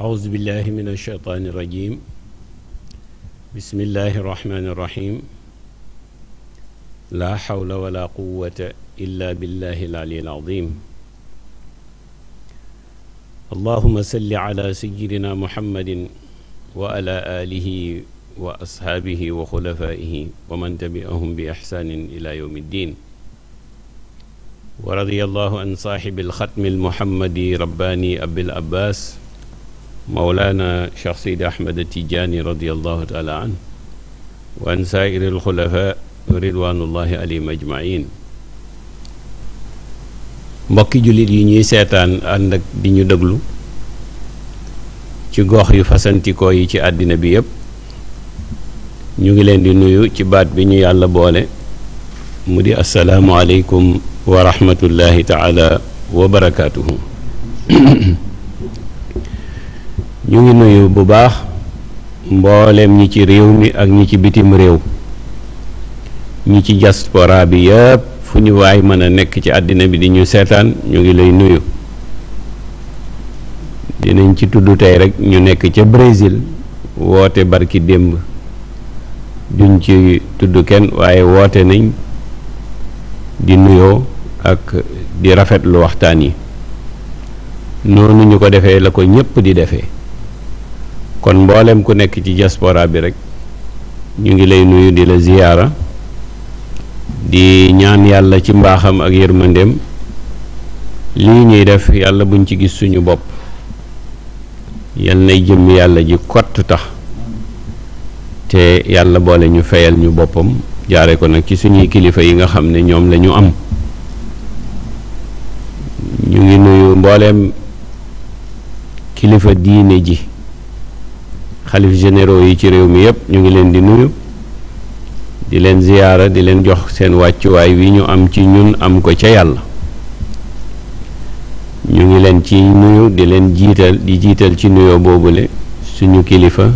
أعوذ بالله من الشيطان الرجيم بسم الله الرحمن الرحيم لا حول ولا قوة إلا بالله العلي العظيم اللهم صل على سيدنا محمد وعلى آله وأصحابه وخلفائه ومن تبعهم بإحسان إلى يوم الدين wa radiyallahu an saaxibi alxatmi almuhammadi rabbaani abil abbaas mawlaana ahmed tijaani radiyallahu taala an wa an saairi alxulafa ajmain mbokki jullit yi ñuy seetaan ànd ak di ñu déglu ci gox yu fasantikoo yi ci àddina bi yépp ñu ngi leen di nuyu ci baat bi ñu yàlla boole mu di asalaamu aleykum wa rahmatullahi taala wa barakaatuhu ñu ngi nuyu bu baax mboolem ñi ci réew mi ak ñi ci bitim réew ñi ci diaspora bi yëpp fu ñu waay mën a nekk ci àddina bi di ñu seetaan ñu ngi lay nuyu dinañ ci tudd tey rek ñu nekk ca Brésil woote barki démb duñ ci tudd kenn waaye woote nañ di nuyoo ak di rafetlu waxtaan yi noonu ñu ko defee la ko ñëpp di defee kon mboolem ku nekk ci diaspora bi rek ñu ngi lay nuyu di la ziyaara di ñaan yàlla ci mbaaxam ak yërmandeem lii ñuy def yàlla buñ ci gis suñu bopp yal nay jëm yàlla ji kott tax te yàlla boole ñu fayal ñu boppam jaare ko nag ci suñuy kilifa yi nga xam ne ñoom lañu am ñu ngi nuyu mbooleem kilifa diine ji xalif généraux yi ci réew mi yépp ñu ngi leen di nuyu di leen ziyaara di leen jox seen wàccuwaay wi ñu am ci ñun am ko ca yàlla ñu ngi leen ci nuyu di leen jiital di jiital ci nuyoo boobule suñu kilifa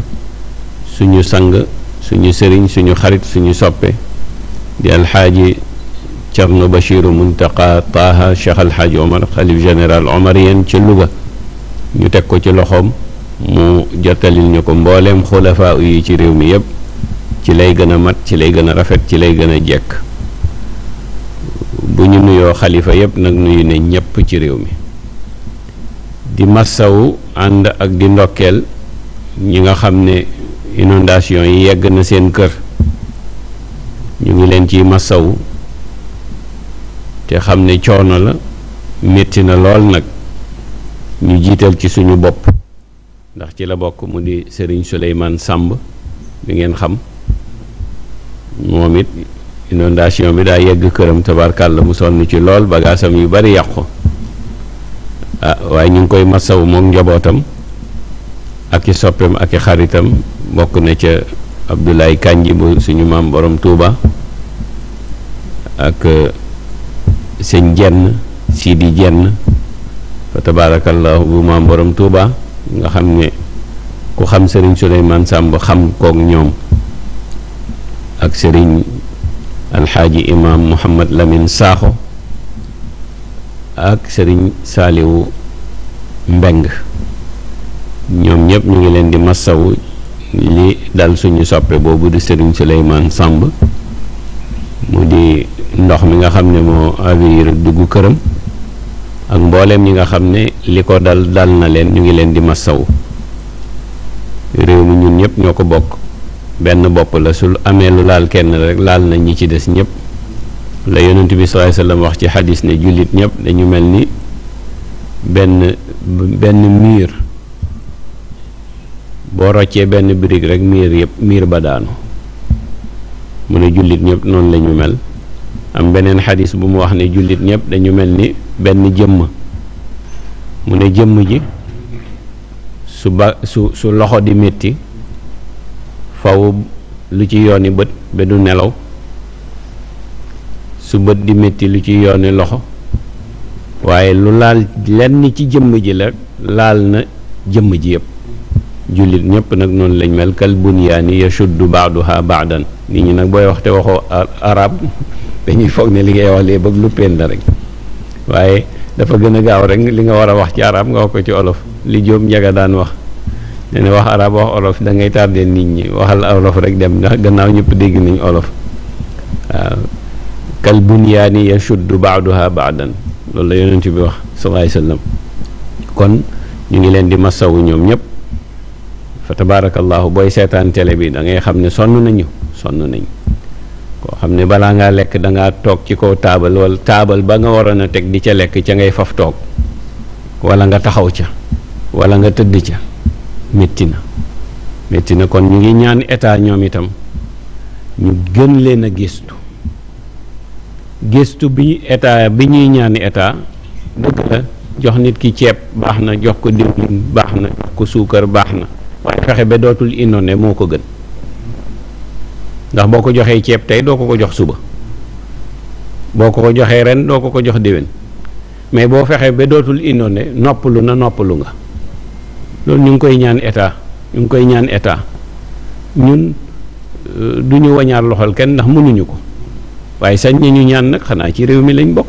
suñu sang suñu sëriñ suñu xarit suñu soppe di alxaaji Cerno Bachiru Muntaqa Taha Cheikh Alhaaj Omar xalif général omarien ca Louga ñu teg ko ci loxoom mu jottalil ñu ko mbooleem xulafaa yi ci réew mi yëpp ci lay gën a mat ci lay gën a rafet ci lay gën a jekk bu ñu nuyoo xalifa yëpp nag nuyu ne ñëpp ci réew mi di massawu ànd ak di ndokkeel ñi nga xam ne inondation yi yegg na seen kër ñu ngi leen ciy massawu te xam ne coono la métti na lool nag ñu jiital ci suñu bopp ndax ci la bokk mu di Serigne Souleymane sàmb bi ngeen xam moom it inondation bi daa yegg këram tabarkàlla mu sonn ci lool bagaasam yu bari yàqu ah waaye ñu ngi koy masaw moom njabootam aki i soppeem ak xaritam bokk na ca Abdoulaye Kandji bu suñu maam borom tuuba ak. sëñ jenn Sidi jenn fa tabaarakallaahu bu maam borom Touba nga xam ne ku xam sëriñ Souleymane Samb xam kook ñoom ak sëriñ alxaaji imaam Mouhamad Lamine Sakho ak sëriñ Saaliwu Mbeng ñoom ñëpp ñu ngi leen di massawu li dal suñu soppe boobu di sëriñ Souleymane Samb mu di ndox mi nga xam ne moo avir dugg këram ak mbooleem ñi nga xam ne li ko dal dal na leen ñu ngi leen di masaw réew mi ñun ñëpp ñoo ko bokk benn bopp la su amee lu laal kenn rek laal na ñi ci des ñépp la yonent bi sallallahu wax ci xadis ne jullit ñëpp dañu mel ni benn benn miir boo roccee benn birig rek miir yëpp miir ba daanu mu ne jullit ñëpp noonu la ñu mel am beneen xadis bu mu wax ne jullit ñëpp dañu mel ni benn jëmm mu ne jëmm ji su ba su su loxo di metti faw lu ci yooni bët ba nelaw su bët di metti lu ci yooni loxo waaye lu laal lenn ci jëmm ji la laal na jëmm ji yépp jullit ñëpp nag noonu lañ mel kal ya yashuddu baaduha baadan nit ñi nag booy waxte te waxoo arab dañuy foog ne li ngay wax lee bëgg lu peen la rek waaye dafa gën a gaaw rek li nga war a wax ci arab nga wax ko ci olof li jóob njaga daan wax ne ne wax arab wax olof da ngay tardé nit ñi waxal olof rek dem ndax gannaaw ñëpp dégg nañ olof waaw kal bunyaani yashuddu baaduha baadan loolu la yonent bi wax salaay sallam kon ñu ngi leen di masawu ñoom ñëpp fa tabaarakallaahu booy seetaan télé bi da ngay xam ne sonn nañu sonn nañu koo xam ne balaa ngaa lekk da ngaa toog ci kaw taabal wala taabal ba nga waroon a teg di ca lekk ca ngay faf toog wala nga taxaw ca wala nga tëdd ca métti na métti na kon ñu ngi ñaan état ñoom itam ñu gën leen a gëstu gëstu bi état bi ñuy ñaani état dëgg la jox nit ki ceeb baax na jox ko diwlin baax na jox ko suukar baax na waaye fexe ba dootul inondé moo ko gën ndax boo ko joxee ceeb tey doo ko ko jox suba boo ko ko joxee ren doo ko ko jox déwén mais boo fexee ba dootul inondé noppalu na noppalu nga loolu ñu ngi koy ñaan état ñu ngi koy ñaan état ñun euh, du ñu wañaar loxol kenn ndax mënuñu ko waaye sañ na ñu ñaan nag xanaa ci réew mi lañ bokk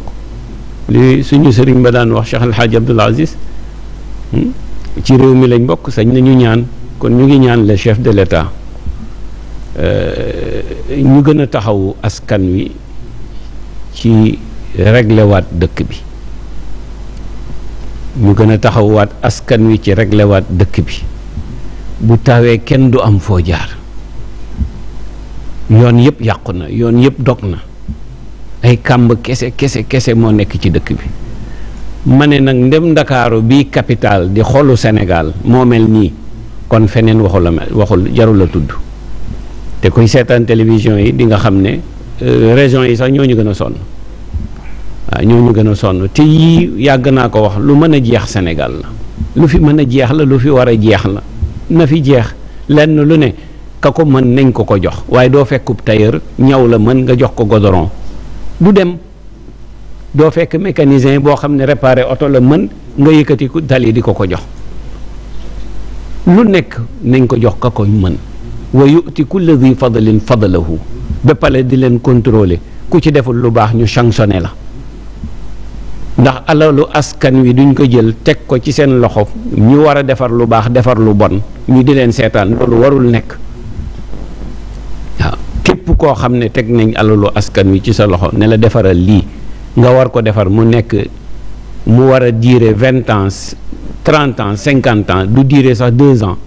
li suñu sëriñ ba daan wax Cheikh El Hadj Aziz hmm? ci réew mi lañ bokk sañ nañu ñaan kon ñu ngi ñaan le chef de l' état euh, ñu gën a taxawu askan wi ci régler dëkk bi ñu gën a taxawuwaat askan wi ci régler dëkk bi bu tawee kenn du am foo jaar yoon yëpp yàqu na yoon yëpp dog na ay kàmb kese kese kese moo nekk ci dëkk bi ma ne nag ndem ndakaaru bii capital di xolu senegaal moo mel nii kon feneen waxu la mel waxul jarul tudd te kuy seetaan télévision yi di nga xam ne euh, région yi sax ñoo ñu gën a sonn waaw ñoo gën a sonn te yii yàgg naa ko wax lu mën a jeex Sénégal la lu fi mën a jeex la lu fi war a jeex la na fi jeex lenn lu ne ka ko mën nañ ko ko jox waaye doo fekkub tailleur ñaw la mën nga jox ko godoron du dem doo fekk mécanicien boo xam ne réparé oto la mën nga yëkkati ku yi di ko ko jox lu nekk nañ ko jox ka ko mën wa yu'ti kulli dhi fadlin fadlahu ba di leen contrôler ku ci deful lu baax ñu sanctionné la ndax alalu askan wi duñ ko jël teg ko ci seen loxo ñu war a defar lu baax defar lu bon ñu di leen seetaan loolu warul nekk waaw képp koo xam ne teg nañ alalu askan wi ci sa loxo ne la defaral lii nga war ko defar mu nekk mu war a durer vingt ans trente ans cinquante ans du durer sax deux ans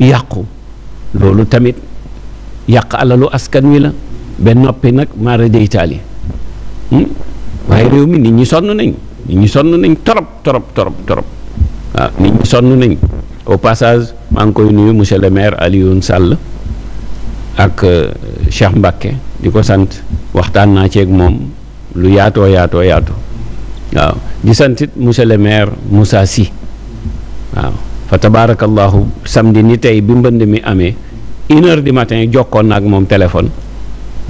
yàqu loolu tamit yàq alalu askan wi la benn noppi nag maara de Italie hmm? waaye réew mi nit ñi sonn nañ nit sonn nañ torop torop torop torop waaw nit ñi sonn nañ au passage maa ngi koy nuyu monsieur le maire Alioune Sall ak euh, Cheikh Mbacke di ko sant waxtaan naa ceeg moom lu yaatoo yaatoo yaatoo waaw di santit monsieur le maire Moussa Sy waaw fa tabaarakallaahu samedi ni tey bi mbënd mi amee une heure matin jokkoon na ak moom téléphone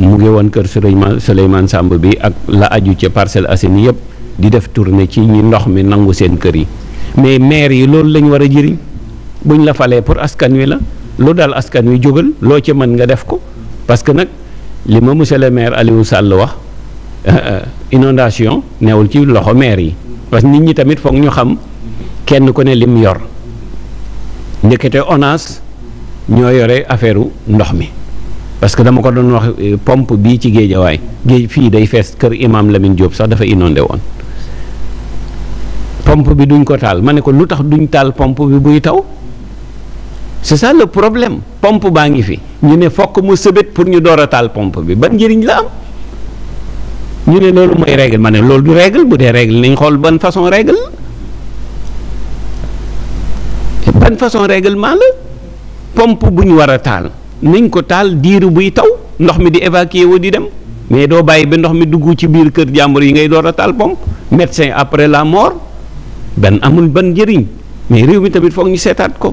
mu ngi woon kër Souleymane Souleymane Samb bi ak la aju ca Parcelles Assainies yëpp di def tournée ci ñi ndox mi nangu seen kër yi mais maire yi loolu la ñu war a jëriñ buñ la falee pour askan wi la lu dal askan wi jógal loo ci mën nga def ko parce que nag li ma monsieur le maire Aliou Sall wax euh, euh, inondation newul ci loxo maire yi parce que nit ñi tamit foog ñu xam kenn ku ne lim yor. ndekete ONAS ñoo yore affaire ndox mi parce que dama ko doon wax eh, pompe bii ci géejawaay géej fii day fees kër imaam Lamine Diop sax dafa inondé woon pompe bi duñ ko taal ma ne ko lu tax duñ taal pompe bi buy taw c'est ça le problème pompe baa ngi fi ñu ne fokk mu sebet pour ñu door a taal pompe bi ban njëriñ la am ñu ne loolu mooy règle ma ne loolu du règle bu dee règle nañ xool ban façon règle benn façon règlement la pomp bu ñu war a taal nañ ko taal diiru buy taw ndox mi di évacuer wu di dem mais doo bàyyi ba ndox mi dugg ci biir kër jàmbur yi ngay door a taal pompe médecin après la mort benn amul ban njëriñ mais réew mi tamit foog ñu seetaat ko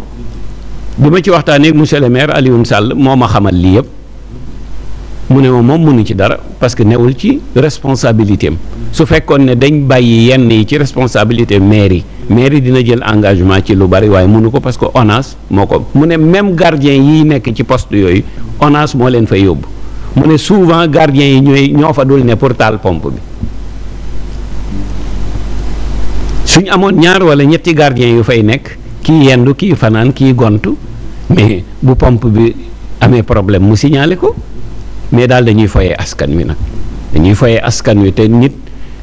bi ma ci waxtaanee ak monsieur le maire Alioune Sall moom ma xamal lii yëpp mu ne ma moom mënu ci dara parce que newul ci responsabilité am su fekkoon ne dañ bàyyi yenn yi ci responsabilité maire yi mairie dina jël engagement ci lu bari waaye mënu ko parce que ONAS moo ko mu ne même gardien yi nekk ci poste yooyu ONAS moo leen fay yóbbu mu ne souvent gardien yi ñooy ñoo fa dul ne pour taal pompe bi suñ amoon ñaar wala ñetti gardien yu fay nekk kii yendu kii fanaan kii gontu mais bu pompe bi amee problème mu signalé ko mais daal dañuy foyee askan wi nag dañuy foyee askan wi te nit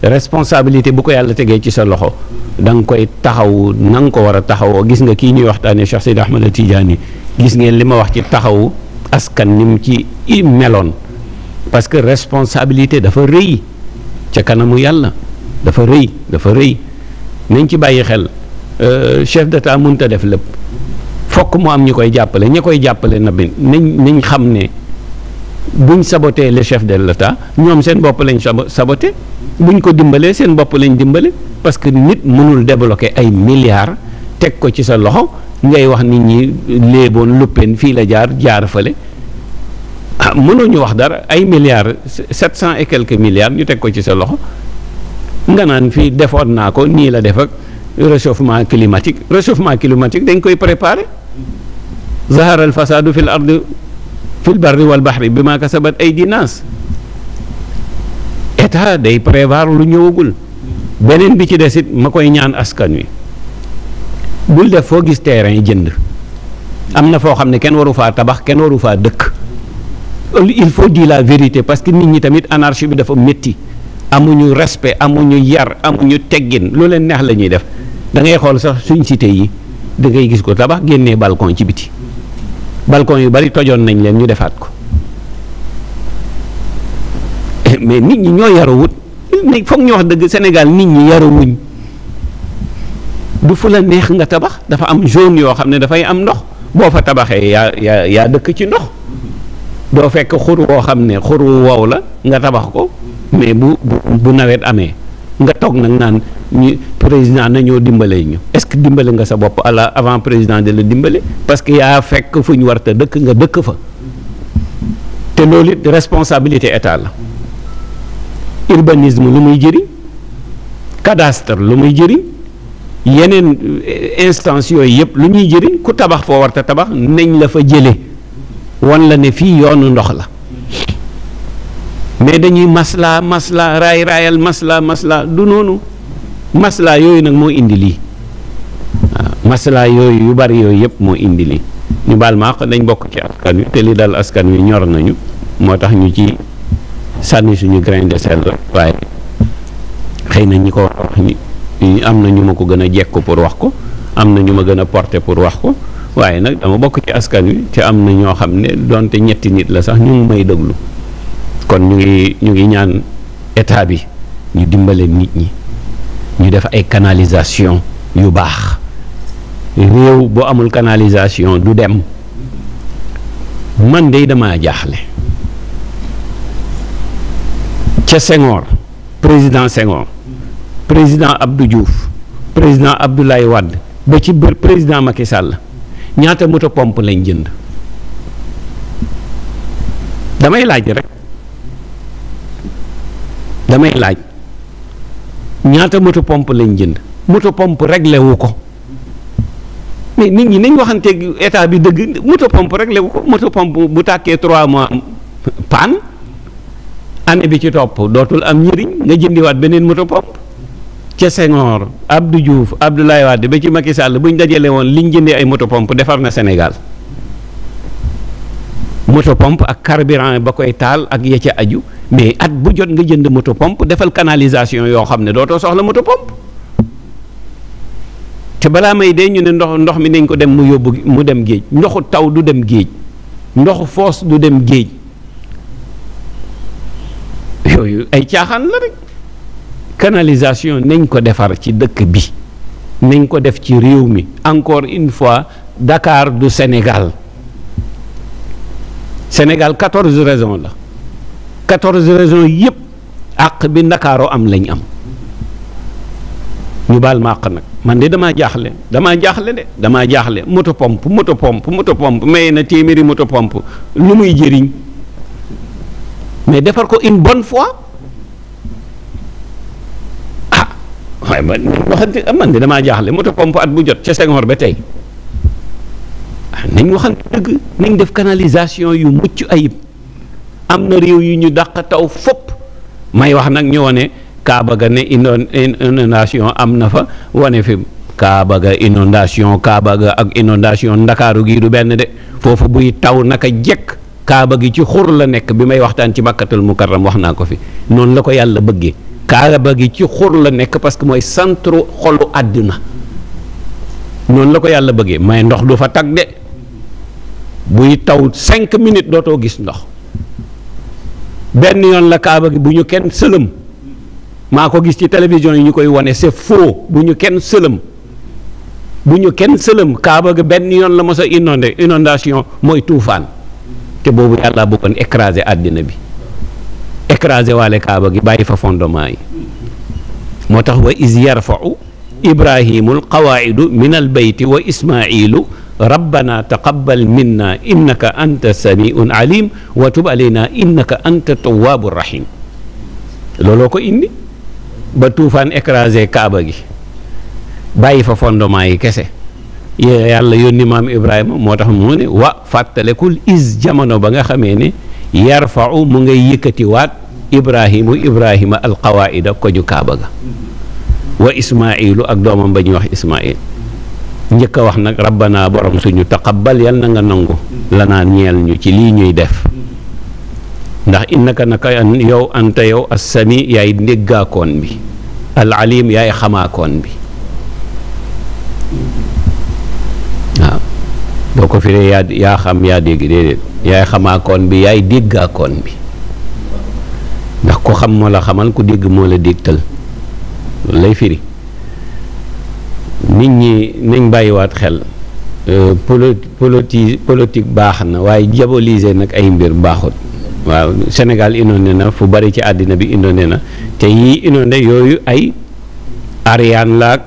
responsabilité bu ko yàlla tegee ci sa loxo da koy taxaw na nga ko war a taxawoo gis nga kii ñuy waxtaanee Cheikh Seydi Ahmad Tidiane gis ngeen li ma wax ci taxawu askan ni mu ci meloon parce que responsabilité dafa rëy ca kanamu yàlla dafa rëy dafa rëy nañ ci bàyyi xel euh, chef d'état mënut a def lépp fokk mu am ñi koy jàppale ñi koy jàppale na bi nañ nañ xam ne buñ saboté le chef de l'État ñoom seen bopp lañ saboté buñ ko dimbalee seen bopp lañ dimbale parce que nit mënul débloquer ay milliards teg ko ci sa loxo ngay wax nit ñi léeboon luppeen fii la jaar jaar fale ah mënoo ñu wax dara ay milliards sept cent et quelques milliards ñu teg ko ci sa loxo nga naan fii defoon naa ko nii la def ak réchauffement climatique réchauffement climatique dañ koy préparer zahara al fil ardi bi barri wal bahri bi maa kasabat aydi naas état day prévoir lu ñëwagul beneen bi ci des it ma koy ñaan askan wi bul def foo gis yi jënd am na foo xam ne kenn waru faa tabax kenn waru faa dëkk il faut dire la vérité parce que nit ñi tamit anarchie bi dafa métti amuñu respect amuñu yar amuñu teggin lu leen neex la ñuy def da ngay xool sax suñ cité yi da ngay gis ko tabax génnee balcon ci biti balcon yu bari tojoon nañ leen ñu defaat ko mais nit ñi ñoo yarawut ne foog ñu wax dëgg senegal nit ñi yarawuñ du fu la neex nga tabax dafa am zone yoo xam ne dafay am ndox boo fa tabaxee yaa yaa yaa dëkk ci ndox doo fekk xur woo xam ne xur wu wow la nga tabax ko mais bu bu, bu nawet amee nga toog nag naan ñu président nañoo dimbalee ñu est-ce que dimbale nga sa bopp ala avant président di la dimbale parce que yaa fekk fu ñu war dëkk nga dëkk fa te loolu it responsabilité état la urbanisme lu muy jëriñ cadastre lu muy jëriñ yeneen eh, instance yooyu yëpp lu ñuy jëriñ ku tabax foo war tabax nañ la fa jële wan la ne fii yoonu ndox la mais dañuy maslaa maslaa raay raayal maslaa maslaa du noonu maslaa yooyu nag moo indi lii waaw ah, maslaa yooyu yu bari yooyu yëpp moo indi lii ñu baal ma àq dañ bokk ci askan wi te li dal askan wi ñor nañu moo tax ñu ci sànni suñu grain de sel waaye xëy na ñi ko war am na ñu ma ko gën a jekk pour wax ko am na ñu ma gën a porté pour wax ko waaye nag dama bokk ci askan wi te am na ñoo xam ne donte ñetti nit la sax ñu ngi may déglu. kon ñu ngi ñu ngi ñaan état bi ñu dimbale nit ñi ñu def ay canalisation yu baax réew boo amul canalisation du dem man dey dama jaaxle ca Senghor président Senghor président Abdou juuf président Abdoulaye Wade ba ci bër président Macky Sall ñaata moto pompe lañ jënd damay laaj rek damay laaj ñaata moto pomp lañ jënd moto pomp réglé wu ko mais nit ñi nañ waxanteeg état bi dëgg moto pompe réglé wu ko moto pomp bu tàkkee trois mois paan année bi ci topp dootul am njëriñ nga jëndiwaat beneen moto pompe ca Senghor Abdou Diouf laay Wade ba ci Macky Sall bu ñu dajale woon liñ jëndee ay moto pomp defar na Sénégal moto pomp ak carburant ba koy taal ak ya ca aju mais at bu jot nga jënd moto pompe defal canalisation yoo xam ne doo dootoo soxla moto pompe te balaa may dee ñu ne ndox ndox mi nañ ko dem mu yóbbu mu dem géej ndoxu taw du dem géej ndoxu foos du dem géej yooyu ay caaxaan la rek canalisation nañ ko defar ci dëkk bi nañ ko def ci réew mi encore une fois Dakar du Sénégal Sénégal quatorze régions la quatorze régions yëpp àq bi ndakaaroo am lañ am ñu baal ma àq nag man de damaa jaaxle damaa jaaxle de damaa jaaxle moto pompe moto pompe moto pompe may na téeméeri moto pompe lu muy jëriñ mais defar ko une bonne fois ah waaye man waxante man de damaa jaaxle moto pomp at bu jot ca Senghor ba tey. nañ waxal dëgg nañ def canalisation yu mucc ayib am na réew yu ñu dàq taw fopp may wax nag ñu wane Kaaba ga ne inondation am na fa wane fi Kaaba ga inondation Kaaba ga ak inondation ndakaaru gii du benn de foofu buy taw naka jekk Kaaba gi ci xur la nekk bi may waxtaan ci Makkatul Mukarram wax naa ko fi noonu la ko yàlla bëggee Kaaba gi ci xur la nekk parce que mooy centre xolu àdduna noonu la ko yàlla bëggee may ndox du fa tag de buy taw cinq minutes dootoo gis ndox benn yoon la kaaba gi bu ñu kenn sëlëm maa ko gis ci télévision yi ñu koy wane c'est faux bu ñu kenn sëlëm bu ñu kenn sëlëm kaaba gi benn yoon la mos a inondé inondation mooy tuufaan te boobu yàlla bëggoon écraser àddina bi écraser waale kaaba gi bàyyi fa fondement yi moo tax wa iz yarfau ibrahimul qawaidu min al bayti wa ismailu rabbana taqabbal minna innaka anta samiun alim wa tub alayna innaka anta tawaabu rahim looloo ko indi ba tuufaan écrasé kaaba gi bàyyi fa fondement yi kese yàlla yónni maam ibrahima moo tax mu ne wa fàttalekul is jamono ba nga xamee ne yarfau mu ngay yëkkatiwaat ibrahimu ibrahima alqawaida koju kaaba ga wa ismailu ak doomam ba ñuy wax ismail njëkk a wax nag rabbana borom suñu taqabbal yal na nga nangu lanaa ñeel ñu ci lii ñuy def ndax innaka naka yow anta yow assami yaay déggaakoon bi al alim yaay xamaakoon bi boo ko firee yaa yaay xamaakoon bi yaay déggaakoon bi ndax ku xam moo la xamal ku dégg moo la dégtal lay firi nit ñi nañ bàyyiwaat xel euh, polo politi politique baax na waaye diaboliser nag ay mbir baaxut waaw Sénégal inondé na fu bari ci àddina bi inondé na te yii inondé yooyu ay ariyaan laag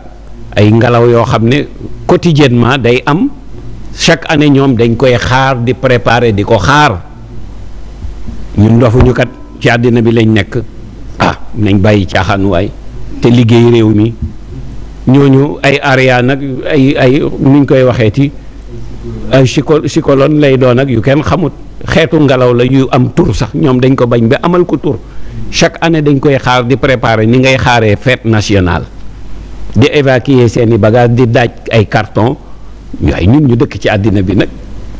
ay ngelaw yoo xam ne quotidiennement day am chaque année ñoom dañ koy xaar di préparer di ko xaar ñu dofuñu kat ci àddina bi lañ nekk ah nañ bàyyi caaxaan te liggéey réew mi ñooñu ay aria nag ay ay nuñ koy waxee ci ay chicol chicolone lay doon ak yu kenn xamut xeetu ngelaw la yu am tur sax ñoom dañ ko bañ bi amal ko tur chaque année dañ koy xaar di préparer ni ngay xaaree fête nationale di évacuer seen i bagage di daaj ay carton waaye ñun ñu dëkk ci àddina bi nag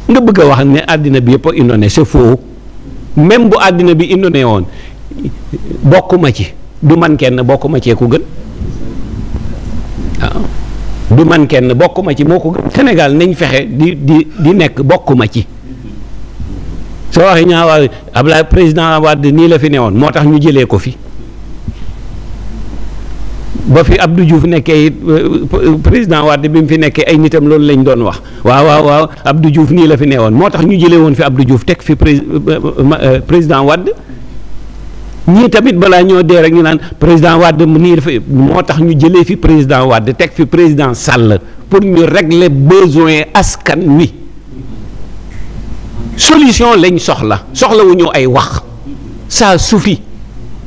nga bëgg wax ne àddina bi yëpp a inondé c'est faux même bu àddina bi inondé woon bokkuma ci du man kenn bokkuma cee ko gën waaw du man kenn bokkuma ci moo ko Sénégal nañ fexe di di di nekk bokkuma ci soo waxee ñu naan Ablaye président Wade nii la fi newoon moo tax ñu jëlee ko fi ba fi Abdou Diouf nekkee it euh, président Wade bi mu fi nekkee ay nitam loolu lañ doon wax waaw waaw waaw Abdou Diouf nii la fi newoon moo tax ñu jëlee woon fi Abdou Diouf teg fi euh, euh, président wadd ñii tamit balaa ñoo dee rek ñu naan président Wade mu nii dafa moo tax ñu jëlee fi président Wade teg fi président Sall pour ñu régler besoin askan wi solution lañ soxla soxla wu ñu ay wax saa suffit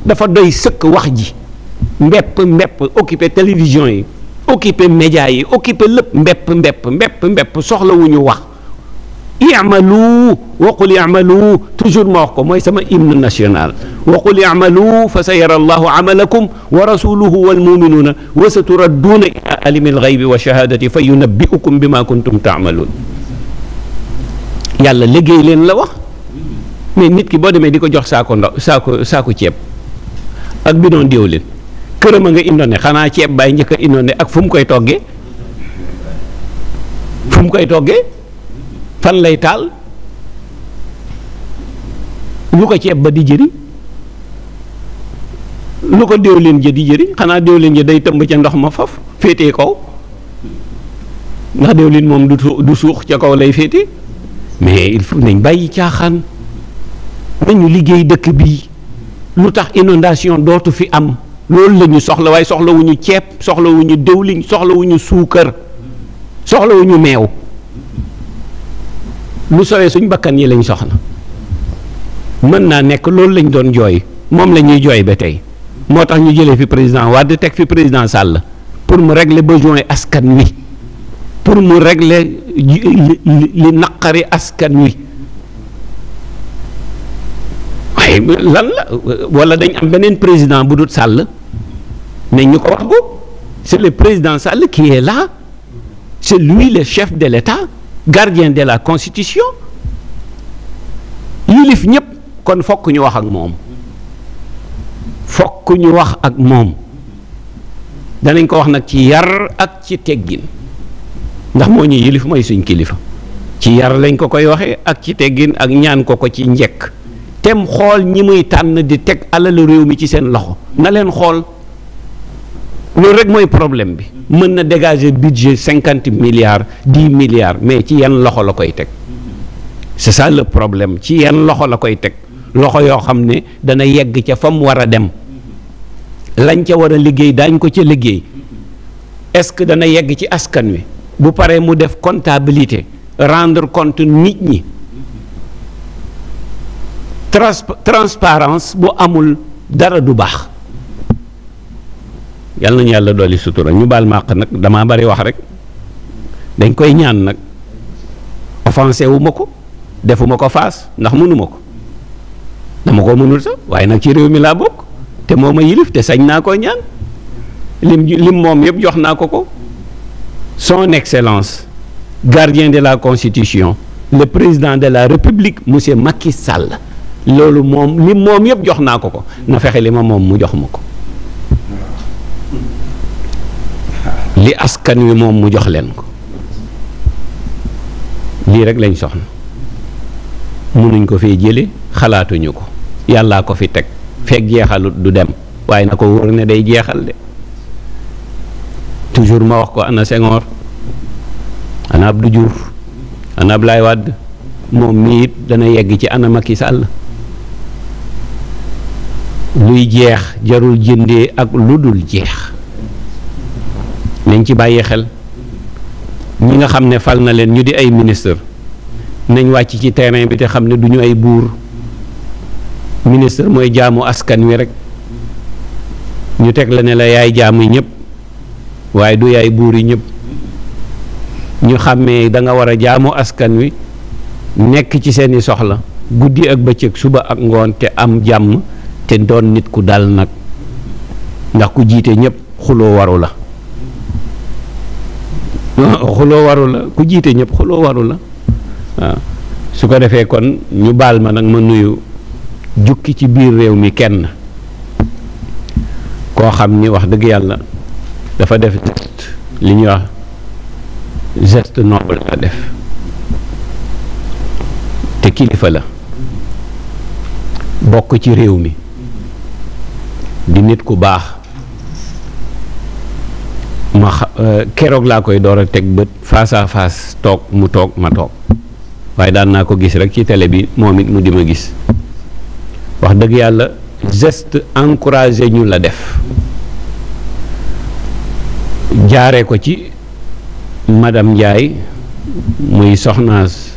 dafa doy sëkk wax ji mbepp mbepp occuper télévision yi occuper média yi occuper lépp mbepp mbepp mbepp mbepp soxla wu ñu wax i'malu wa qul i'malu toujours ma wax ko mooy sama hymne national wa qul i'malu fa sayara allahu amalakum wa rasuluhu wal muminuuna wa sa turadduuna ila alimi alxaybi wa shahaadati fa yunabbiukum bima kuntum taamaluun yàlla liggéey leen la wax mais nit ki boo demee di ko jox saako ndaw saako saako ceeb ak bidon diwlin këram a nga indoone xanaa ceeb bàyyi njëkk a indoone ak fu mu koy toggee fu koy toggee fan lay taal lu ko ceeb ba di jëriñ lu ko déwlin ja di jëriñ xanaa déwlin ja day tëmb ca ndox ma faf féetee kaw ndax déwlin moom du du suux ca kaw lay féete mais il faut nañ bàyyi caaxaan nañu liggéey dëkk bii lu tax inondation dootu fi am loolu la ñu soxla waaye soxlawuñu ceeb soxlawuñu déwlin soxlawuñu suukar soxlawuñu meew lu sowee suñ bakkan yi lañ soxla mën naa nekk loolu lañ doon jooy moom la ñuy jooy ba tey moo tax ñu jëlee fi président Wade teg fi président Sall pour mu régler besoin askan wi pour mu régler li naqari askan wi waaye lan la wala dañ am beneen président bu dul sàll ne ñu ko wax ko c'est le président Sall qui est là c'est lui le chef de l'État gardien de la constitution yilif ñépp kon fokk ñu wax ak moom fokk ñu wax ak moom danañ ko wax nag ci yar ak ci teggin ndax moo ñu yilif mooy suñ kilifa ci yar lañ ko koy waxee ak ci teggin ak ñaan ko ko ci njekk tem xool ñi muy tànn di teg alalu réew mi ci seen loxo na leen xool loolu rek mooy problème bi mën na dégager budget cinquante milliards dix milliards mais ci yenn loxo la koy teg c'est ça le problème ci yenn loxo la koy teg loxo yoo xam ne dana yegg ca fa mu war a dem lañ ca war a liggéey daañ ko ca liggéey est-ce que dana yegg ci askan wi bu paree mu def comptabilité rendre compte nit ñi trans transparence bu amul dara du baax yàlla nañu yàlla dolli sutura ñu baal ma nag damaa bari wax rek dañ koy ñaan nag offensé wu ma ko defuma ko faas ndax mënuma ko dama ko mënul sax waaye nag ci réew mi laa bokk te moo ma yilif te sañ naa koo ñaan lim lim moom yëpp jox naa ko ko son excellence gardien de la constitution le président de la république monsieur makki Sall loolu moom lim moom yëpp jox naa ko ko na fexe li ma moom mu jox ma ko li askan wi moom mu jox leen ko lii rekk lañ soxna mënuñ ko fee jële xalaatuñu ko yàllaa ko fi teg fekk jeexalut du dem waaye na ko wóor ne day jeexal de toujours ma wax ko ana Senghor ana Abdou Diouf ana Abdoulaye Wade moom mii it dana yegg ci ana Macky sàll luy jeex jarul jënde ak lu dul jeex nañ ci bàyyi xel ñi nga xam ne fal na leen ñu di ay ministre nañ wàcc ci terrain bi te xam ne du ñu ay buur ministre mooy jaamu askan wi rek ñu teg la ne la yaay jaamu ñëpp waaye du yaay buur yi ñëpp ñu xàmmee danga nga war a jaamu askan wi nekk ci seeni soxla guddi ak bëccëg suba ak ngoon te am jàmm te doon nit ku dal nag ndax ku jiite ñëpp xuloo waru xuloo waru ku jiite ñépp xuloo waru la waaw ah, su ko defee kon ñu baal ma nag ma nuyu jukki ci biir réew mi kenn koo xam ni wax dëgg yàlla dafa def li ñuy wax geste noble la def te kilifa la bokk ci réew mi di nit ku baax ma euh, keroog laa koy door a teg bët face à toog mu toog ma toog waaye daan naa ko gis rek ci télé bi moom it mu di ma gis wax dëgg yàlla gest encouragé ñu la def jaare ko ci madam njaay muy soxnaas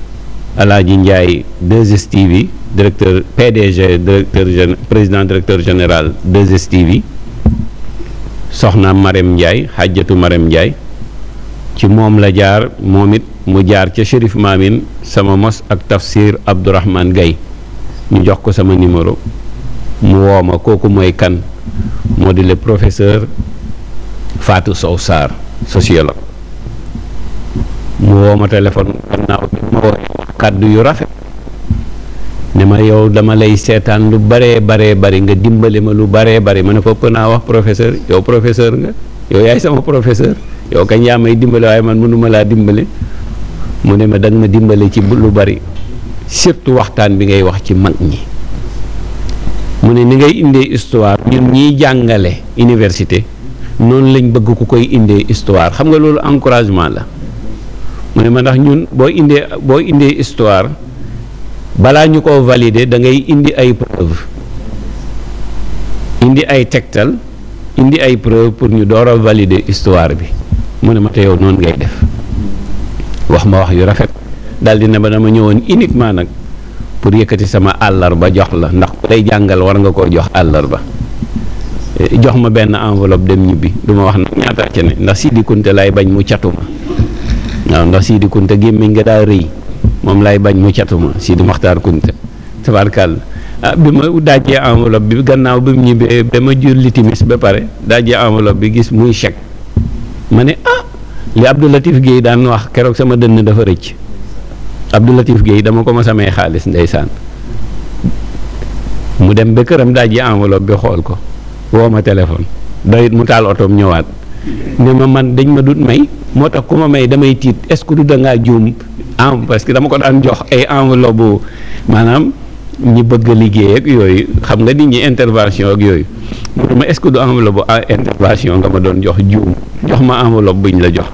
Alaaji Ndiaye 2STV directeur PDG directeur gén président directeur général 2STV soxna Marème Ndiaye xàjjatu Marème Ndiaye ci moom la jaar moom it mu jaar ca Chérif Maamin sama mos ak tafsir Abdourahman Gaye ñu jox ko sama numéro mu woo kooku mooy kan moo di le professeur faatu Sow Sarr sociologue mu woo ma kàddu yu rafet ne ma yow dama lay seetaan lu baree baree bari nga dimbale ma lu baree bari ma ne ko ëpp naa wax professeur yow professeur nga yow yaay sama professeur yow kañ yaa may dimbali waaye man mënuma laa dimbali mu ne ma danga ma dimbale ci lu bari surtout waxtaan bi ngay wax ci mag ñi mu ne ni ngay indee histoire ñun ñiy jàngale université noonu lañ bëgg ku koy indee histoire xam nga loolu encouragement la mu ne ma ndax ñun boo indee boo indee histoire balaa ñu ko valider da ngay indi ay preuve indi ay tegtal indi ay preuve pour ñu door a valider histoire bi mu ne ma te yow noonu ngay def wax ma wax yu rafet daal di ne ma dama ñëwoon uniquement nag pour yëkkati sama àllarba jox la ndax ku lay jàngal war nga koo jox àllarba eh, jox ma benn enveloppe dem ñibbi du ma wax nag ñaata ci ne ndax Sidi Kunte laay bañ mu catu waaw ndax Sidi Kunta gémmiñ nga daa rëy moom laay bañ mu catuma Sidi Maxtaar Kunta tabarkàlla ah bi ma daajee enveloppe bi gannaaw bi mu ñibbee eh, dama julli timis ba pare daajee enveloppe bi gis muy chèque ma ne ah li Abdou Latif Guèye daan wax keroog sama dënn dafa rëcc Abdou Latif Guèye dama ko ma samay xaalis ndeysaan mu dem ba këram daajee enveloppe bi xool ko woo ma téléphone doyit mu taal otoom ñëwaat ne ma man dañ ma du may moo tax ku ma may damay tiit est-ce que du dangaa juum en parce que dama ko daan jox ay enveloppe maanaam ñi bëgg a liggéey ak yooyu xam nga nit ñi intervention ak yooyu mu ma est-ce que du enveloppe intervention nga ma doon jox juum jox ma enveloppe buñ la jox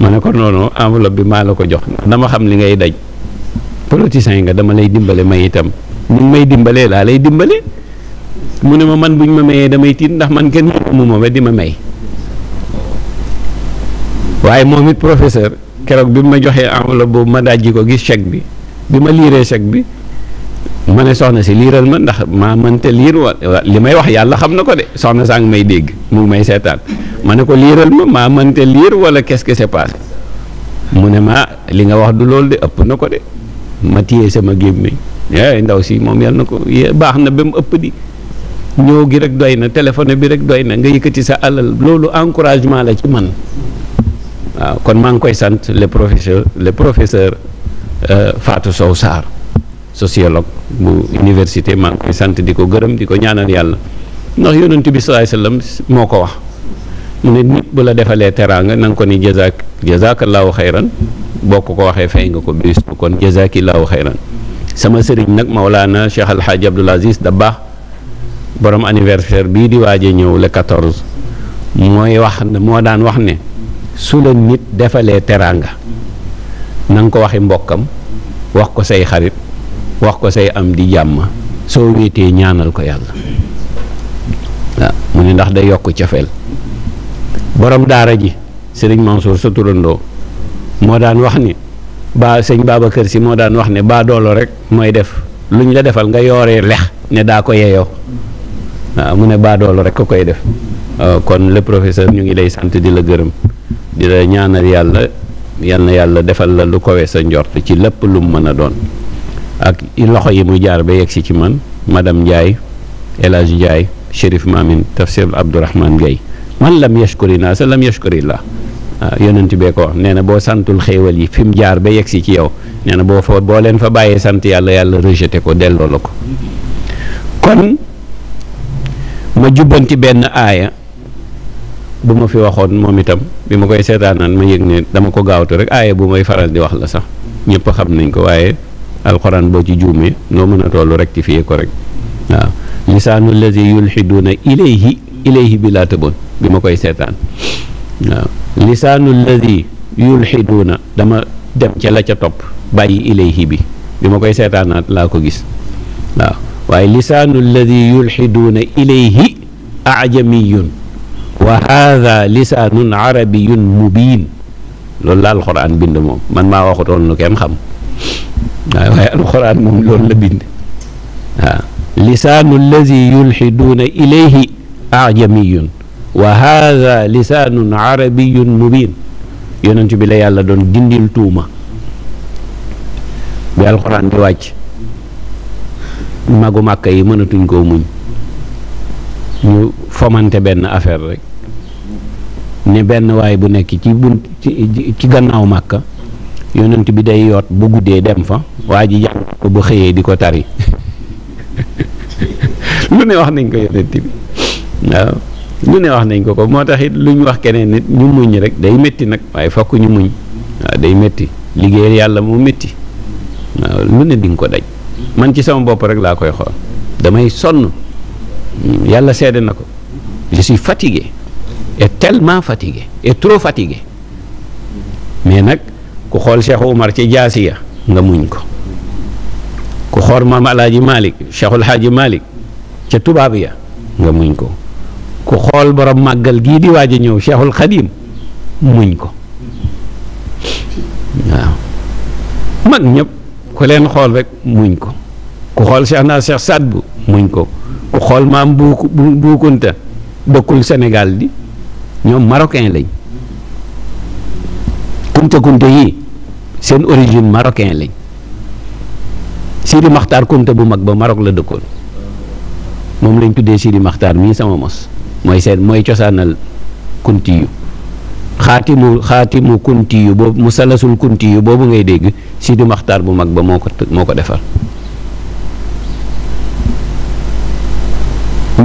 ma ne ko noonu enveloppe bi maa la ko jox ndax dama xam li ngay daj politicien nga dama lay dimbale may itam ni may dimbalee laa lay dimbale mu ne ma man buñ ma mayee damay tiit ndax man kenn mu ma ba di ma may. waaye moom it professeur keroog bi ma joxee enveloppe boobu ma dajji ko gis chèque bi bi ma liiree chèque bi ma ne soxna si liiral ma ndax maa mënta liir wa li may wax yàlla xam na ko de soxna saa ngi may dégg mu ngi may seetaan ma ne ko liiral ma maa mënta liir wala qu'est-ce que c'est passé mu ne ma li nga wax du loolu de ëpp na ko de ma tiye sama gémmiñ eh ndaw si moom yàlla na ko baax na ba mu ëpp di ñëw gi rek doy na téléphone bi rek doy na nga yëkkati sa alal loolu encouragement la ci man waaw kon maa ngi koy sant le professeur le professeur euh, Fatou Sow Sarr sociologue bu université maa ngi koy sant di ko gërëm di ko ñaanal yàlla ndax yonent bi sallallahu alayhi wasallam moo ko wax mu ne nit bu la defalee teraanga na nga ko ni jazak jazakallaahu xayran boo ko ko waxee fay nga ko bis kon jazakillaahu xayran sama sëriñ nag Maolana Cheikh Al Hadj Abdoul Aziz da baax borom anniversaire bii di waaje ñëw le 14 mooy wax moo daan wax ne su la nit defalee teraanga nanga nga ko waxi mbokkam wax ko say xarit wax ko say am di jàmm soo wéetee ñaanal ko yàlla mu ne ndax day yokk cofeel borom daara ji sëriñ Mansour sa turandoo moo daan wax ni ba sëñ kër si moo daan wax ne baa doolo rek mooy def lu ñu la defal nga yooree lex ne daa ko yeyoo waaw mu ne baa doolo rek ko koy def kon le professeur ñu ngi lay sant di la gërëm di la ñaanal yàlla yal na yàlla defal la lu kowe sa njort ci lépp lu mën a doon ak loxo yi mu jaar ba yegg si ci man madame Ndiaye El Hadj Ndiaye Chérif Mamine Tafsir Abdourahmane Gueye man lam yashkuri naa sa lam yashkuri la waaw ah, yonent bee ko wax nee na boo santul xéewal yi fi mu jaar ba yegg si ci yow nee na boo fa boo leen fa bàyyee sant yàlla yàlla rejeté ko delloo la ko kon ma jubbanti benn aaya bu ma fi waxoon moom itam bi ma koy seetaanaan ma yëg ne dama ko gaawtu rek aaye bu may faral di wax la sax ñépp xam nañ ko waaye alxuraan boo ci juumee noo mën a toll rectifier ko rek waaw lisaanu lazi yulxiduuna ilayhi bi laa tëboon bi ma koy seetaan waaw lisaanu lazi yulxiduuna dama dem ca la ca topp bàyyi ilayhi bi bi ma koy seetaanaat laa ko gis waaw waaye lisaanu lazi yulxiduuna ilayhi ajamiyun wa haada lisaanun arabiyun mubiin loolu la alxuraan bind moom man maa waxutoon lu kenn xam waaye waaye alxuraan moom loolu la bind waaw lisaanu allazi yulxiduuna ilayhi ajamiyun wa haada lisaanun arabiyun mubiin yonent bi yàlla doon dindil tuuma bi alxuraan di wàcc magu màkka yi mënatuñ koo muñ fomante benn affaire rek ne benn waay bu nekk ci bunt ci gannaaw màkka yonent bi day yoot bu guddee dem fa waa ji jàng xëyee di ko tari lu ne wax nañ ko ne wax nañ ko ko moo tax it lu ñu wax keneen nit ñu rek day métti nag waaye fokk ñu muñ waaw yàlla moo métti waaw lu ne ko daj ci sama bopp rek laa koy xool seede na ko je fatige fatigué et tellement fatigué et trop fatigué mais nag ku xool Cheikh Oumar ci jaasiya nga muñ ko ku xool maam alaaji Malick Cheikhul Haaji Malick ca tubaab ya nga muñ ko ku xool boroom màggal gii di waaj a ñëw Cheikhul Xadim muñ ko waaw mag ñëpp ku leen xool rek muñ ko ku xool Cheikh naa Cheikh Saad bu muñ ko ku xool maam Bou dëkkul Sénégal di ñoom marocain lañ kunta kunta yi seen origine marocain lañ Sidi maxtar kunta bu mag ba Maroc la dëkkoon moom lañ tuddee Sidi Maxtaar mii sama mos mooy seen mooy cosaanal kunti yu xaatimu xaatimu kunti yu boobu mu salasul kunti yu boobu ngay dégg Sidi Maxtaar bu mag ba moo ko moo ko defar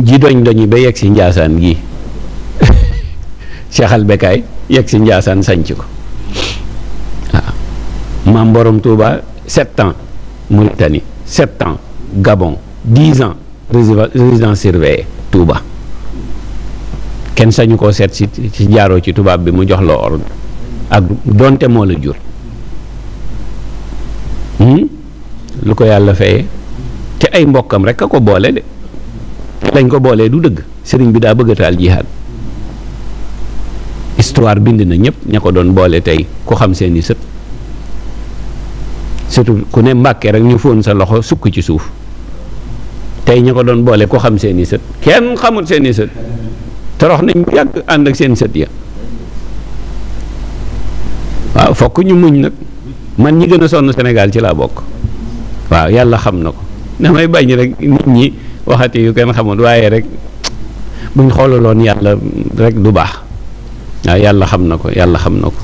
ji doñ doñi ba yegg si njaasaan gi seexal bekaay yegg si njaasaan sanc ko waaw maam borom Touba sept ans Mauritanie sept ans Gabon dix ans résidence surveillée Touba kenn sañu koo seet ci jaaroo ci tubaab bi mu jox la ordre ak donte moo la jur hmm? lu ko yàlla fayee te ay mbokkam rek a ko boole de lañ ko boolee du dëgg sëriñ bi daa bëgg taal jihaad histoire bind na ñëpp ña ko doon boole tey ku xam seen i sët surtout ku ne mbàkkee rek ñu fóon sa loxo sukk ci suuf tey ña ko doon boole ku xam seen i sët kenn xamut seeni i sët torox nañ bu yàgg ànd ak seen sët ya waaw fokk ñu muñ nag man ñi gën a sonn Sénégal ci laa bokk waaw yàlla xam na ko damay bañ rek nit ñi. waxati yu kenn xamul waaye rek buñ xoolaloon yàlla rek du baax waaw yàlla xam na ko yàlla xam na ko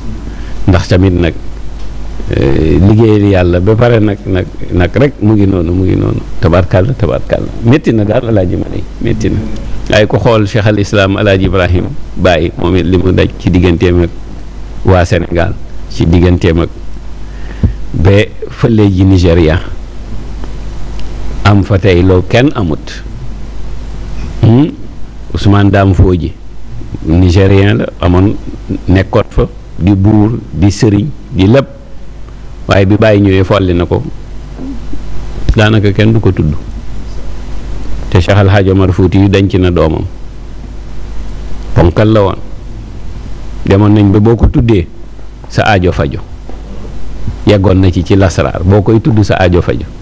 ndax tamit nag eh, liggéeyal yàlla ba pare nag nag nag rek mu ngi noonu mu ngi noonu tabarkàlla tabarkàlla métti na daal alaaji ma lay métti na waaye ko xool cheikh al islam alaaji ibrahim bàyyi moom it li mu daj ci digganteem ak waa Sénégal ci digganteem ak ba fële ji Nigéria am fa tey loo kenn amut hmm? Ousmane Dame Fodji nigérien la amoon nekkoon fa di buur di sëriñ di lépp waaye bi bàyyi ñëwee folli na ko daanaka kenn du ko tudd te Cheikh xajo Hadj Omar Fouti yu na doomam ponkal la woon demoon nañ ba boo ko tuddee sa ajo fajo yeggoon na ci ci lasraar boo koy tudd sa ajo fajo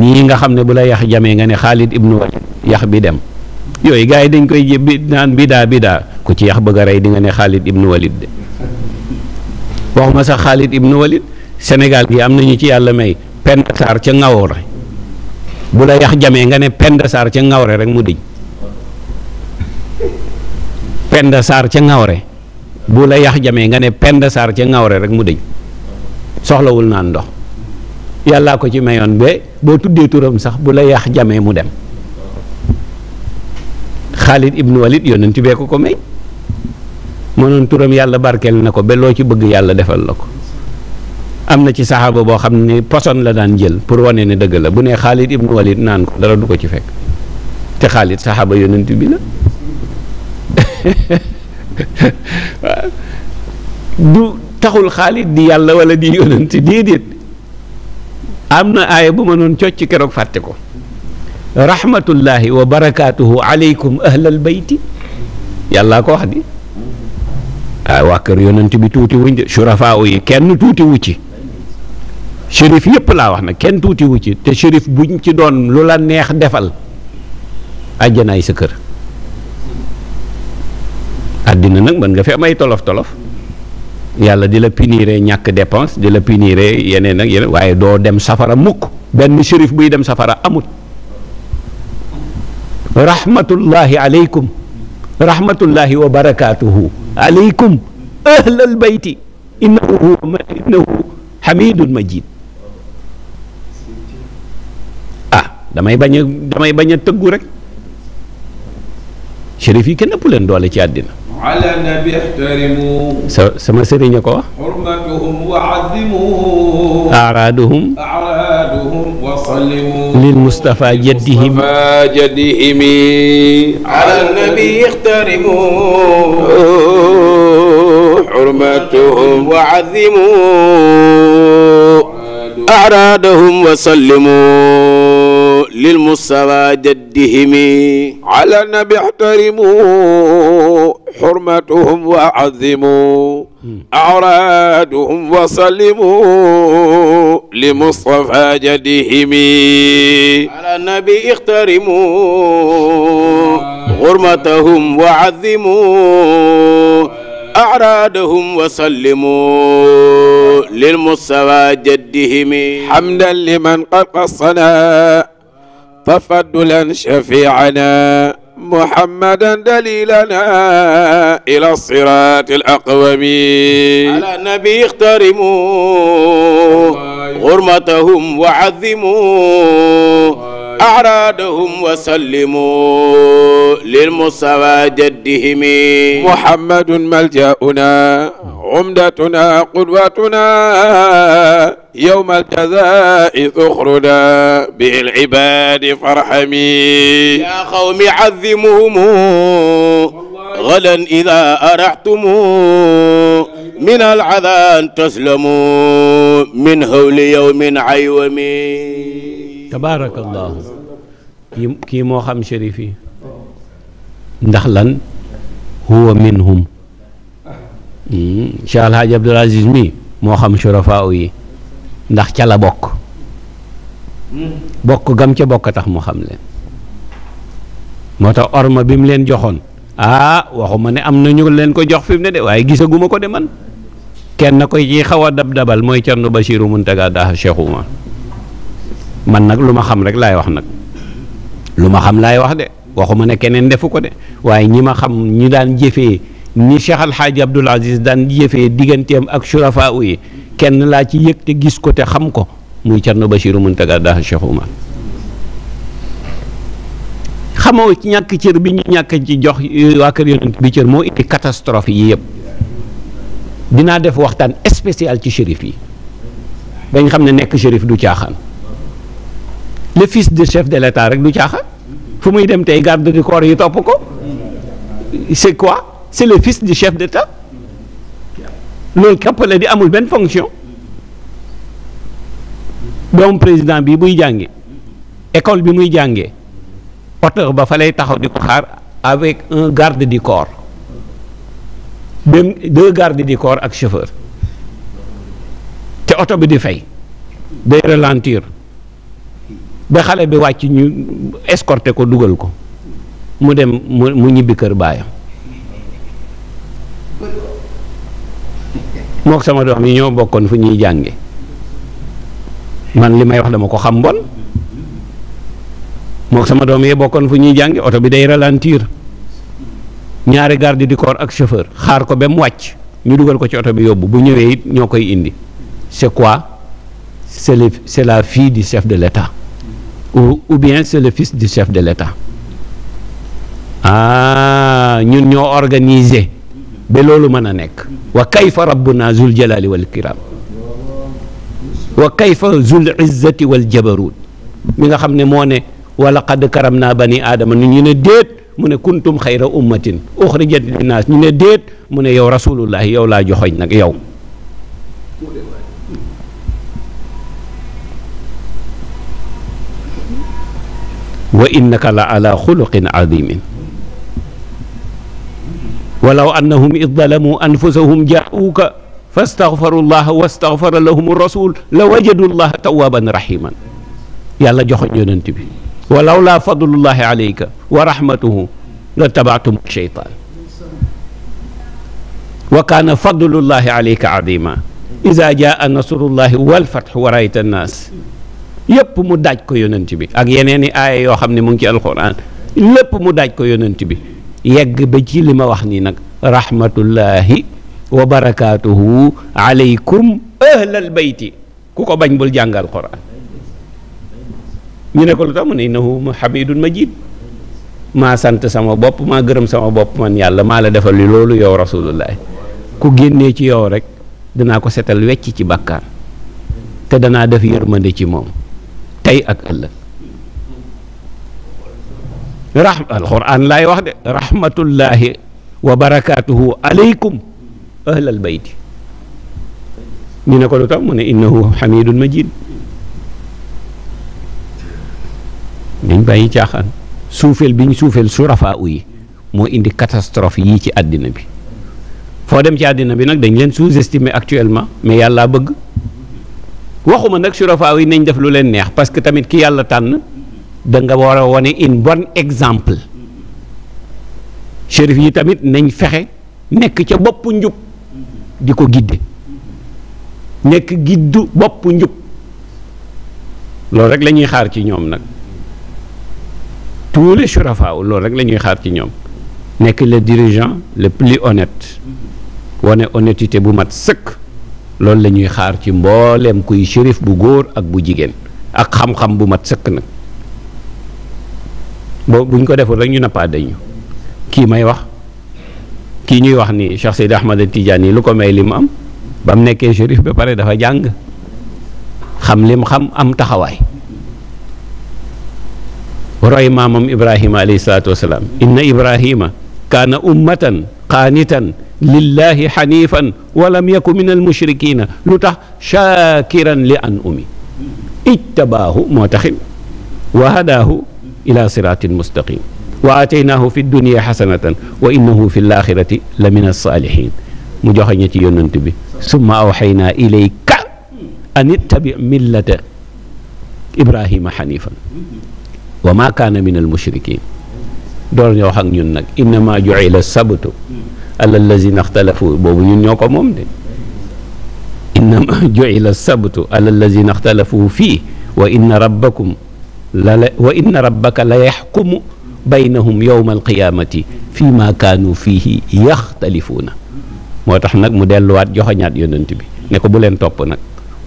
nii nga xam ne bu la yax jamee nga ne Xaalid ibnu Walid yax bi dem yooyu gars yi dañ koy bi naan bidaa bidaa ku ci yax bëgg a rey di nga ne Xaalid ibnu Walid de waxuma sax Xaalid ibnu Walid Sénégal gi am nañu ci yàlla may Penda ca Ngawore bu la yax jamee nga ne Penda Sarr ca ngawre rek mu dëj Penda Sarr ca Ngawore bu la yax jamee nga ne Penda Sarr ca Ngawore rek mu dëj soxlawul naan ndox yàllaa ko ci mayoon ba boo tuddee turam sax bu la yàq jamee mu dem Xaalid ibnu Walid yonent bee ko ko may noon turam yàlla barkeel na ko ba loo ci bëgg yàlla defal la ko am na ci saxaaba boo xam ne poson la daan jël pour wane ne dëgg la bu nee Xaalid ibnu Walid naan ko dara du ko ci fekk te Xaalid saxaaba yonent bi la du taxul Xaalid di yàlla wala di yonent déedéet am na aaya bu ma noon cocc keroog fàtte ko rahmatullahi wa barakaatuhu aleykum ahlal bayti yàllaa ko wax di waa kër yonent bi tuuti wuñ de surafaa yi kenn tuuti wu ci shérif yëpp laa wax nag kenn tuuti wu ci te shérif buñ ci doon lu la neex defal àjjanaay sa kër àddina nag mën nga fi am tolof tolof yàlla di la puniré ñàkk dépense di la puniré yeneen ak yeneen waaye doo dem safara mukk benn shérif buy dem safara amut rahmatullahi aleykum rahmatullahi wa barakaatuhu aleykum ahlal bayti innahu innahu hamidun majid ah damay bañ a damay bañ a tëggu rek shérif yi kenn ëpp leen doole ci àddina ala nabi ihtarimu sa sama sëriñ a ko wax xurmatuhum wa azimuhu aaraaduhum aaraaduhum wa sallimu lil mustafa jaddihim jaddihimi ala nabi ihtarimu xurmatuhum wa azimuhu aaraaduhum wa sallimu lil Mustafa jaddihimi ala nabi ihtarimu hurmatuhum wa azimu a'raduhum wa sallimu li Mustafa jaddihimi ala nabi ihtarimu hurmatahum wa azimu أعرادهم وسلموا للمستوى جدهم حمدا لمن قد قصنا تفضلا شفيعنا محمدا دليلنا إلى الصراط الأقوم على النبي اخترموا غرمتهم وعظموا أعرادهم وسلموا للمصطفى جدهم محمد ملجأنا عمدتنا قدوتنا يوم الجزاء اخرنا بالعباد فارحمي يا قوم عظمهم غدا إذا أرحتم من العذاب تسلموا من هول يوم عيومي tabaarakallaahu kii kii moo xam shérif yi ndax lan huwa minhum hmm. Cheikh Alhaji Abdul Aziz mi moo xam surafaa yi ndax ca la bokk bokk gam ca bokk tax mu xam leen moo tax orma bi mu leen joxoon ah waxuma ne am na ñu leen ko jox fi mu ne de waaye gisaguma ko de man kenn na koy ci xaw a dab dabal mooy Cerno Basiiru Muntaga daa Cheikh Oumar man nag lu ma xam rek laay wax nag lu ma xam laay wax de waxuma ne keneen defu ko de waaye ñi ma xam ñi daan jëfee ni Cheikh Al Hadj Abdoul Aziz daan jëfee digganteem ak surafa yi kenn laa ci yëg te gis ko te xam ko muy Thierno Bachirou Mountaga Daha Cheikh Oumar xamoo ci ñàkk cër bi ñu ñàkk ci jox euh, waa kër yonent bi cër moo indi catastrophe yi yëpp dinaa def waxtaan spécial ci shérif yi dañ xam ne nekk shérif du caaxaan. le fils de chef de l'État rek du caaxaan fu muy dem tey garde du corps yi topp ko c'est quoi c'est le fils du chef d'État loolu képp la di amul benn fonction doomu président bi buy jàngi école bi muy jàngee auteur ba fa lay taxaw di ko xaar avec un garde du corps même deux gardes du corps ak chauffeur te oto bi di fay day ralentir ba xale bi wàcc ñu escorté ko dugal ko mu dem mu mu ñibbi kër baayam mook sama doom yi ñoo bokkoon fu ñuy jànge man li may wax dama ko xam bon mook sama doom yee bokkoon fu ñuy jànge oto bi day ralentir ñaari garde du corps ak chauffeur xaar ko ba mu wàcc ñu dugal ko ci oto bi yóbbu bu ñëwee it ñoo koy indi c'est quoi c'est le c'est la fille di chef de l'État ou, ou bien c'est le fils du chef de l'État ah ñun ñoo organiser ba loolu mën a nekk wa kayfa rabbuna zul jalali wal kiram wa kayfa zul izzati wal mi nga xam ne moo ne wa laqad karam naa bani aadama nu ñu ne déet mu ne kuntum xayra ummatin uxrijat linnaas ñu ne déet mu ne yow rasulullahi yow laa joxoñ nag yow wa innaka la ala xuluqin azimin walaw annahum id dalamuu anfusahum jaauuka fa staxfaru llaha wa staxfara lahum rasul la wajadu llaha tawaaban rahiman yàlla joxoñ yonent bi walaw laa fadlullahi alayka wa rahmatuhu la tabaatum cheytaan wa kaana fadlullahi alayka azima ida jaa nasrullahi walfatxu wa raayta annaas yëpp mu daaj ko yonent bi ak yeneen i aaya yoo xam ne mu ngi ci alxuraan lépp mu daaj ko yonent bi yegg ba ci li ma wax nii nag rahmatullahi wa barakaatuhu aleykum ahlal bayti ku ko bañ bul jàng alxuraan ñu ne ko lu tax mu ne innahu hamidun majid maa sant sama bopp maa gërëm sama bopp man yàlla maa la defal li loolu yow rasulullah ku génnee ci yow rek danaa ko setal wecc ci bàkkaar te danaa def yërmande ci moom tey ak ëllëg laay wax de rahmatullahi wa barakaatuhu aleykum ahlal bayti ñu ne ko lu tax mu ne innahu xamidun majid dañ bàyyi caaxaan suufeel bi ñu suufeel surafaa yi moo indi catastrophe yii ci àddina bi foo dem ci àddina bi nag dañ leen sous-estimer actuellement mais yàllaa bëgg waxuma nag surafaaw yi nañ def lu leen neex parce que tamit ki yàlla tànn da nga war a wane une bonne exemple shérif yi tamit nañ fexe nekk ca bopp njub di ko gidde nekk giddu bopp njub loolu rek lañuy xaar ci ñoom nag tous les surafaaw loolu rek la ñuy xaar ci ñoom nekk le dirigeant le plus honnête wane honnêteté bu mat sëkk loolu la ñuy xaar ci mbooleem kuy shérif bu góor ak bu jigéen ak xam-xam bu mat sëkk nag boo buñ ko deful rek ñu nappaa dañu kii may wax kii ñuy wax ni Cheikh Seydi Ahmad tiijaan yi lu ko may li mu am ba mu nekkee shérif bi pare dafa jàng xam lim xam am taxawaay roy maamam Ibrahima alayhi salaatu wasalaam inna Ibrahima kaana ummatan qaanitan lillahi xanifan walam yaku min almushrikina lu tax shaakiran li an umi ijtabaahu moo taxin wa hadaahu ila siraatin mustaqim wa ataynaahu fi dunia xasanatan wa innahu fi laaxirati la min alsaalihin mu joxe ña ci yonent bi summa awxaynaa ilayka an ittabi millata ibrahima xanifan wa maa kaana min almushrikin doon wax ak ñun nag innama juila sabtu alal lazina ixtalafu boobu ñun ñoo ko moom de innama ju'ila sabtu alal lazina ixtalafu fii wa inna rabbakum la la wa inna rabbaka la yaxkumu baynahum yowma alqiyaamati fii ma kaanu fiihi yaxtalifuuna moo tax nag mu delluwaat joxoñaat yonent bi ne ko bu leen topp nag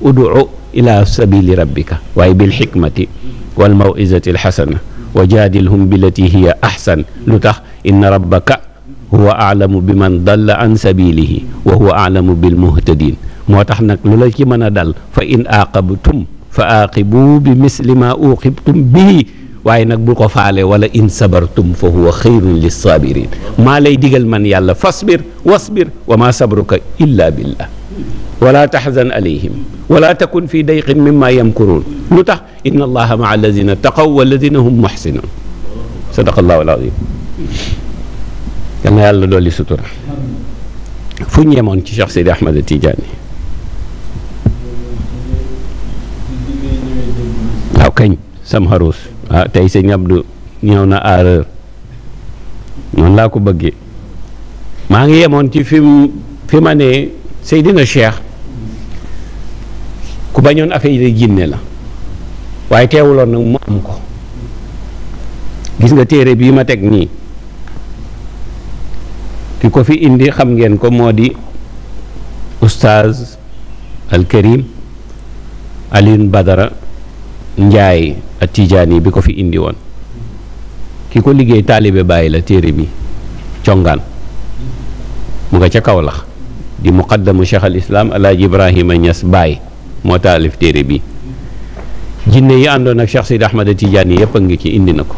ud'u ila sabili rabbika waaye bil xikmati wal maw'izati alxasana wa jaadilhum billati hiya ahsan lu tax inna rabbaka huwa aalamu bi man dalla an sabilihi wa huwa aalamu bil muhtadin moo tax nag lu la ci mën a dal fa in aaqabtum fa aaqibu bi misli ma uqibtum bihi waaye nag bu ko faale wala in sabartum fa huwa xayrun lissaabirin maa lay digal man yàlla fasbir wasbir wa ma sabruka illa billah wala taxzan alayhim wala takun fi dayqin mimma yamkuruun lu tax inna allaha maa allazina taqaw walladina hum muxsinuun sadaqallahu alazim yal na yàlla dolli sutura fu ñu yemoon ci Cheikh Seydi Ahmed Tidiane waaw kañ sam xaruus ah tey sëñ Abdou ñëw na erreur noonu laa ko bëggee maa ngi yemoon ci fi fi ma ne Seydina Cheikh ku bañoon affaire yi jinne la waaye teewuloon nag mu am ko gis nga téere bii ma teg nii ki ko fi indi xam ngeen ko moo di oustaz alkarim Alioune Badara Ndiaye atijaani bi ko fi indi woon ki ko liggéey taalibe bàyyi la téere bi congaan mu nga ca Kawlax di muqaddamu cheikh al islam alaaji Ibrahima Niass Baye moo taalif téere bi jinne yi àndoon ak cheikh Sidi Ahmad Tidiane yëpp a ngi ci indi na ko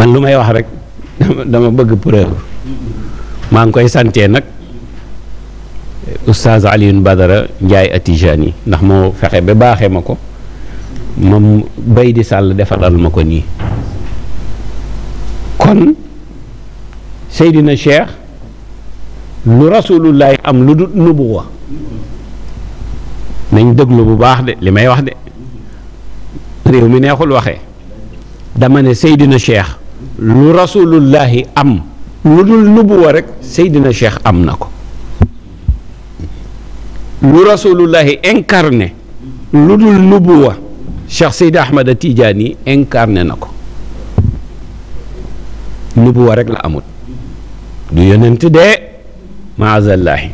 man lu may wax rek dama bëgg preuve maa ngi koy santee nag oustaz Alioune Badara Ndiaye Atijani ndax moo fexe ba baaxee ma ko moom bay di sàll defaral ma ko nii kon Seydina Cheikh lu rasulullahi am lu du nubuwa nañ déglu bu baax de li may wax de réew mi neexul waxee dama ne Seydina Cheikh lu rasulullahi am lu dul nubuwa rek Seydina Cheikh am na ko lu rasulullahi incarné lu dul nubuwa Cheikh Seydi Ahmad Tidiane incarné na ko nubuwa rek la amul du yonent de maazallahi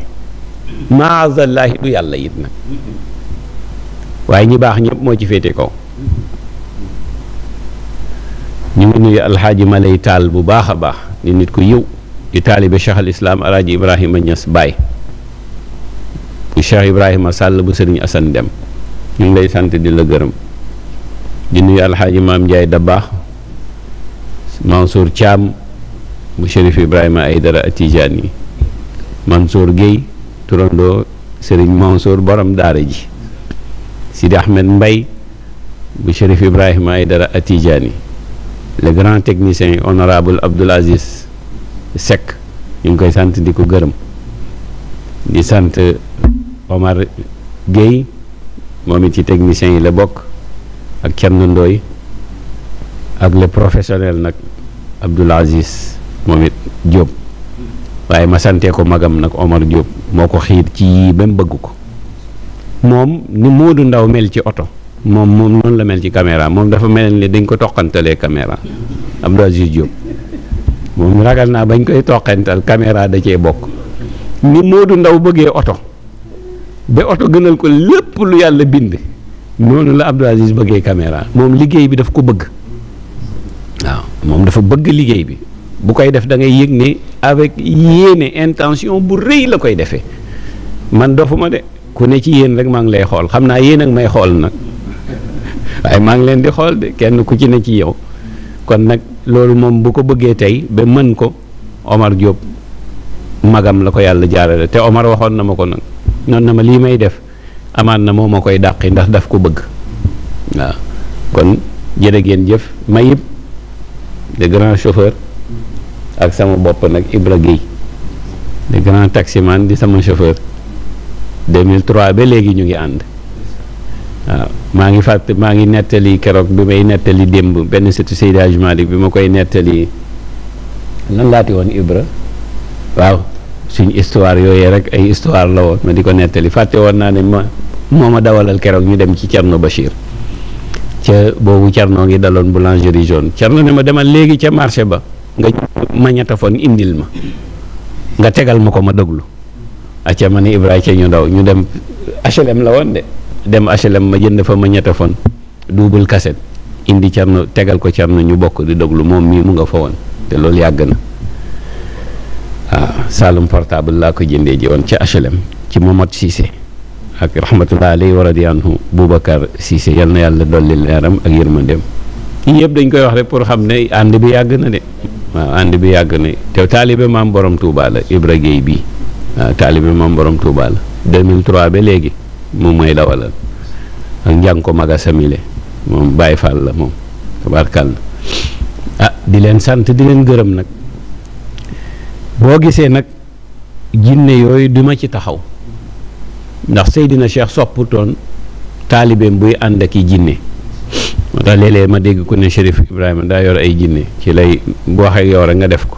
maazallahi du yàlla it nag waaye ñi baax ñëpp moo ci féete kaw ñu ngi nuyu alxaaji Malay Taal bu baax a baax di nit ku yiw di taalibe cheikh al islam alaaji ibrahima ñas baay bu cheikh ibrahima sàll bu sëriñ asan dem ñu ngi lay sant di gërëm dind nuyu alxaaji maam njaay dabaax mansour caam bu chérif ibrahima aydara atijaan yi mansour géey turandoo sëriñ mansour borom daara ji sidi ahmed mbay bu chérif ibrahima aydara atijaan yi le grand technicien yi honorable Abdoul Aziz Seck ñu ngi koy sant di ko gërëm di sant Omar Gueye moom it ci techniciens yi la bokk ak Thierno Ndoye ak le professionnel nag Abdoul Aziz moom it Diop waaye ma santee ko magam nag Omar jóob moo ko xiir ci yii ba mu bëgg ko moom ni du Ndaw mel ci oto moom moom noonu la mel ci caméra moom dafa mel ni dañ ko toqantalee caméra Abdou Aziz Diop moom ragal naa bañ koy toqantal caméra da cee bokk ni Modou Ndaw bëggee oto ba oto gënal ko lépp lu yàlla bind noonu la Abdou Aziz bëggee caméra moom liggéey bi dafa ko bëgg waaw moom dafa bëgg liggéey bi bu koy def da ngay yëg ni avec yéene intention bu rëy la koy defee man dofuma de ku ne ci yéen rek maa ngi lay xool xam naa yéen ak may xool nag waaye maa ngi leen di xool de kenn ku ci ne ci yow kon nag loolu moom bu ko bëggee tey ba mën ko Omar Diop magam la ko yàlla jaarale te Omar waxoon na ma ko nag noon na ma lii may def amaan na moo ma koy dàqi ndax daf ko bëgg waaw kon jërë ngeen jëf Mayib de grand chauffeur ak sama bopp nag Ibra Guèye de grand taximan di sama chauffeur 2003 ba léegi ñu ngi ànd waaw maa ngi fàtt maa ngi nettali keroog bi may nettali démb benn sëtu Seydi Hadji Malick bi ma koy nettali nan laati woon Ibra waaw suñ histoire yooyee rek ay histoire la woon ma di ko nettali fàtte woon naa ne ma moo ma dawalal keroog ñu dem ci Thierno Bachir ca boobu Thierno ngi daloon boulangerie jaune Thierno ne ma demal léegi ca marché ba nga magnétophone indil ma nga tegal ma ko ma déglu acca ma ne Ibra ca ñu daw ñu dem HLM la woon de dem HLM ma jënd fa ma magnétophone double cassette indi Thierno tegal ko Thierno ñu bokk di déglu moom mii mu nga fa woon te loolu yàgg na waaw ah, Saalum portable laa ko jëndee ji woon ci HLM ci Momad Cissé ak rahmatullah alayhi wa radi anhu Boubacar Cissé yal na yàlla dolli leeram ak yërmandeem yii yëpp dañ koy wax rek pour xam ne ànd bi yàgg na de waaw ànd bi yàgg na te taalibe maam borom Touba la Ibra Gueye bii waaw taalibe maam borom Touba la 2003 ba léegi. moom mooy dawalal ak njàng ko maga samile moom Baye Fall la moom tabarkàlla ah di leen sant di leen gërëm nag boo gisee nag jinne yooyu duma ci taxaw ndax Seydina Cheikh sopputoon taalibeem buy ànd ak i jinne moo tax léeg ma dégg ko ne Chérif Ibrahima daa yor ay jinne ci lay boo waxee yow rek nga def ko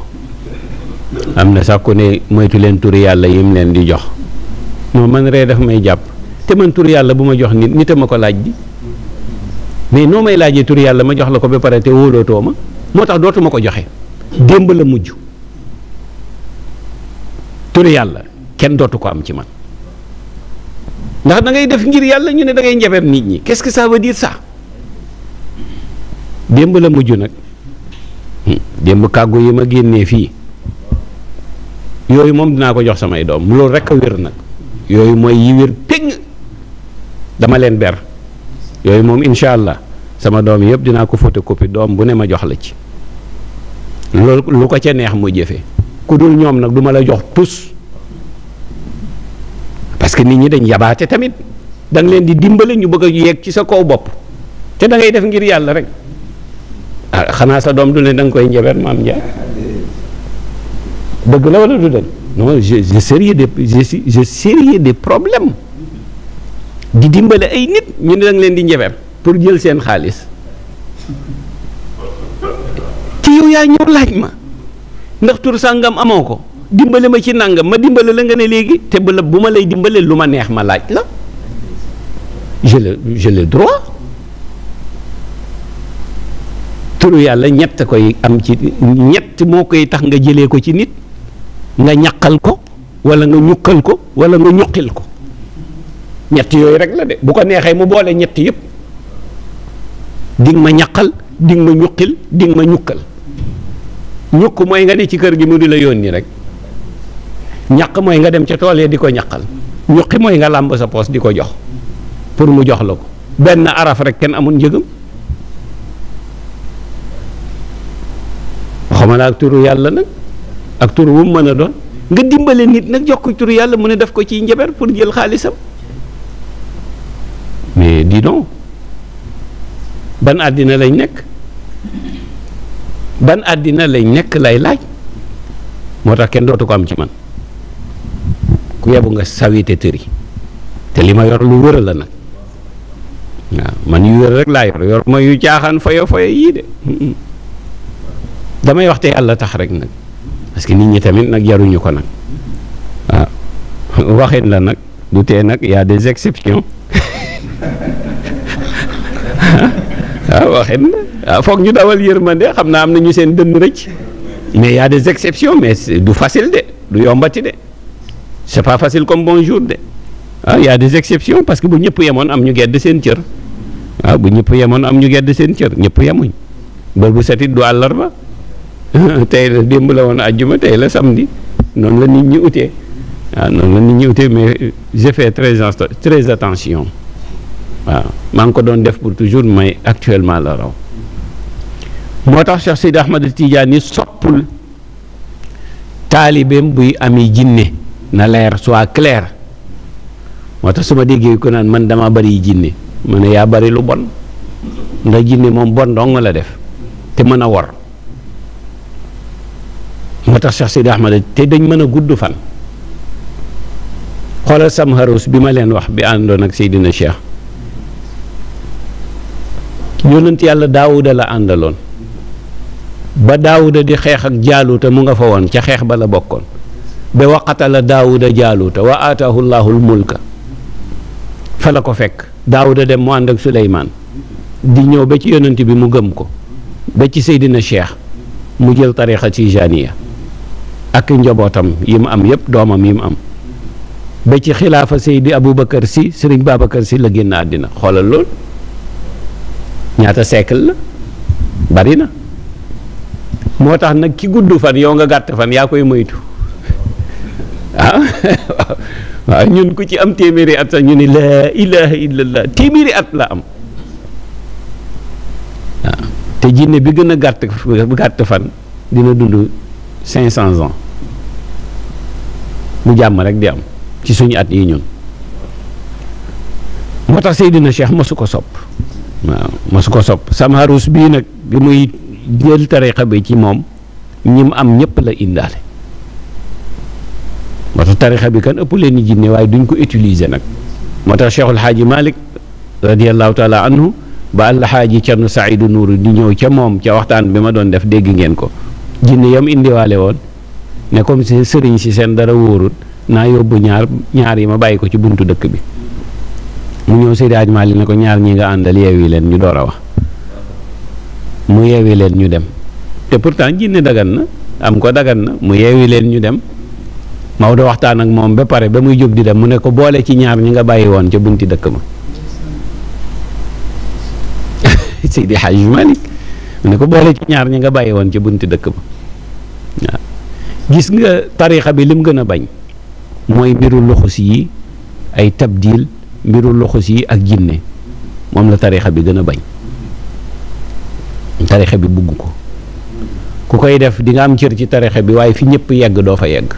am na sax ku ne moytu leen turi yàlla yim leen di jox non man ree daf may jàpp te man tur yàlla bu ma jox nit nit ma ko laaj bi mais noo may laajee tur yàlla ma jox la ko ba pare te wóolootoo ma moo tax ma ko joxe démb la mujj tur yàlla kenn dootu ko am ci man ndax dangay def ngir yàlla ñu ne da ngay njabem nit ñi qu'est-ce que ça veut dire ça démb la mujj nag hmm, démb kàggu yi ma génnee fii yooyu moom dinaa ko jox samay doom loolu rek a wér nag yooyu mooy yi wér péng dama leen ber yooyu moom incha allah sama doom yëpp dinaa ko photocopie doom bu ne ma jox la ci loolu lu ko ca neex mu jëfe ku dul ñoom nag duma la jox tus parce que nit ñi dañ yabaate tamit da leen di dimbale ñu bëgg a yegg ci sa kaw bopp te dangay def ngir yàlla rek ah xanaa sa doom du ne da koy njaber maam Ndiaye dëgg la wala du dëgg non j'ai sérieux des j'ai sérieux des problèmes di dimbale ay nit ñu ne da leen di njebem pour jël seen xaalis ci yow yaa ñëw laaj ma ndax tur sàngam amoo ko dimbale ma ci nàngam ma dimbale la nga ne léegi te bu la bu ma lay dimbale lu ma neex ma laaj la j'ai le j'ai le droit turu yàlla ñett koy am ci ñett moo koy tax nga jëlee ko ci nit nga ñaqal ko wala nga ñukkal ko wala nga ñuqil ko ñetti yooyu rek la de bu ko neexee mu boole ñetti yëpp dig ma ñaqal dig ma ñuqil dig ma ñukkal ñukk mooy nga ne ci kër gi mu di la yoon yi rek ñaq mooy nga dem ca tool ya di ko ñaqal ñuqi mooy nga làmb sa poos di ko jox pour mu jox la ko benn araf rek kenn amul njëgam xama naa ak turu yàlla nag ak turu wu mu mën a doon nga dimbale nit nag jox ko turu yàlla mu ne def ko ciy njaber pour jël xaalisam mais dis donc ban àddina lañ nekk ban àddina lañ nekk lay laaj moo tax kenn dootu ko am ci man ku yebu nga sawite tëri te li ma yor lu wër la nag waaw man yu wër rek laa yor yor ma yu caaxaan fayo fayo yii de damay wax te yàlla tax rek nag parce que nit ñi tamit nag jaruñu ko nag waaw waxin la nag du tee nag y des exceptions waaw ah, waxin waaw ah, foog ñu dawal yërmande xam naa am na ñu seen dënn rëcc mais y a des exceptions mais du facile de du yombati de c'est pas facile comme bonjour de waaw ah, des exceptions parce que bu ñëpp yemoon am ñu gedd seen cër waaw bu ñëpp yemoon am ñu gedd seen ñëpp yemuñ bër bu setit du àllarba tey démb la woon àjjuma tey la samedi noonu la nit ñi utee waaw noonu la nit ñi utee mais je fais très très waaw maa ngi ko doon def pour toujours may actuellement la raw moo tax Cheikh Sidi Ahmad Tidiane soppul taalibeem buy ami jinne na leer soit clair moo tax su ma déggee ko naan man dama bari jinne ma yaa bari lu bon ndax jinne moom bon dong la def te mën a wor moo tax Cheikh Sidi Ahmad te dañ mën a gudd fan xoolal sam harus bi ma leen wax bi àndoon ak Seydina Cheikh yonent yàlla daawuda la àndaloon ba daawuda di xeex ak jaaluta mu nga fa woon ca xeex ba la bokkoon ba waqatala daawuda jaaluta wa aataahu llaahu mulka fa la ko fekk daawuda dem mu ànd ak suleymaan di ñëw ba ci yonent bi mu gëm ko ba ci seydina cheikh mu jël tarixa tijaaniya ak njabootam yi mu am yépp doomam yi mu am ba ci xilaafa seydi aboubacar si sëriñ babacar si la génn àddina xoolal lool ñaata siècle la bari na moo tax nag ki gudd fan yow nga gàtt fan yaa koy moytu ah waaw ñun ku ci am téeméeri at sax ñu ni laa ilaha illallah téeméeri at la am waaw ah, te jinne bi gën a gàtt gàtt fan dina dund cinq cents ans mu jàmm rek di am ci suñu at yi ñun moo tax Seydina Cheikh mosu ko sopp waaw ma mosu ko sopp samharus bii nag bi muy jël tarixa bi ci moom ñi mu am ñëpp la indaale moo tax tarixa bi kan ëpp leen ni jinne waaye duñ ko utiliser nag moo tax Cheikhul Xaaji Malick radiallahu taala anhu ba alxaaji Cerno Saidu Nuuru di ñëw ca moom ca waxtaan bi ma doon def dégg ngeen ko jinne yam indiwaale woon ne comme si sëriñ si seen dara wóorul naa yóbbu ñaar ñaar yi ma bàyyi ko ci buntu dëkk bi mu ñëw Seydi Hadji li ne ko ñaar ñi nga àndal yeewi leen ñu door a wax mu yeewi leen ñu dem te pourtant jinne dagan na am ko dagan na mu yeewi leen ñu dem Maodo waxtaan ak moom ba pare ba muy jóg di dem mu ne ko boole ci ñaar ñi nga bàyyi woon ca bunti dëkk ma Seydi Hadji Malick mu ko boole ñaar ñi nga bàyyi woon ca bunti dëkk gis nga tariixa bi lim gën a bañ mooy mbiru luxus yi ay tabdil mbiru loxos yi ak jinne moom la tarixa bi gën a bañ tarixa bi bugg ko ku koy def di nga am cër ci tarixa bi waaye fi ñëpp yegg doo fa yegg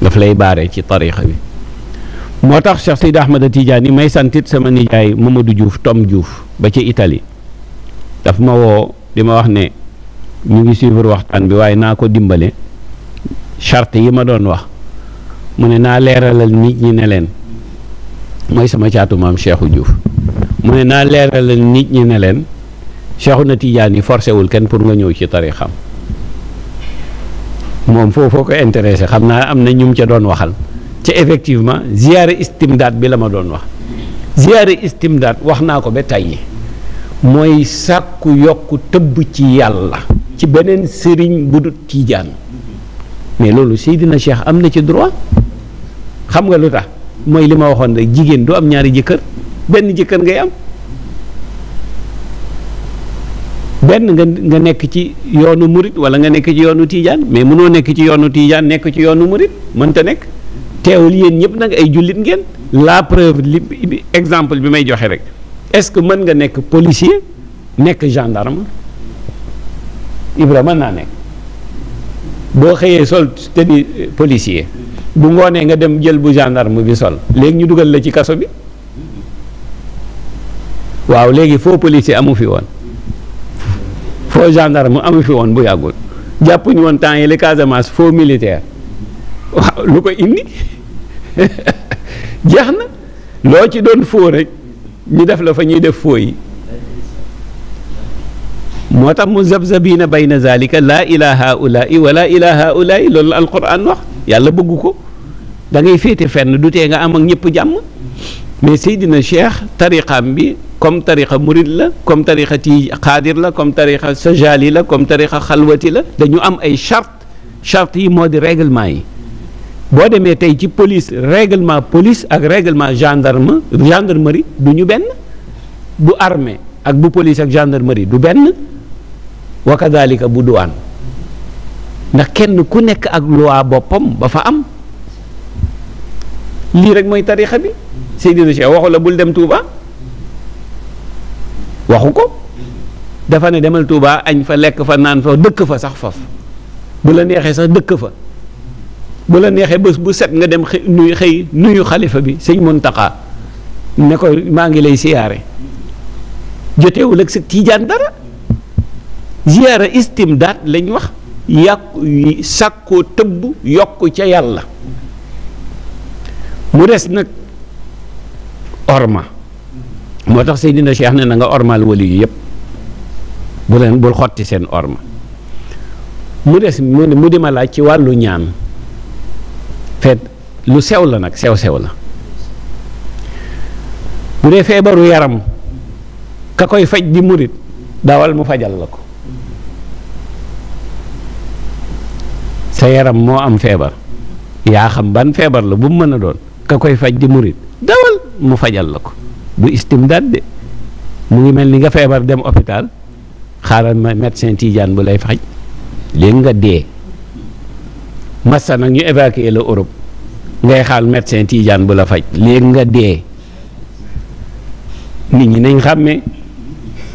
daf lay baare ci tarixa bi moo tax Cheikh Seydi tiijaan yi may santit sama nijaay du juuf Tom juuf ba ci itali daf ma woo di ma wax ne ñu ngi suivre waxtaan bi waaye naa ko dimbale charte yi ma doon wax mu ne naa leeralal nit ñi ne leen mooy sama caatu maam Cheikhou Diouf mu ne naa leeral nit ñi ne leen Cheikhou na tiijaan yi forcé wul kenn pour nga ñëw ci tarixam moom foofoo ko intéressé xam naa am na ñu ca doon waxal ca effectivement ziyaare istimdaat bi la ma doon wax ziyaare istimdaat wax naa ko ba tey mooy sàkku yokk tëbb ci yàlla ci beneen sëriñ bu dul tiijaan mais loolu dina Cheikh am na ci droit xam nga lu tax mooy li ma waxoon rek jigéen du am ñaari jëkkër benn jëkkër ngay am benn nga nga nekk ci yoonu murit wala nga nekk ci yoonu tiijaan mais mënoo nekk ci yoonu tiijaan nekk ci yoonu murit mënta nekk teewul yéen ñëpp nag ay jullit ngeen la preuve li exemple bi may joxe rek est-ce que mën nga nekk policier nekk gendarme Ibra mën naa nekk boo xëyee sol tenue euh, policier bu ngoonee nga dem jël bu gendarme bi sol léegi ñu dugal la ci kaso bi waaw léegi foo policier amu fi woon foo gendarme amu fi woon bu yàggul jàppuñ woon temps yi le foo militaire waaw lu ko indi jeex na loo ci doon foo rek ñu def la fa ñuy def foo yi moo tax mu zabzabiina bayna zalika laa ila haulaai wala ila haulaai loolu la alquran wax yàlla bëggu ko da ngay féete fenn du tee nga am ak ñëpp jàmm mais Seydina Cheikh tariqaam bi comme tariqa murid la comme tariqa ti xaadir la comme tariqa sajali la comme tariqa xalwati la dañu am ay charte charte yi moo di règlement yi boo demee tey ci police réglement police ak réglement gendarme gendarmerie du ñu benn bu armée ak bu police ak gendarmerie du benn wa kadalika bu douane ndax kenn ku nekk ak loi boppam ba fa am lii rek mooy tarixa bi Seydina Cheikh waxu la bul dem Touba waxu ko dafa ne demal tuuba añ fa lekk fa naan fa dëkk fa sax faf bu la neexee sax dëkk fa bu la neexee bés bu set nga dem nuyu xëy nuyu xalifa bi sëñ Muntaqa ne ko maa ngi lay siyaare jotewul ak sa tiijaan dara ziyaara istimdaad lañ wax yàq sàkkoo tëbb yokk ca yàlla mu des nag orma moo tax Seydina Cheikh ne na nga ormal wali yu yëpp bu leen bul xotti seen orma mu des mu di ma laaj ci wàllu ñaan fet lu sew la nag sew sew la bu dee feebaru yaram ka koy faj di murit daawal mu fajal la ko sa yaram moo am feebar yaa xam ban feebar la bu mu mën a doon ka koy faj di murit dawal mu fajal la ko du istimdaad de mu ngi mel ni nga feebar dem hôpital xaaral ma médecin tijaan bu lay faj léegi nga dee massa nag ñu évacuer la Europe ngay xaal médecin tijaan bu la faj léegi nga dee nit ñi nañ xàmmee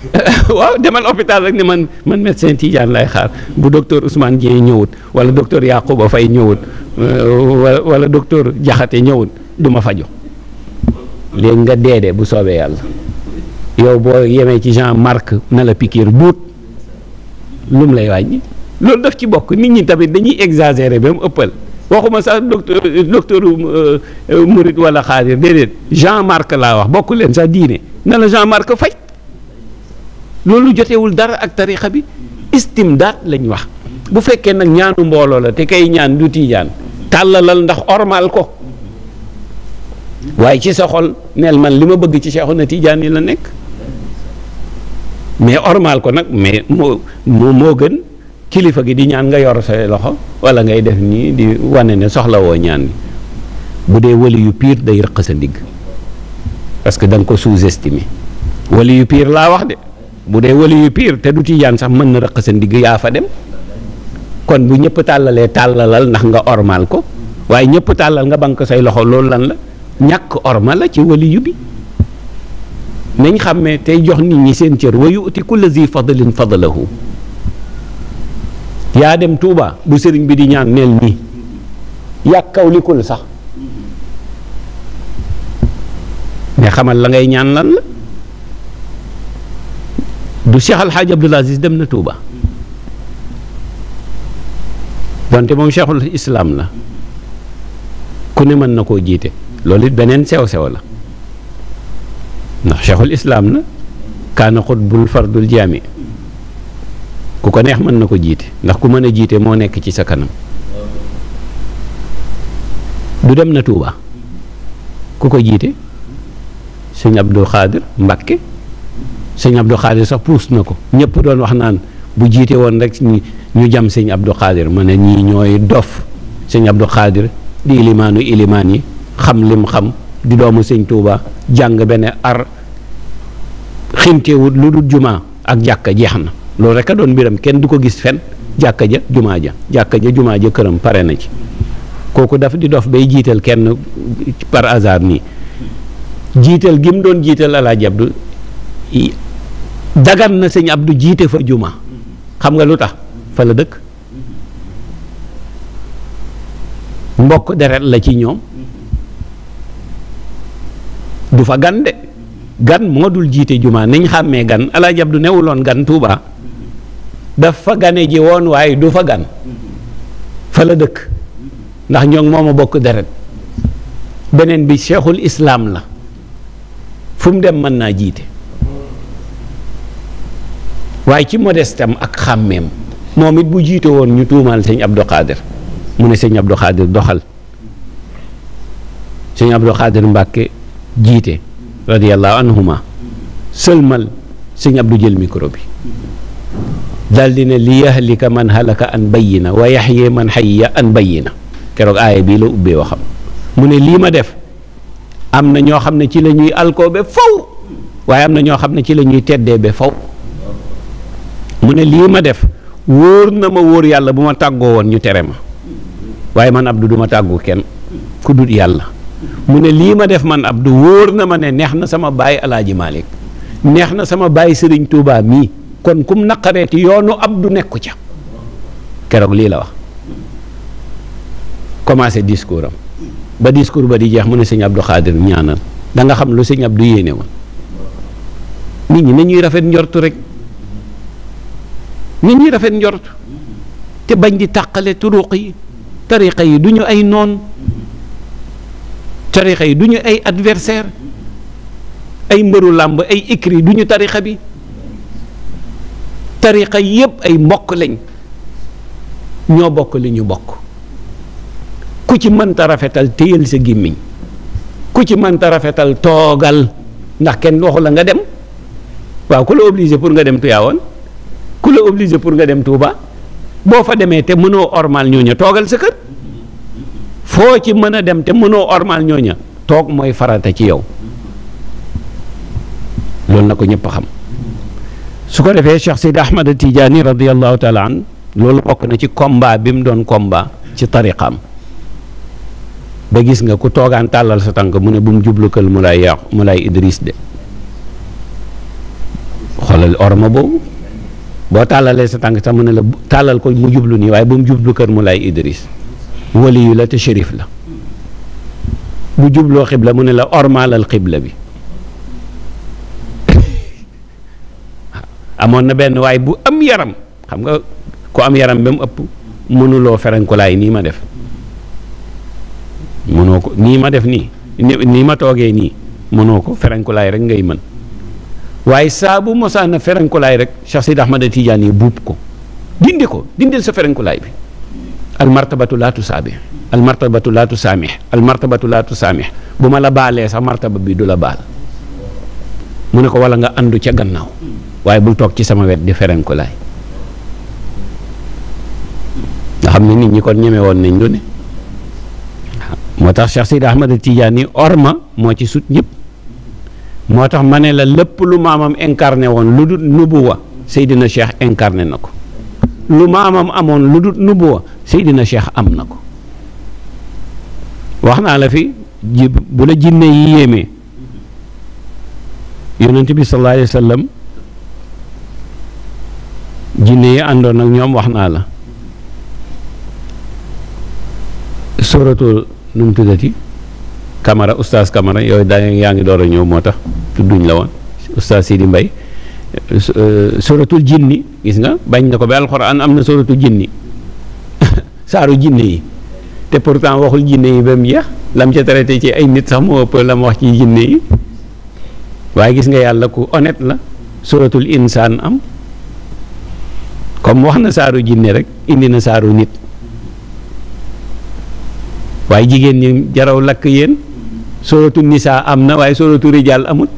waaw demal hôpital rek ne man man médecin Tidiane lay xaar bu docteur Ousmane Dieng ñëwut wala docteur Yacouba Faye ñëwut euh, wala wala docteur Diakhaté ñëwut du ma faju léegi nga deede bu soobee yàlla yow boo yemee ci Jean Marc na la pikiir buut lum lay wàññi loolu daf ci bokk nit ñi tamit dañuy exagérer ba mu ëppal waxuma sax docteur docteur euh, euh, Mouride wala xaadir déedéet Jean Marc laa wax bokk leen sax diine na la Jean Marc faj. loolu jotewul dara ak tarixa bi istimdaat lañ wax bu fekkee nag ñaanu mbooloo la te kay ñaan du tiijaan tàllalal ndax ormal ko waaye ci sa nel man li ma bëgg ci Seexuna Tiijaan yi la nekk mais ormal ko nag mais moo moo gën kilifa gi di ñaan nga yor sa loxo wala ngay def nii di wane ne soxlawoo ñaan bu dee wali yu piir day rëq sa ndigg parce que da ko sous-estimé wali yu piir laa wax de bu dee wali yu te du tijaan sax mën na rëq sa ndigg yaa fa dem kon bu ñëpp tàllalee tàllalal ndax nga ormal ko waaye ñëpp tàllal nga bank say loxo loolu lan la ñàkk orma la ci wali yu bi nañ xàmmee tey jox nit ñi seen cër wa yu'ti kulli zi fadlin fadlahu yaa dem Touba bu sëriñ bi di ñaan neel nii yàkkaw likul sax mais xamal la ngay ñaan lan la du Cheikh Al Hadj Aziz dem na Touba donte moom cheikhul islam la ku ne mën na koo jiite loolu it beneen sew sew la ndax cheikhul islaam la kaana xut xutbul fardul jaami ku ko neex mën na ko jiite ndax ku mën a jiite moo nekk ci sa kanam du dem na tuuba ku ko jiite sëñ Abdul Xaadir Mbàkke sëñ Abdou Khadir sax puus na ko ñëpp doon wax naan bu jiite woon rek ñu ñu jam sëñ Abdou Khadir ma ne ñii ñooy dof sëñ Abdou Khadir di ilimaanu ilimaan yi xam lim xam di doomu sëñ Touba jàng benn ar xintewut lu dul jumaa ak jàkka jeex na loolu rek a doon biram kenn du ko gis fen jàkka ja jumaa ja jàkka ja jumaa ja këram pare na ci kooku daf di dof bay jiital kenn par hasard nii jiital gi mu doon jiital Alaaji Abdu dagan na sëñ Abdou jiite fa juma xam nga lu tax fa la dëkk mbokk deret la ci ñoom du fa gan de gan moo dul jiite juma niñ xàmmee gan Alaaji Abdu newuloon gan Tuuba dafa gane ji woon waaye du fa gan fa la dëkk ndax ñoo moom a bokk deret beneen bi cheikhul islaam la fu mu dem mën naa jiite waaye ci modeste ak xàmmeem moom it bu jiite woon ñu tuumaal sëñ Abdou Khader mu ne sëñ Abdou Khader doxal sëñ Abdou Khader Mbàkke jiite radiyallahu anhuma sëlmal sëñ Abdou jël micro daldi ne li yahlika man halaka an bayyina wa yaxye man xayya an bayyina keroog aaya bii la ubbee waxam mu ne lii ma def am na ñoo xam ne ci la ñuy alkoo ba faw waaye am na ñoo xam ne ci lañuy ñuy teddee ba faw mu ne lii ma def wóor na ma wóor yàlla bu ma tàggoo woon ñu tere ma waaye man Abdou du ma tàggu kenn ku dut yàlla mu ne lii ma def man Abdou wóor na ma ne neex na sama baay Alaaji Malick neex na sama baay sëriñ tuubaa mii kon kum naqareeti yoonu Abdou nekku ca keroog lii la wax commencé discours am ba discours ba di jeex mu ne sëñ Abdou Khadir ñaanal danga xam lu sëñ Abdou yéene woon nit ñi nañuy rafet njortu rek. nit ñi rafet njort te bañ di tàqale turuq yi tariqa yi du ñu ay noon tariqa yi du ñu ay adversaire ay mbëru làmb ay écrit du ñu tariqa bi tariqa yépp ay mbokk lañ ñoo bokk li ñu bokk ku ci mënta rafetal téyal sa gémmiñ ku ci mënta rafetal toogal ndax kenn waxu la nga dem waaw ku la obligé pour nga dem tuyaawoon ku la obligé pour nga dem Touba boo fa demee te mënoo ormal ñooña toogal sa kër foo ci mën a dem te mënoo ormal ñooña toog mooy farata ci yow loolu na ko ñëpp xam su ko defee Cheikh Sidi Ahmad Tidiane radiyallahu taala an loolu bokk na ci komba bi mu doon combat ci tariqaam ba gis nga ku toogaan tàllal sa tànk mu ne bu mu jublukal mu lay yàqu mu lay Idris de xoolal orma boobu. boo tàllalee sa tànk sax mën ne la tàllal ko mu jublu nii waaye bu mu jublu kër mu lay Idris waliyu la te shérif la bu jubloo xibla mu ne la ormaalal xibla bi amoon na benn waaye bu am yaram xam nga ku am yaram ba mu ëpp mënuloo ferenkulaay nii ma def mënoo ko nii ma def nii nii ma toogee nii mënoo ko ferenkulaay rek ngay mën waaye saa bu mosaan a ferenkulaay rek Cheikh Seydi Ahmada Tidiane yi buub ko dindi ko dindil sa ferenkulaay bi al martabatu laatu saabi al martabatu laatu saamih al martabatu laatu saamih bu ma la baalee sax martaba bi du la baal mu ne ko wala nga àndu ca gannaaw waaye bul toog ci sama wet di ferenkulaay nga xam ne nit ñi kon ñeme woon nañ lu ne moo tax Cheikh Seydi Ahmada tiijaan yi orma moo ci sut ñëpp moo tax ma ne la lépp lu maamam incarné woon lu dul nubuwa Seydina Cheikh incarné na ko lu ma maamam amoon lu dul nubuwa Seydina Cheikh am na ko wax naa la fi ji bu la jinne yi yéemee yonent bi sallallahu alayhi jinne yi àndoon ak ñoom wax naa la suratul nu tuddati Camara oustaz Camara yooyu day yaa ngi door a ñëw moo tax tudduñ la woon oustaz Sidi Mbaye euh, suratul jinni gis nga bañ na ko ba alxuraan am na suratul jinni saaru jinne yi te pourtant waxul jinne yi ba mu jeex lam ca traité ci ay nit sax mu ëpp la mu wax ci jinne yi waaye gis nga yàlla ku honnête la suratul insaan am comme wax na saaru jinne rek indi na saaru nit waaye jigéen ñi jaraw lakk yéen soratu nisaa am na waaye soratu rijal amul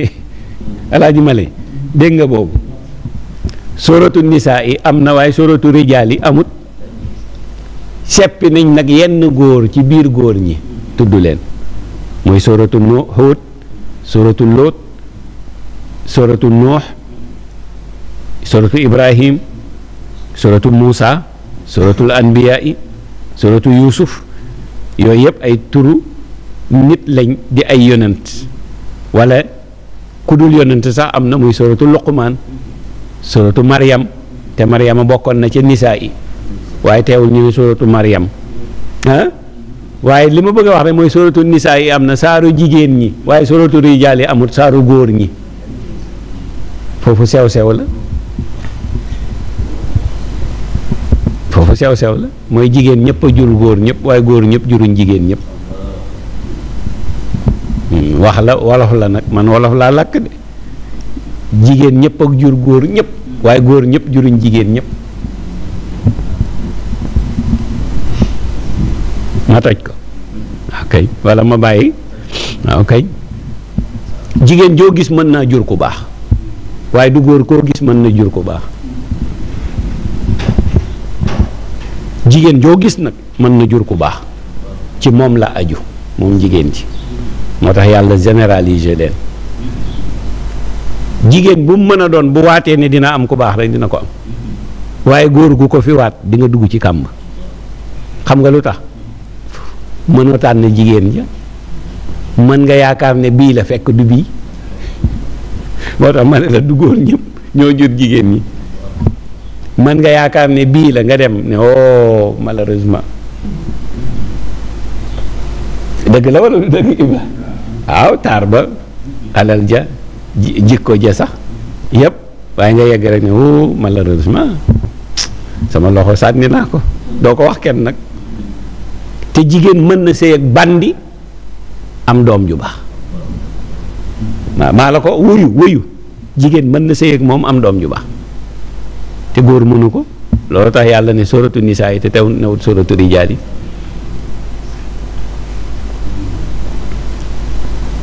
alaaji male dégg nga boobu soratu nisaa i am na waaye soratu rijal amut seppi nañ nag yenn góor ci biir góor ñi tudd leen mooy soratu no Hud soratu Lot soratu Nuux soratu Ibrahim soratu Muusa soratul anbiyaa yi soratu Yuusuf yooyu yëpp ay turu nit lañ di ay yonent walla ku dul yonent sax am na muy suratu luqmaan suratu maryam te a bokkoon na ci nisaa yi waaye teewul ñu ne suratu maryam ah? waaye li ma bëgg a wax rek mooy suratu nisaa yi am na saaru jigéen ñi waaye suratu rijaal yi amul saaru góor ñi foofu sew sew la foofu sew sew la mooy jigéen ñëpp a jur góor ñëpp waaye góor ñëpp juruñ jigéen ñëpp wax la wolof la nag man wolof laa làkk de jigéen ñëpp ak jur góor ñépp waaye góor ñëpp juruñ jigéen ñëpp ma toj ko ok ah, walla ma bàyyi waaw ah, kay jigéen joo gis mën naa jur ku baax waaye du góor koo gis mën na jur ku baax jigéen joo gis nag mën na jur ku baax ci moom la aju moom jigéen ji moo tax yàlla général généraliser leen jigéen bu mu mën a doon bu waatee ne dina am ku baax rek dina ko am waaye góor gu ko fi waat di nga dugg ci kàmb xam nga lu tax mënoo tànn jigéen ja mën nga yaakaar ne bii la fekk du bii moo tax ma ne la du jur jigéen ñi mën nga yaakaar ne bii la nga dem ne oh malheureusement dëgg la wala du dëgg Ibrahima waaw taar ba alal ja jikko ja sax yëpp waaye nga yegg rek ma o malheureusement sama loxo sànni naa ko doo ko wax kenn nag te jigéen mën na sëy ak bandi am doom ju baax maa la ko wuyu wuyu jigéen mën na sëy ak moom am doom ju baax te góor mënu ko loolu tax yàlla ne soratu nisaa yi te tew newut soratu rijaal yi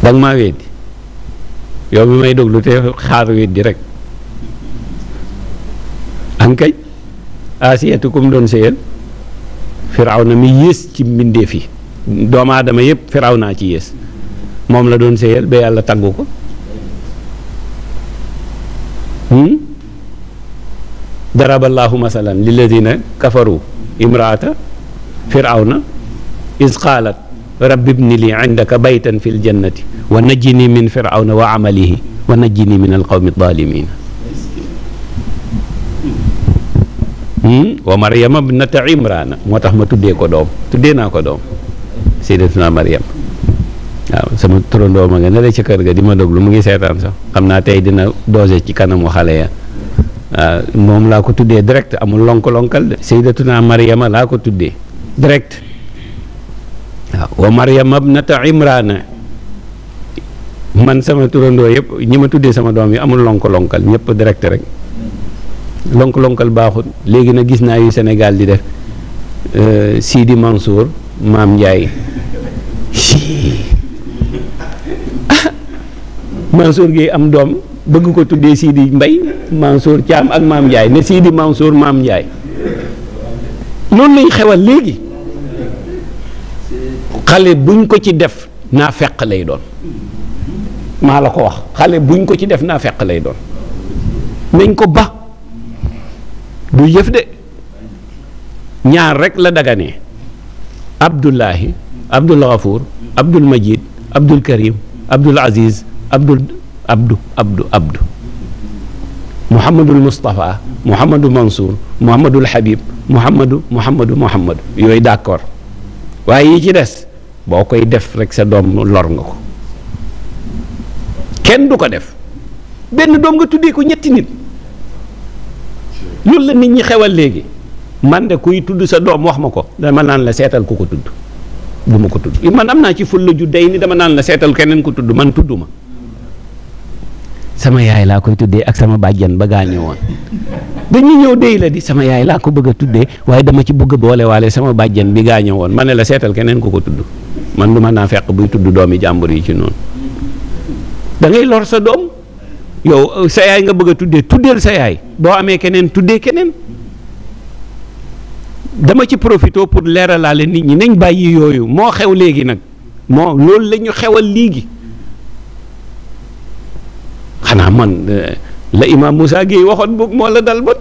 danga maa weddi yow bi may déglu te xaar weddi rek am kay doon seyal firawna mi yées ci mbindeef yi doomu aadama yëpp firawna ci yées moom la doon seyal ba yàlla taggu ko hmm? daraba allahu masalan lilladina kafaru imraata firawna is rabbi bni li indaka baytan fi ljannati wa najjini min firawna wa amalihi wa najjini min alqawmi daalimina hmm? wa maryama bnata imrana moo tax ma tuddee ko doom tudde naa ko doom sayyidatuna maryam waaw sama turandoo ma nga ne la ca kër ga di ma déglu mu ngi seetaan sax xam naa tey dina doose ci kanamu xale ya waaw moom laa ko tuddee direct amul lonk-lonkal de sayyidatuna maryama laa ko tuddee direct waaw wa maryama bnata imrana man sama turandoo yëpp ñi ma tuddee sama doom yi amul lonk-lonkal ñëpp direct rek lonk-lonkal baaxul léegi na gis naa yu senegaal di def euh, Sidi Mansour maam Ndiaye Mansour gi am doom bëgg ko tuddee Sidi Mbay Mansour Thiam ak maam Ndiaye ne Sidi Mansour maam Ndiaye loolu lañ xewal léegi xale buñ ko ci def naa feq lay doon maa la ko wax xale buñ ko ci def naa feq lay doon nañ ko ba du yëf de ñaar rek la daganee abdullahi abdul gafuur abdul majid abdul karim abdul aziz abdul abdu abdu abdu muhammadul mustafa muhammadu mansour muhammadul habib muhammadu muhammadu muhammadu yooyu d'accord waaye yi ci des boo koy def rek sa doom lor nga ko kenn du ko def benn doom nga tuddee ko ñetti nit loolu la nit ñi xewal léegi man de kuy tudd sa doom wax ma ko dama naan la seetal ku ko tudd du ma ko tudd man am naa ci ful la ju day ni dama naan la seetal keneen ko tudd man tudd ma sama yaay laa koy tuddee ak sama bàjjan ba gaañu woon dañuy ñëw dey la di sama yaay laa ko bëgg a tuddee waaye dama ci bëgg a boolewaale sama bàjjan bi gaañu woon ma ne la seetal keneen ku ko tudd man lu man naa fekk buy tudd doomi jàmbur yi ci noonu dangay ngay lor sa doom yow euh, sa yaay nga bëgg a tuddee tuddeel sa yaay boo amee keneen tuddee keneen dama ci profité pour leeralaale nit ñi nañ bàyyi yooyu moo xew léegi nag moo loolu la ñu xewal léegi xanaa man euh, la imaam Moussa Gueye waxoon boog moo la dal bon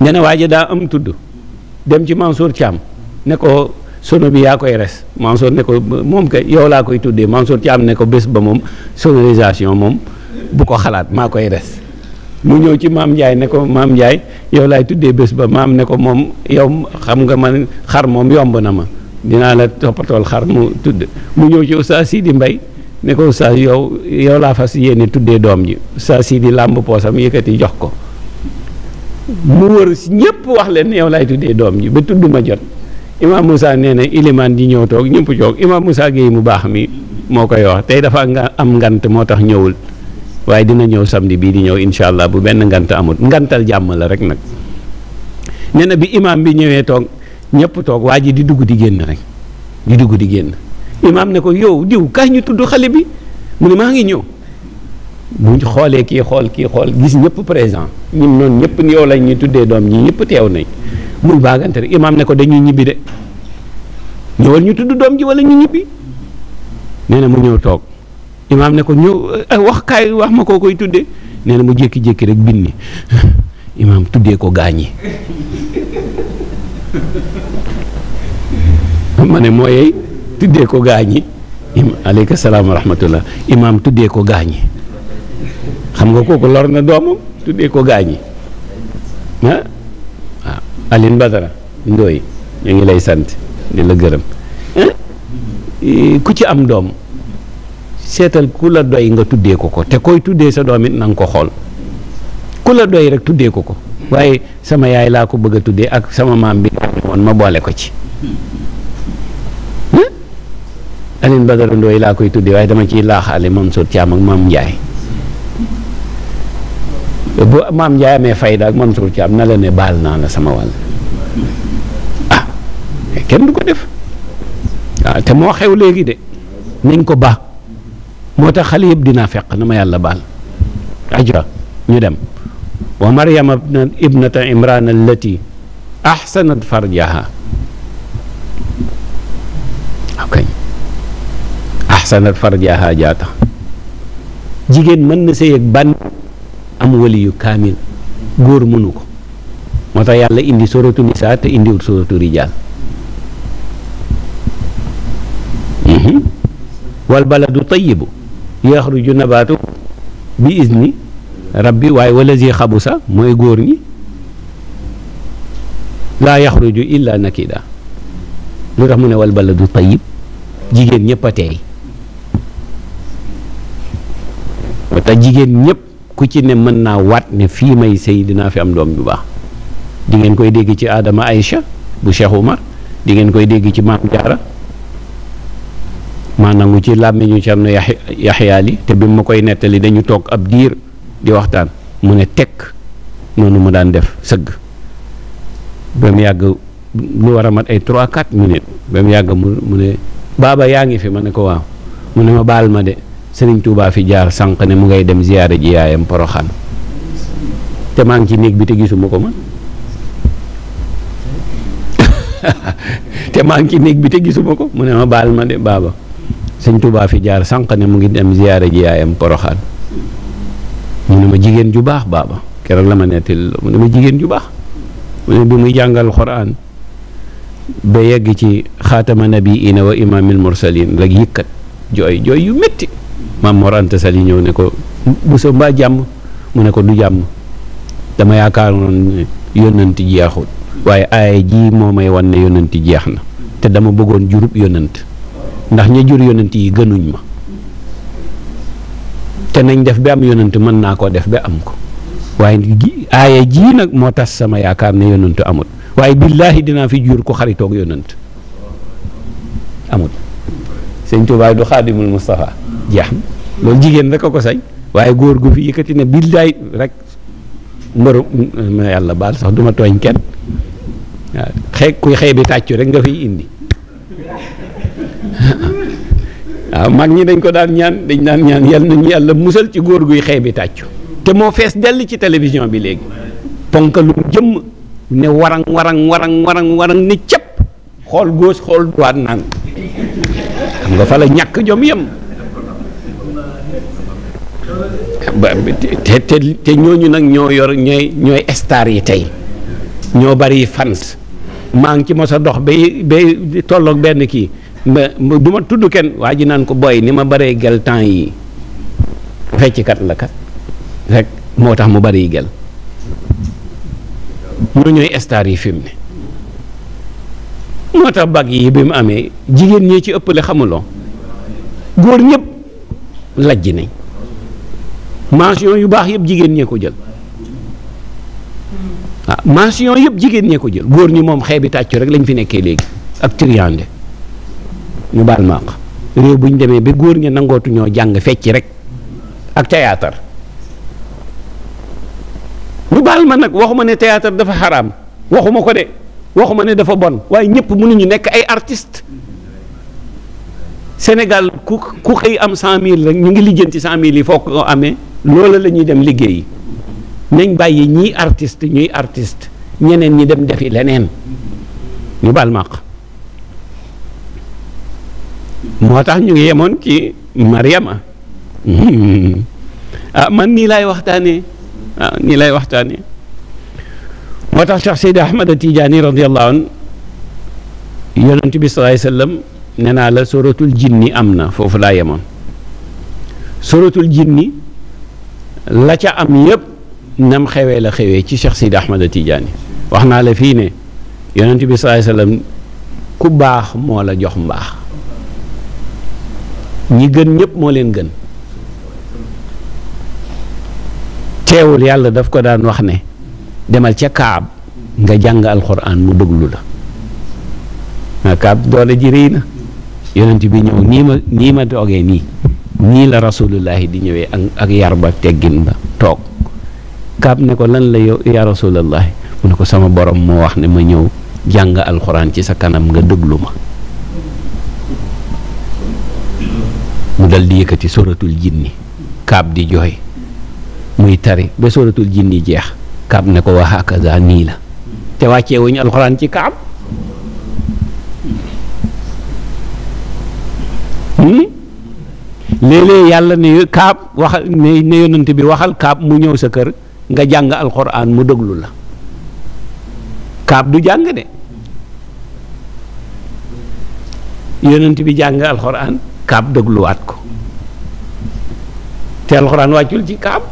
ne na waaja daa am tudd dem ci Mansour Thiam ne ko sono bi yaa koy res Mansour ne ko moom kay yow laa koy tuddee Mansour ci am ne ko bés ba moom sonorisation moom bu ko xalaat maa koy res mu ñëw ci maam Ndiaye ne ko maam Ndiaye yow laay tuddee bés ba maam ne ko moom yow xam nga man xar moom yomb na ma dinaa la toppatool xar mu tudd mu ñëw ci Oustaz Sidi Mbay ne ko Oustaz yow yow laa fas yéene tuddee doom ji Oustaz Sidi làmb poosam yëkkati jox ko mu wër si ñëpp wax leen yow laay tuddee doom ji ba tudd ma jot Imam Moussa nee na ilimaan ji ñëw toog ñëpp joog Imam Moussa Guèye mu baax mi moo koy wax tey dafa nga am ngant moo tax ñëwul waaye dina ñëw samedi bii di ñëw incha allah bu benn ngant amul ngantal jàmm la rek nag nee na bi imam bi ñëwee toog ñëpp toog waa ji di dugg di génn rek di dugg di génn imam ne ko yow diw kaay ñu tudd xale bi mu ne maa ngi ñëw buñ xoolee kii xool kii xool gis ñëpp présent ñun noonu ñëpp yow lañ ñu tuddee doom ñi ñëpp teew nañ muy baagante rek imaam ne ko dañuy ñibbi de ñëwal ñu tudd doom ji walla ñu ñibbi nee mu ñëw toog imaam ne ko ñëw eh, wax kaay wax ma koo koy tuddee nee na mu jékki-jékki rek binni imaam tuddee ko gaañi ma ne mooy tuddee gaañi im aleyka salaam wa imaam tuddee ko gaañi xam nga kooku lor na doomam tuddee ko gaañi ah? Aline Badara Ndoye ñu ngi lay sant di la gërëm eh? Eh, ku ci am doom seetal ku la doy nga tuddee ko ko te koy tuddee sa doom it na ko xool ku la doy rek tuddee ko ko waaye sama yaay laa ko bëgg a tuddee ak sama maam bi woon ma boole ko ci hmm? Aline Badara Ndoye laa koy tuddee waaye dama ciy laaxaale Mansour Thiam ak maam Ndiaye bu maam Ndiaye amee fayda ak Mansour Thiam na la ne baal naa la sama wàll ah, kenn du ko def waaw ah, te moo xew léegi de nañ ko ba moo tax xale yëpp dinaa feq na ma yàlla baal ajra ñu dem wa maryama ibnata imran allati ahsanat farjaha okay ahsanat jigéen mën na sëy ban am waliyu kaamil góor mënu ko moo tax yàlla indi soratu nisaa te indiwul soratu rijaal mhm. wal baladu tayyibu yaxruju nabaatu bi izni rabbi waaye walazi xabusa mooy góor ñi laa yaxruju illa nakida lu tax mu ne wal baladu tayyib jigéen ñépp a teey moo tax jigéen ñépp ku ci ne mën naa waat ne fii may sëy dinaa fi am doom bu baax di ngeen koy dégg ci Adama Aïcha bu Cheikh Umar di ngeen koy dégg ci Maam Jaara maa nangu ci làmmiñu ci am na li te bi ma koy nettali dañu toog ab diir di waxtaan mu ne tekk noonu mu daan def sëgg ba mu yàgg lu war a mat ay 3 4 minutes ba mu yàgg mu ne baaba yaa ngi fi ma ne ko waaw mu ne ma baal ma de sëriñ Touba fi jaar sànq ne mu ngay dem ziyaare ji yaayam poroxaan te maa ngi ci néeg bi te gisuma ko man maa ngi ci néeg bi te gisuma ko mu ne ma baal ma de baaba sëñ Touba fi jaar sànq ne mu ngi dem ziyaare ji yaayam poroxaan mu ne ma jigéen ju baax baaba keroog la ma nettil mu ne ma jigéen ju baax mu ne bi muy jàngal xoraan ba yegg ci xaatama nabiina wa imaamil mursalin rek yëkkat jooy jooy yu métti maam Mor Anta Sali ñëw ne ko Bousso mbaa jàmm mu ne ko du jàmm dama yaakaaroon yónnanti jeexul waaye aaya ji moo may wan ne yónnanti jeex na te dama bëggoon jurub yónnant ndax ña jur yónnant yi gënuñ ma te nañ def bi am yónnant mën naa koo def ba am ko waaye aaya ji nag moo tas sama yaakaar ne yónnantu amut waaye billaahi dinaa fi jur ko xaritoog yónnant amut sëñ Tuubaa du xaadimul Mustafaa jeex na loolu jigéen rek a ko sañ waaye góor gu fi yëkkati ne billaay rek mbëru ma yàlla baal sax duma tooñ kenn waaw xee kuy xee bi tàccu rek nga fi indi waaw mag ñi dañ ko daan ñaan dañ daan ñaan yal yàlla musal ci góor guy xee bi tàccu te moo fees dell ci télévision bi léegi ponkalum jëmm ne warang warang warang warang warang ne cëpp xool góos xool duwaat naan xam nga fa la ñàkk jom yem te te te ñooñu nag ñoo yor ñooy ñooy star yi tey ñoo bari fans maa ngi ci mos a dox bay bay tolloog benn kii ma du ma tudd kenn waa ji naan ko booy ni ma baree gel temps yi fecckat la kat rek moo tax mu bari gel ñoo ñooy star yi fi mu ne moo tax bag yi bi mu amee jigéen ñi ci ëppale xamuloo góor ñëpp lajj nañ mention yu baax yëpp jigéen ñee ko jël ah mention yëpp jigéen ñee ko jël góor ñi moom xeebi tàccu rek lañ fi nekkee léegi ak triande ñu baal ma àq réew demee ba góor ñi nangootu jàng fecc rek ak théâtre ñu baal ma nag waxuma ne théâtre dafa xaraam waxuma ko de waxuma ne dafa bon waaye ñëpp mënuñu nekk ay artist Sénégal ku ku xëy am sant mille rek ñu ngi lijjanti cent mille yi foo ko amee. loola lañuy dem liggéey nañ bàyyi ñii artiste ñuy artist ñeneen ñi dem defi leneen ñu bal maq moo tax ñu yemoon ci Mariama ah man nii lay waxtaanee ah nii laay moo tax Cheikh Seydi Ahmad Tijaani radiyallahu an yonent bi salaay sallam nee naa la soratul jinni am na foofu laa yemoon soratul jinni la ca am yëpp nam xewee la xewee ci Cheikh Sidi Ahmada Tidiane wax naa la fii ne yonent bi sallallahu alayhi wasallam ku baax moo la jox mbaax ñi gën ñëpp moo leen gën teewul yàlla daf ko daan wax ne demal ca kaab nga jàng alxuraan mu déglu la nga kaab doole ji réy na yonent bi ñëw nii ma nii ma doogee nii nii la rasulullahi di ñëwee ak ak yar ba teggin ba toog kaab ne ko lan la yow ya mu ne ko sama borom moo wax ne ma ñëw jàng alxuraan ci sa kanam nga déglu ma mu dal di yëkkati sóoratul jinni kaab di jooy muy tari ba sóoratul jinni jeex kaab ne ko wa hakaza nii la te wàccee wuñu alxuraan ci kaab léeg-léeg yàlla ne kaab waxal ne ne bi waxal kaab mu ñëw sa kër nga jàng alxuraan mu déglu la kaab du jàng de yonent bi jàng alxuraan kaab dégluwaat ko te alxuraan wàccul ci kaab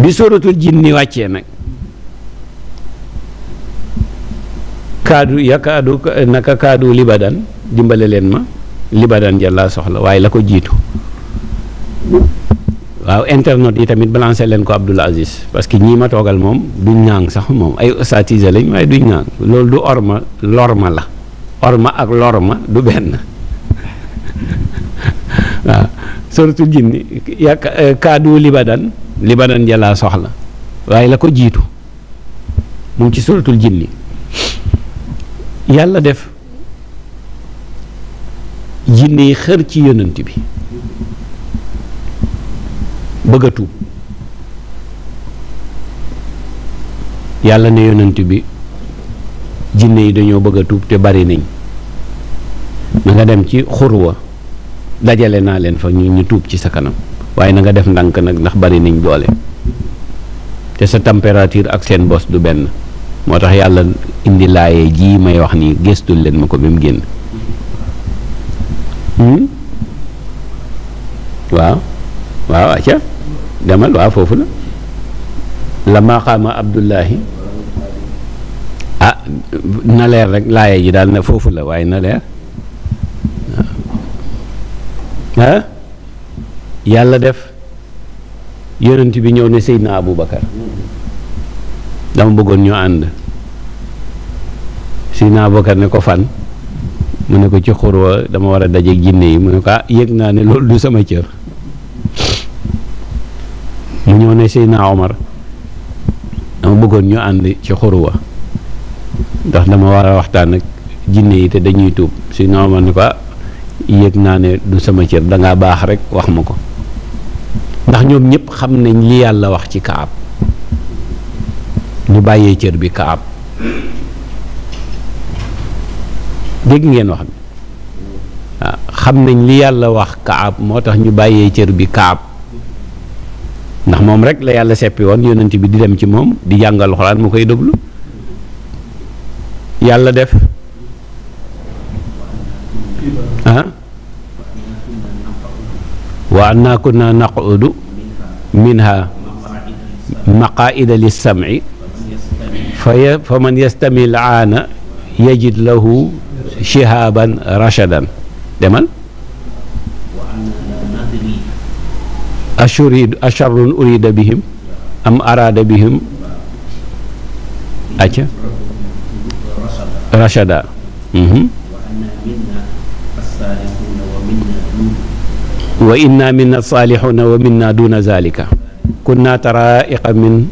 bi suratul ni wàccee nag kaadu yakaadu naka kaadu libadan dimbale leen ma li ba laa soxla waaye la ko jiitu waaw internet yi tamit balancé leen ko Abdoul Aziz parce que ñii ma toogal moom duñ ñaang sax moom ay ostatise lañ waaye duñ ñaang loolu du orma lorma la orma ak lorma du benn waaw surtout jinni yàq kaadu li ba daan laa soxla waaye la ko jiitu mu ngi ci suratul jinni yàlla def jinne yi xër ci yonent bi bëgg tuub yàlla ne yonent bi jinne yi dañoo bëgg tuub te bari nañ na dem ci xurwa dajale naa leen fa ñu ñu tuub ci sa kanam waaye nanga def ndànk nag ndax bari nañ doole te sa température ak seen bos du benn moo tax yàlla indi laaye may wax nii gëstul leen ma ko bi mu génn Hmm? waaw waaw acca demal waaw foofu la la maqaama abdullahi ah na leer rek laaya ji daal na foofu la waaye na ah. Ah? yàlla def yonent bi ñëw ne Seydina Abu Bakar dama bëggoon ñu ànd Seydina Abu Bakar ne ko fan mu ne ko ci xurwa dama war a dajeeg jinne yi mu ne ko ah yëg naa ne loolu du sama cër mu ñëw ne Seydina Omar dama bëggoon ñu ànd ci xurwa ndax dama war a waxtaan ak jinne yi te dañuy tuub Seydina Omar ne ko ah yëg naa ne du sama cër danga baax rek wax ma ko ndax ñoom ñëpp xam nañ li yàlla wax ci kaab ñu bàyyee cër bi kaab dégg ngeen wax bi ah, xam nañ li yàlla wax kaab moo tax ñu bàyyee cër bi kaab ndax moom rek la yàlla seppi woon yonent bi di dem ci moom di jàngal xuraan mu koy déglu yàlla def ah wa annaa kunna naqudu minha maqaida lis sam'i fa man yastami al aana yajid lahu shihaban rashadan demal ashurid asharun urida bihim am arada bihim acca rashada mhm. wa inna minna saalixuuna wa minna duna zalika kunna taraiqa min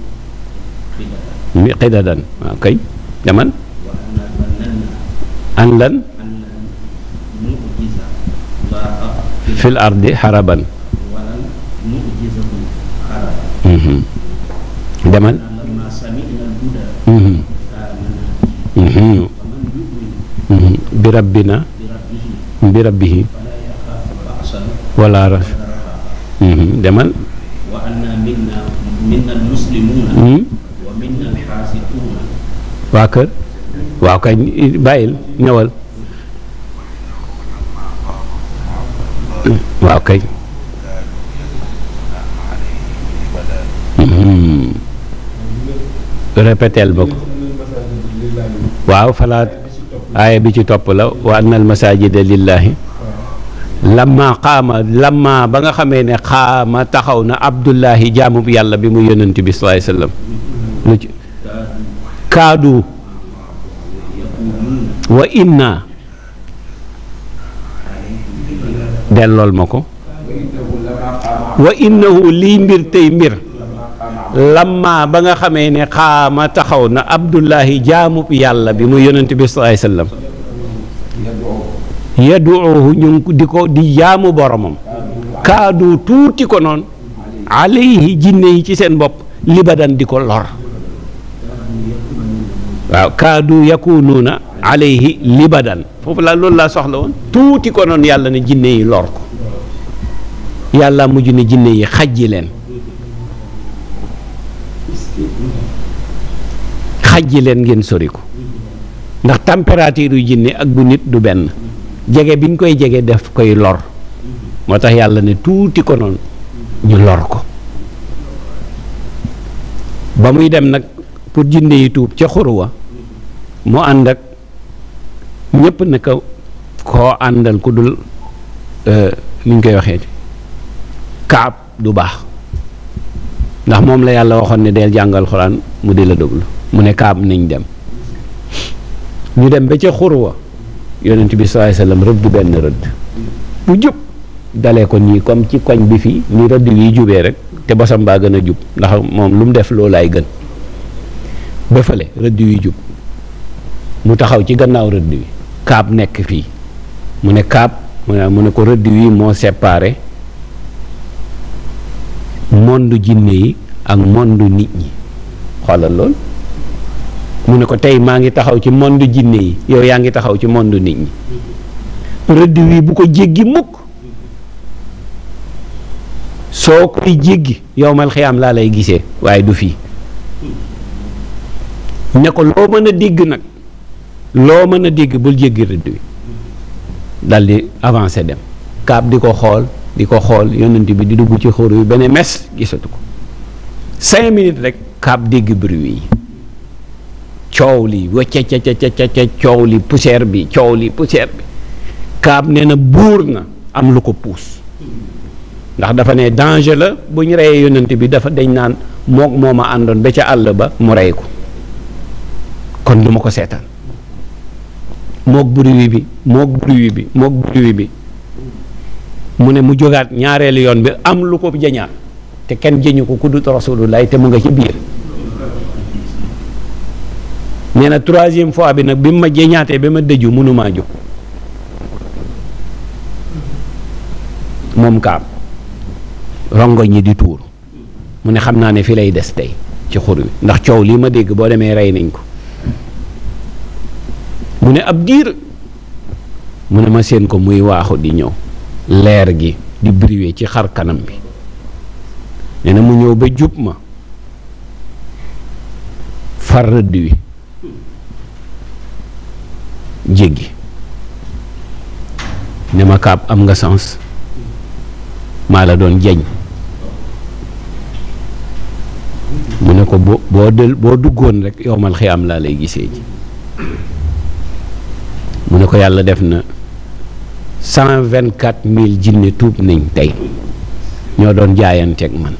mi qidadan waaw kay demal an lan fil ardi xaraban mhm. demal mhm. Mhm. bi rabbina bi rabbihi wala raf demal hmm? waa kër waaw kay bàyyil ñëwal waaw kay hmm. répéteel ba ko waaw falaat aaya bi ci topp la wa annal masaajida lillaahi lamma xaama lamma ba nga xamee ne xaama taxaw na abdullahi jaamu yàlla bi mu yonent bi salaay sallam lu ci kaadu wa inna dellool ma ko wa innahu lii mbir tey mbir lamma ba nga xamee ne xaama taxaw na abdullahi jaamub yàlla bi muy yonent bi sallallahu alayhi wasallam yaduuhu ñu di ko di jaamu boromam kaadu tuuti ko noonu alayhi jinne yi ci seen bopp libadan di ko lor waaw kaadu yakunuuna alayhi libadan foofu laa loolu laa soxla woon tuuti ko noonu yàlla ne jinne yi lor ko yàlla mujj ne jinne yi xajji leen xajji leen ngeen sori ko ndax température yu jinne ak bu nit du benn jege biñ koy jege def koy lor moo tax yàlla ne tuuti ko noonu ñu lor ko ba muy dem nag pour jinne yi tuub ca xurwa mu ànd ak ñëpp naka koo àndal ku dul euh, ni ñu koy waxee kaab du baax ndax moom la yàlla waxoon ne deel jàngal xuraan mu di la déglu mu ne kaab nañ dem ñu dem ba ca xurwa yonent bi sallallahu alayhi wasallam rëdd benn rëdd bu jub dalee ko nii comme ci koñ bi fii ni rëdd liy jubee rek te bosam baa gën a jub ndax moom lu mu def loolu loolaay gën ba fële rëdd yuy jub mu taxaw ci gannaaw rëdd wi kaab nekk fii mu ne kaab mu ne ko rëdd wi moo séparé monde jinne yi ak monde nit ñi xoolal lool mu ne ko tey maa ngi taxaw ci monde jinne yi yow yaa ngi taxaw ci monde nit ñi rëdd wii bu ko jéggi mukk soo koy jéggi yowmal xiyaam laa lay gisee waaye du fii ne ko loo mën a dégg nag loo mën a dégg bul jéggi rëdd wi dal di avancé dem kaab di ko xool di ko xool yonent bi di dugg ci xóor yu beneen mes gisatu ko cinq minutes rek kaab dégg bruit yi coow li wacca ca ca ca ca coow li poussière bi coow li poussière bi kaab nee na buur na am lu ko puus ndax dafa ne danger la bu ñu reyee yonent bi dafa deñ naan mook moo ma àndoon ba ca àll ba mu rey ko kon duma ko seetaan mook bruit bi mook bruit bi mook bruit bi mu ne mu jógaat ñaareelu yoon bi am lu ko jëñaat te kenn jëñu ko ku dut rasulullah te mu nga ci biir nee na troisième fois bi nag bi ma jëñaatee ba ma dëju mënumaa jóg moom kaam rongo ñi di tuur mu ne xam naa ne fii lay des tey ci xur wi ndax coow lii ma dégg boo demee rey nañ ko mu ne ab diir mu ne ma seen ko muy waaxu di ñëw leer gi di briwe ci xar kanam bi nee na mu ñëw ba jub ma far rëdd wi jéggi ne ma kaab am nga sens maa la doon jañ mu ne ko boo boo del boo duggoon rek yowmal xiyaam laa lay gisee ji mu ne ko yàlla def na cent vingt quatre mille jinne tuub nañ tey ñoo doon jaayanteeg man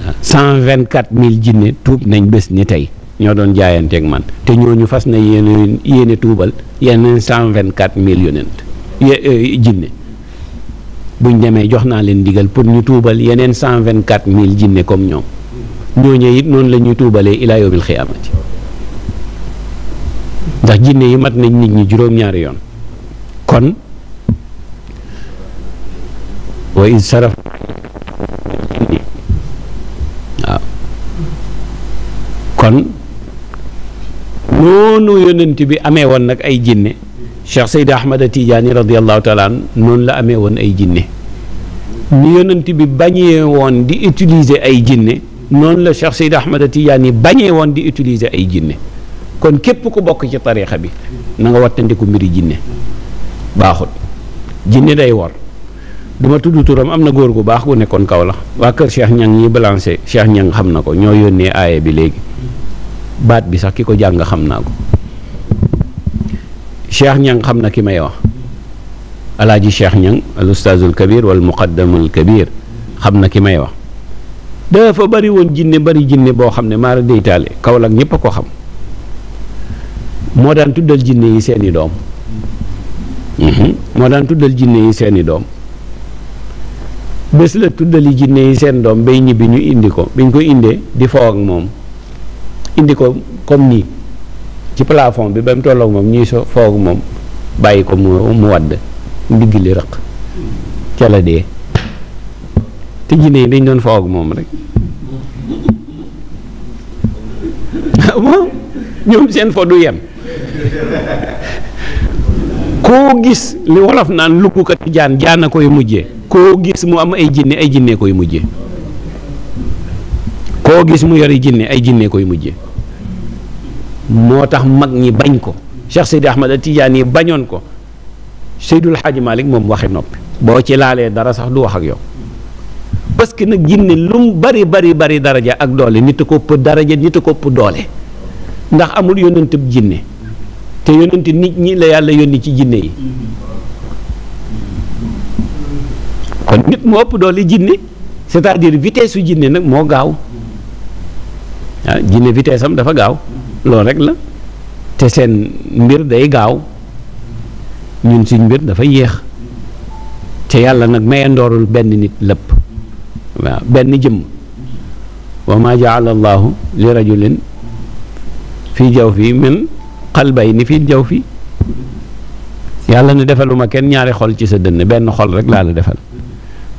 waaw cent vingt quatre mille jinne tuub nañ bés ni tey ñoo doon jaayanteeg man te ñu fas na yéen yéene tuubal yeneen cent vingt quatre mille yonent eh, jinne ñu demee jox naa leen digal pour ñu tuubal yeneen cent vingt quatre mille jinne comme ñoom ñooñu it noonu la ñuy tuubalee ilaa yawmil xiyaamati ndax jinne yi mat nañ nit ñi juróom-ñaari yoon kon wa iz saraf kon noonu yonent bi amee woon nag ay jinne Cheikh Seydi Ahmad Tijaani radiallahu taala an noonu la amee woon ay jinne ni yonent bi bañee woon di utiliser ay jinne noonu la Cheikh Seydi Ahmad Tijaani bañee woon di utilise ay jinne kon képp ku bokk ci tariixa bi na nga wattandiku mbiri jinne baaxut jinne day wor duma tudd turam am na góor gu baax gu nekkoon kaw la waa kër Cheikh Ñang ñi balancé Cheikh Ñang xam na ko ñoo yónnee aaya bi léegi baat bi sax ki ko jàng xam naa ko Cheikh Ñang xam na ki may wax alaaji Cheikh Ñang al ustaazul kabir wal muqaddamul kabir xam na ki may wax dafa bari woon jinne bari jinne boo xam ne maara deytaale kaw la ñépp a ko xam moo daan tuddal jinne yi seeni doom mhm. moo daan tuddal jinne yi seeni doom bés la tuddali jinne yi seen doom bay ñibbi ñu indi ko biñ ko indee di foo ak moom indi ko comme nii ci plafond bi ba mu tolloog moom ñuy soo foo moom bàyyi ko mu mu wadd ndigg li rëq ca la dee te jinne yi dañ doon foo moom rek moom ah ñoom seen fo du yem koo gis li wolof naan lukkukati jaan jaana koy mujjee koo gis mu am ay jinne ay jinne koy mujje koo gis mu yori jinne ay jinne koy mujje moo tax mag ñi bañ ko Cheikh Seydi Ahmad Tidiane yi bañoon ko Seydul Xaaji Malik moom waxe noppi boo ci laalee dara sax du wax ak yow parce que nag jinne lu mu bari bari bari daraja ak doole nit a ko ëpp daraja nit a ko ëpp doole ndax amul yonentub jinne te yónnent nit ñi la yàlla yónni ci jinne yi kon nit mu ëpp doole jinne c'est-à-dire su jinne nag moo gaaw ah jinne vitesse dafa gaaw loolu rek la te seen mbir day gaaw ñun suñ mbir dafa yéex te yàlla nag mayandoorul benn nit lépp waaw benn jëmm wa ma jaala allahu li rajulin fii jaw fii min xalbay ni fii jaw fi yàlla ne defaluma kenn ñaari xol ci sa dënn benn xol rek laa la defal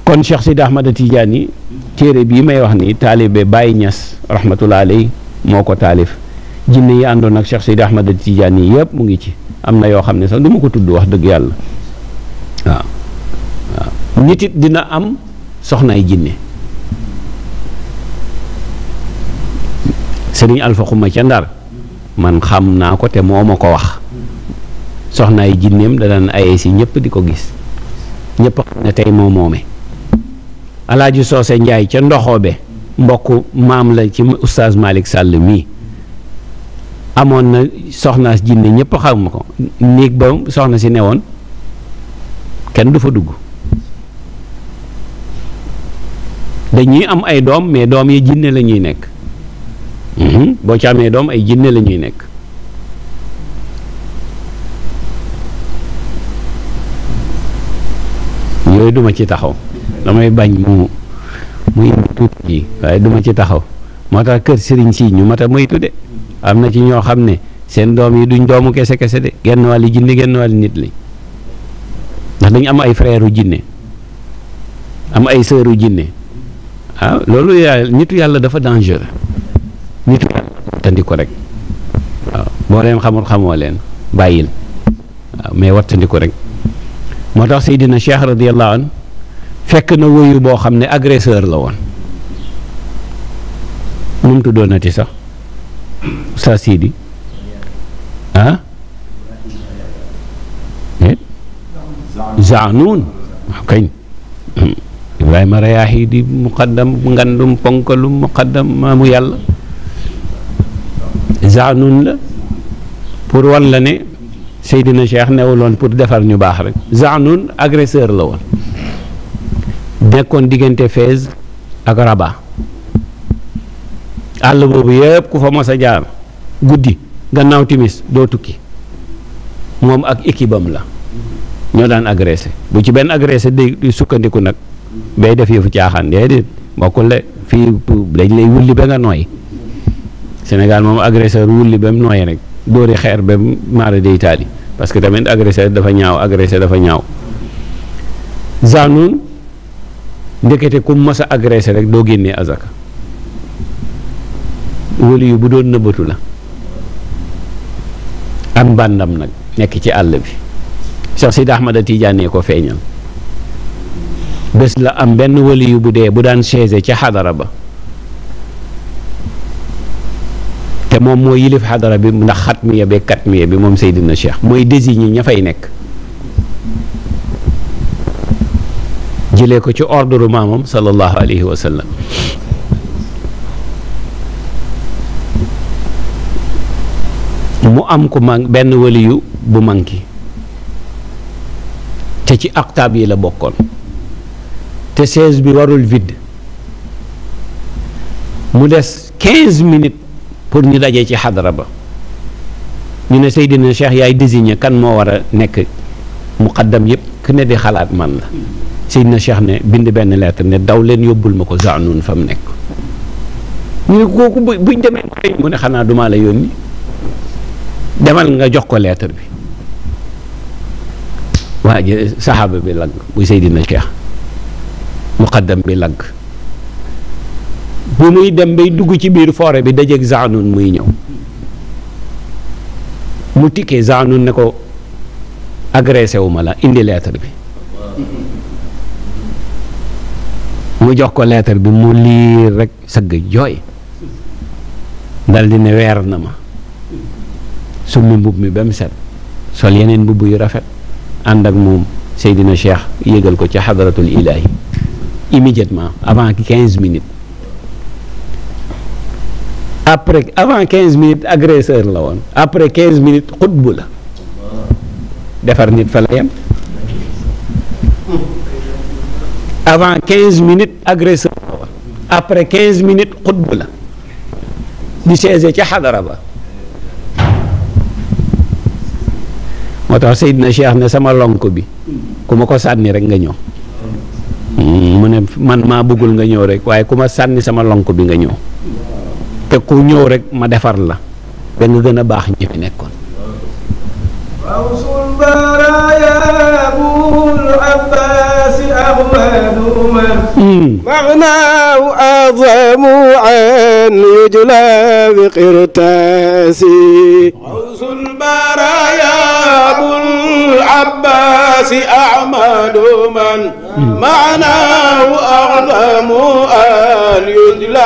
kon Cheikh Sidi tiijaan yi téere bii may wax ni taalibe bàyyi ñas rahmatullah aley moo ko taalif jinne yi àndoon ak Cheikh Sidi Ahmad tiijaan yi yëpp mu ngi ci am na yoo xam ne sax du ma ko tudd wax dëgg yàlla waaw dina am soxnaay jinne Sëriñ Alfa Xuma ca Ndar man xam naa ko te moo ma ko wax soxnaay jinneem da daan aye si ñëpp di ko gis ñépp xam ne tey moo moome alaaji soose njaay ca ndoxoobe mbokk maam la ci oustaz Malick Sall mii amoon na soxna jinne ñëpp xam ko néeg ba soxna si newoon kenn du fa dugg dañuy am ay doom mais doom yi jinne la ñuy nekk Mhm. boo ci amee doom ay jinne lañuy nekk yooyu duma ci taxaw damay bañ mu muy tuuti ji waaye duma ci taxaw moo tax kër sëriñ si ñu mat a de am na ci ñoo xam ne seen doom yi duñ doomu kese kese de genn wàll jinne genn wàll nit li ndax dañu am ay frère jinne am ay sœuru jinne ah loolu yàlla nitu yàlla dafa dangereux nitu yàlla tandi rek waaw boo leen xamoo leen bàyyil waaw mais wattandi rek moo tax Seydina Cheikh radiyallahu an fekk na wóyu boo xam ne agresseur la woon nu tuddoon na ci sax sa siidi ah eh? Zaanuun waaw kañ hmm. Ibrahima Rayaahi di muqaddam ngandum ponkalum muqaddam maamu yàlla zanun la pour wan la ne Seydina Cheikh newuloon pour defar ñu baax rek zanun agresseur la woon nekkoon diggante Fès ak Rabat àll boobu yëpp ku fa mos a jaar guddi gannaaw timis doo tukki moom ak équipe am la ñoo daan agressé bu ci benn agressé day sukkandiku nag bay def yëfu caaxaan déedéet bokkul le fii dañ lay wulli ba nga nooy Sénégal moom agresseur wulli ba mu nooyee rek dóori xeer ba mu maara day taali parce que tamit agresseur dafa ñaaw agresseur dafa ñaaw Zanun ndekete ku mas a agressé rek doo génnee azaka wóli bu doon nëbbatu la ak mbàndam nag nekk ci àll bi Cheikh Sidi Ahmada Tidiane ko feeñal bés la am benn wóli bu dee bu daan chaise ca xadara ba te moom moo yilif xadara bi ndax xatmiya bi katmiya bi moom Seydina Cheikh mooy désigné ña fay nekk jëlee ko ci ordre maamam sallallahu alayhi wa mu am ku man benn waliyu bu manki te ci aktaab yi la bokkoon te 16 bi warul vide mu des 15 minutes pour ñu dajee ci xadara ba ñu ne Seydina Cheikh yaay désigné kan moo war a nekk muqaddam yëpp ku ne di xalaat man la Seydina Cheikh ne bind benn lettre ne daw leen yóbbul ma ko Zanoun fa mu nekk ñu ne kooku bu buñ demee mu ne xanaa dumaa la yónni demal nga jox ko lettre bi waa ji saxaaba bi lagg bu Seydina Cheikh muqaddam bi lagg bu muy dem bay dugg ci biir foore bi dajeeg Zanun muy ñëw mu tikkee Zanun ne ko agressé wu la indi lettre bi mu jox ko leetar bi mu liir rek sëgg jooy dal di ne weer na ma summi mbubb mi ba mu set sol yeneen mbubb yu rafet ànd ak moom Seydina Cheikh yégal ko ci xadaratul ilahi immédiatement avant quinze minutes après avant 15 minutes agresseur la woon après quinze minutes xutbu la defar nit fa la yem avant 15 minutes agresseur la woon après 15 minutes xutbu la ñu seese ca xadara ba moo tax Seydina Cheikh ne sama lonk bi ku ma ko sànni rek nga ñëw hmm, mu ne man maa bëggul nga ñëw rek waaye ku ma sànni sama lonk bi nga ñëw te ku ñëw rek ma defar la ba nga gën a baax ñi fi nekkoon معناه أعظم عن يجلى بقرتاسي غوث البرايا أبو العباس أحمد من معناه أعظم أن يجلى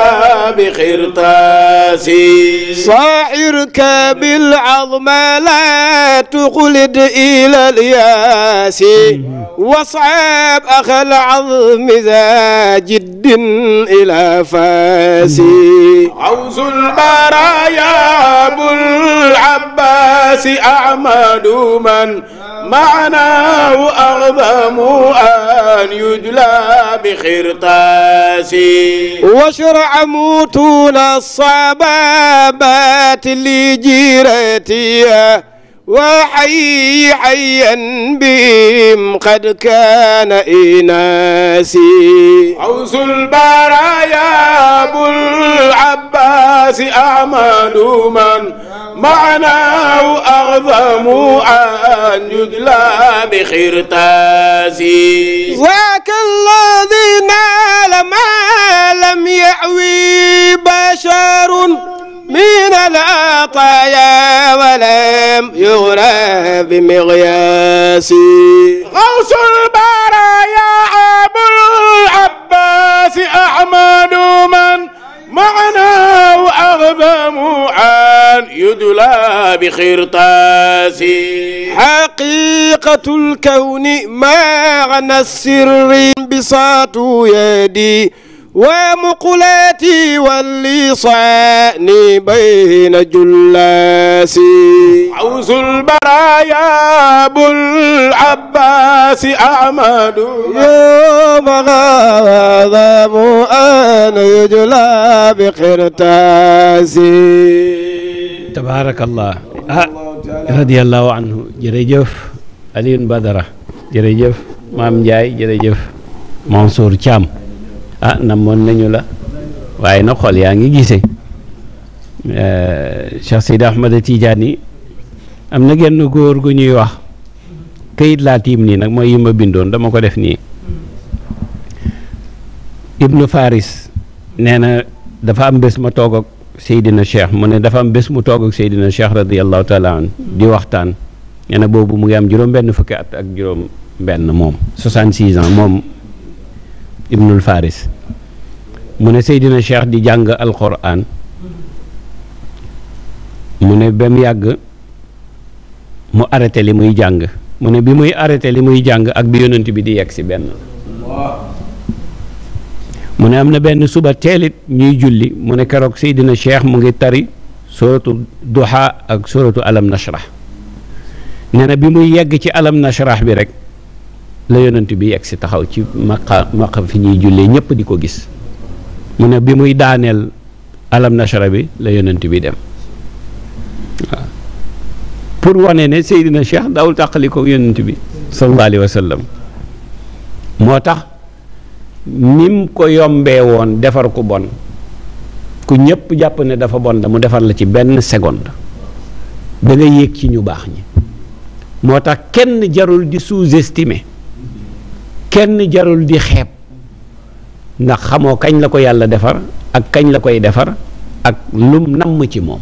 بقرتاسي صاعرك بالعظم لا تقلد إلى الياس واصعب أخ العظم ذا جد إلى فاسي عوز البرايا أبو العباس أعمد من معناه أعظم أن يجلى بخرطاسي واشرع موتون الصبابات لجيرتي وحي حيا بهم قد كان إناسي عوس البرايا أبو العباس أحمد من معناه أعظم أن يدلى بخرتاسي ذاك الذي نال ما لم يعوي بشر من العطايا ولم يغرى بمغياسي غوث البرايا أبو العباس أحمد من معناه أغبم عن يدلى بخرطاس حقيقة الكون معنى السر بساط يدي ومقلاتي واللسان بين جلاسي عوز البرايا بالعباس أحمد يوم غضب أن يجلى بقرتاسي تبارك الله رضي الله عنه jërëjëf Alioune Badara jërëjëf Maam Ndiaye jërëjëf Mansour Thiam ah namoon nañu la waaye na xol yaa ngi gise eh, Cheikh Seydi Ahmad Tidiane am na genn góor gu ñuy wax këyit laa tiim nii nag mooy yi ma bindoon dama ko def nii Ibnu Faris nee na dafa am bés ma toog ak Seydina Cheikh mu ne dafa am bés mu toog ak Seydina Cheikh radiyallahu taala di waxtaan nee na boobu mu ngi am juróom-benn fukki at ak juróom-benn moom 66 ans moom. ibnul faris mu ne Seydina Cheikh di jàng alquran mu ne ba mu yàgg mu arrêté li muy jàng mu ne bi muy arrêté li muy jàng ak bi yonent bi di yegg si benn mu ne am na benn suba teelit ñuy julli mu ne keroog Seydina Cheikh mu ngi tari suratu duha ak suratu alam nashrah nee na bi muy yegg ci alam nashrah bi rek la yonent bi yegg si taxaw ci maqa maqa fi ñuy jullee ñëpp di ko gis mu ne bi muy daaneel alam nashara bi la yonent bi dem waaw pour wane ne Seydina Cheikh daw tàqali ko yonent bi sallallahu alayhi wa moo tax nim ko yombee woon defar ku bon ku ñëpp jàpp ne dafa bon la defar la ci benn seconde da nga yéeg ci ñu baax ñi moo tax kenn jarul di sous-estimer kenn jarul di xeeb ndax xamoo kañ la ko yàlla defar ak kañ la koy defar ak lum namm ci moom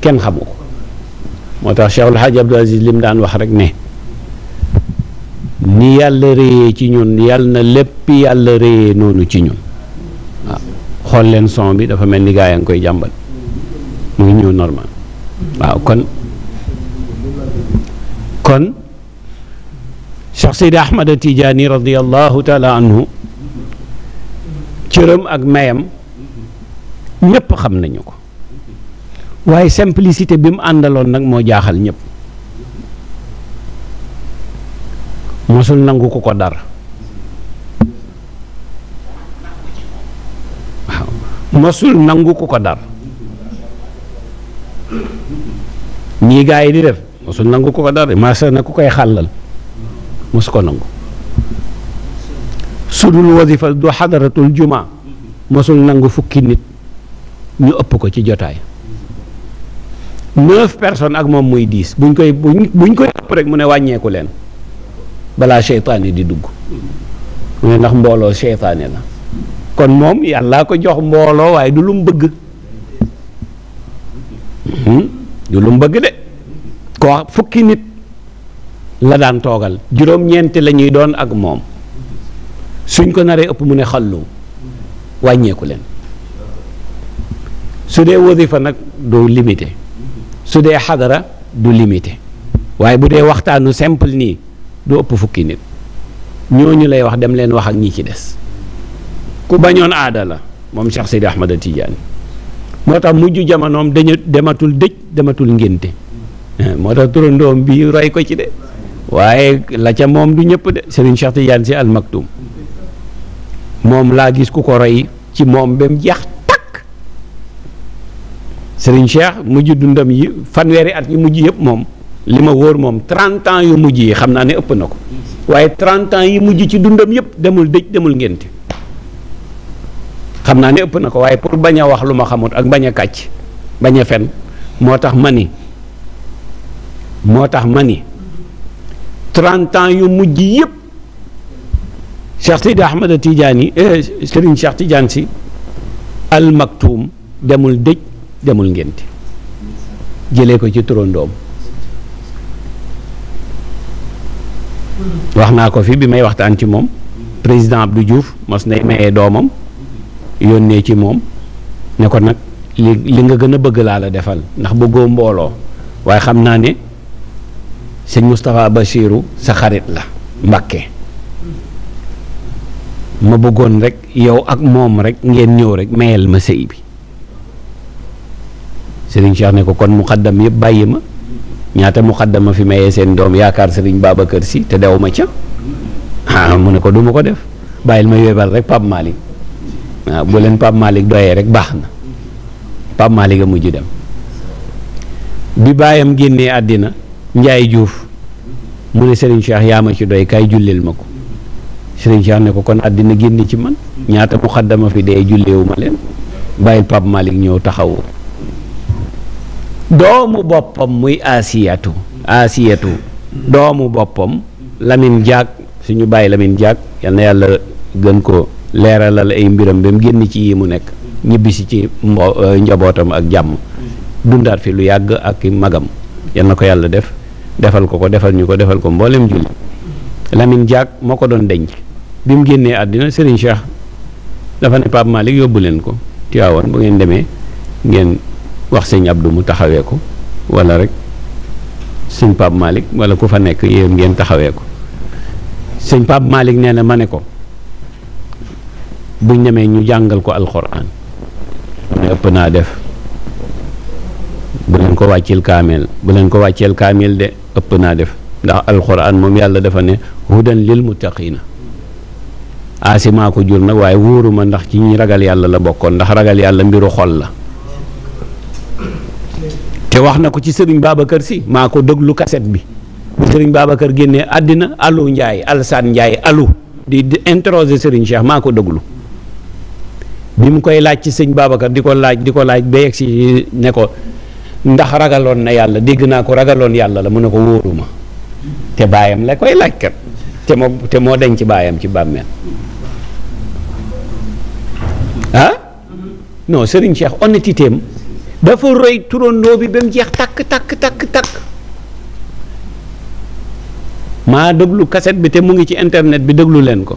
kenn xamu ko moo tax Cheikhul Hadj Abdou Aziz lim daan wax rek ne ni yàlla réyee ci ñun yàlla na lépp yàlla réyee noonu ci ñun waaw xool leen son bi dafa mel ni gaa yaa ngi koy jàmbal mu ñëw normal waaw kon kon tax Seydi Ahmada Tijaani radiallahu taala anhu cëram ak mayam ñépp xam nañu ko waaye simplicité bi mu àndaloon nag moo jaaxal ñépp mosul nangu ko ko dar mosul nangu ko ko dar ñii gaa yi di def mosul nangu ko ko koy xàllal mosu ko nangu su dul wasifa du xadaratul juma mosul nangu fukki nit ñu ëpp ko ci jotaay neuf personnes ak moom muy diis buñ koy buñ koy ëpp rek mu ne wàññeeku leen balaa seytaane di dugg mu ne ndax mbooloo seytaane la kon moom yàllaa ko jox mbooloo waaye du lum bëgg hmm? du lu bëgg de ko fukki nit la daan toogal juróom-ñeenti la ñuy doon ak moom suñ ko naree ëpp mu ne xallu wàññeeku leen su dee wasifa nag du limité su dee xadara du limité waaye bu dee waxtaanu simple nii du ëpp fukki nit ñooñu lay wax dem leen wax ak ñi ci des ku bañoon aadala la moom Cheikh Seydi Ahmad tiijaan moo tax mujj jamonoom dañu dematul dëj dematul ngénte eh, moo tax turandoom bi roy ko ci de waaye la ca moom du ñëpp de Serigne Cheikh Tidiane Sy Al moom laa gis ku ko roy ci moom ba mu jeex takk Serigne Cheikh mujj dundam yi fanweeri at yi mujj yëpp moom li ma wóor moom 30 ans yu mujj yi xam naa ne ëpp na ko waaye 30 yi mujj ci dundam yëpp demul dëj demul ngénte xam naa ni ëpp na ko waaye pour bañ a wax lu ma xamut ak bañ a kàcc bañ a fen moo tax ma ni moo tax ma ni 30 ans yu mujj yépp Cheikh Sidi Ahmada Tidiane yi eh, Serigne Cheikh Tidiane si al maktuum demul dëj demul ngénte jëlee ko ci turandoom wax naa ko fi bi may waxtaan ci moom président Abdou Diouf mos nay mayee doomam yónnee ci moom ne ko nag li li nga gën a bëgg laa la defal ndax bëggoo mbooloo waaye xam naa ne sëñ Moustapha Bassirou sa xarit la Mbakke ma bëggoon rek yow ak moom rek ngeen ñëw rek mayel ma sëy bi sëriñ Cheikh ne ko kon muqaddam yëpp bàyyi ma ñaata muqaddama fi mayee seen doom yaakaar sëriñ kër si te dew ma ca ah, mu ne ko du ko def bàyyil ma yóbbal rek Pape Malick waaw ah, bu leen Pape Malick doyee rek baax na Pape Malick a mujj dem bi bàyyam génnee àddina Njaay Juuf mu ne Serigne Cheikh yaa ma ci doy kaay jullil ma ko Serigne Cheikh ne ko kon àddina génn ci man ñaata mu xaddama fi dee julleewu ma leen bàyyil Pape Malick ñëw taxawoo doomu boppam muy asiyatu asiyatu doomu boppam lamin Diack suñu bàyyi lamin Diack yal na yàlla gën ko leeralal ay mbiram ba mu génn ci yi mu nekk ñibbisi ci mbo njabootam ak jàmm dundaat fi lu yàgg ak magam yal na ko yàlla def defal ko ko defal ñu ko defal ko mbooleem julli Lamine Diak moo ko doon denc bi mu génnee àddina Serigne Cheikh dafa ne Pape Malick yóbbu leen ko Tiwaawan bu ngeen demee ngeen wax sëñ Abdou mu taxawee ko wala rek sëñ Pape Malick wala ku fa nekk yéen ngeen taxawee ko sëñ Pape Malick nee na ma ne ko buñ demee ñu jàngal ko alxuraan ne ëpp naa def. bu leen ko wàccil kaameel bu leen ko wàcceel kaameel de ëpp naa def ndax alxuraan moom yàlla dafa ne hudan lil muttaqiina aasimaa ko jur nag waaye ma ndax ci ñi ragal yàlla la bokkoon ndax ragal yàlla mbiru xol la te wax na ko ci sëriñ Babacar si maa ko déglu kaset bi sëriñ Babacar génnee àddina alu njaay alsaan njaay alu di interroger sëriñ Cheikh maa ko déglu bi mu koy laaj ci sëñ Babacar di ko laaj di ko laaj ba yegg ne ko ndax ragaloon na yàlla dégg naa ko ragaloon yàlla la mu ne ko wóoruma te baayam la koy laaj kat te moo te moo denc ci baayam ci bàmmeel ah non Serigne Cheikh honnêteté am dafa roy turandoo bi ba mu jeex takk takk takk takk maa déglu cassette bi te mu ngi ci internet bi déglu leen ko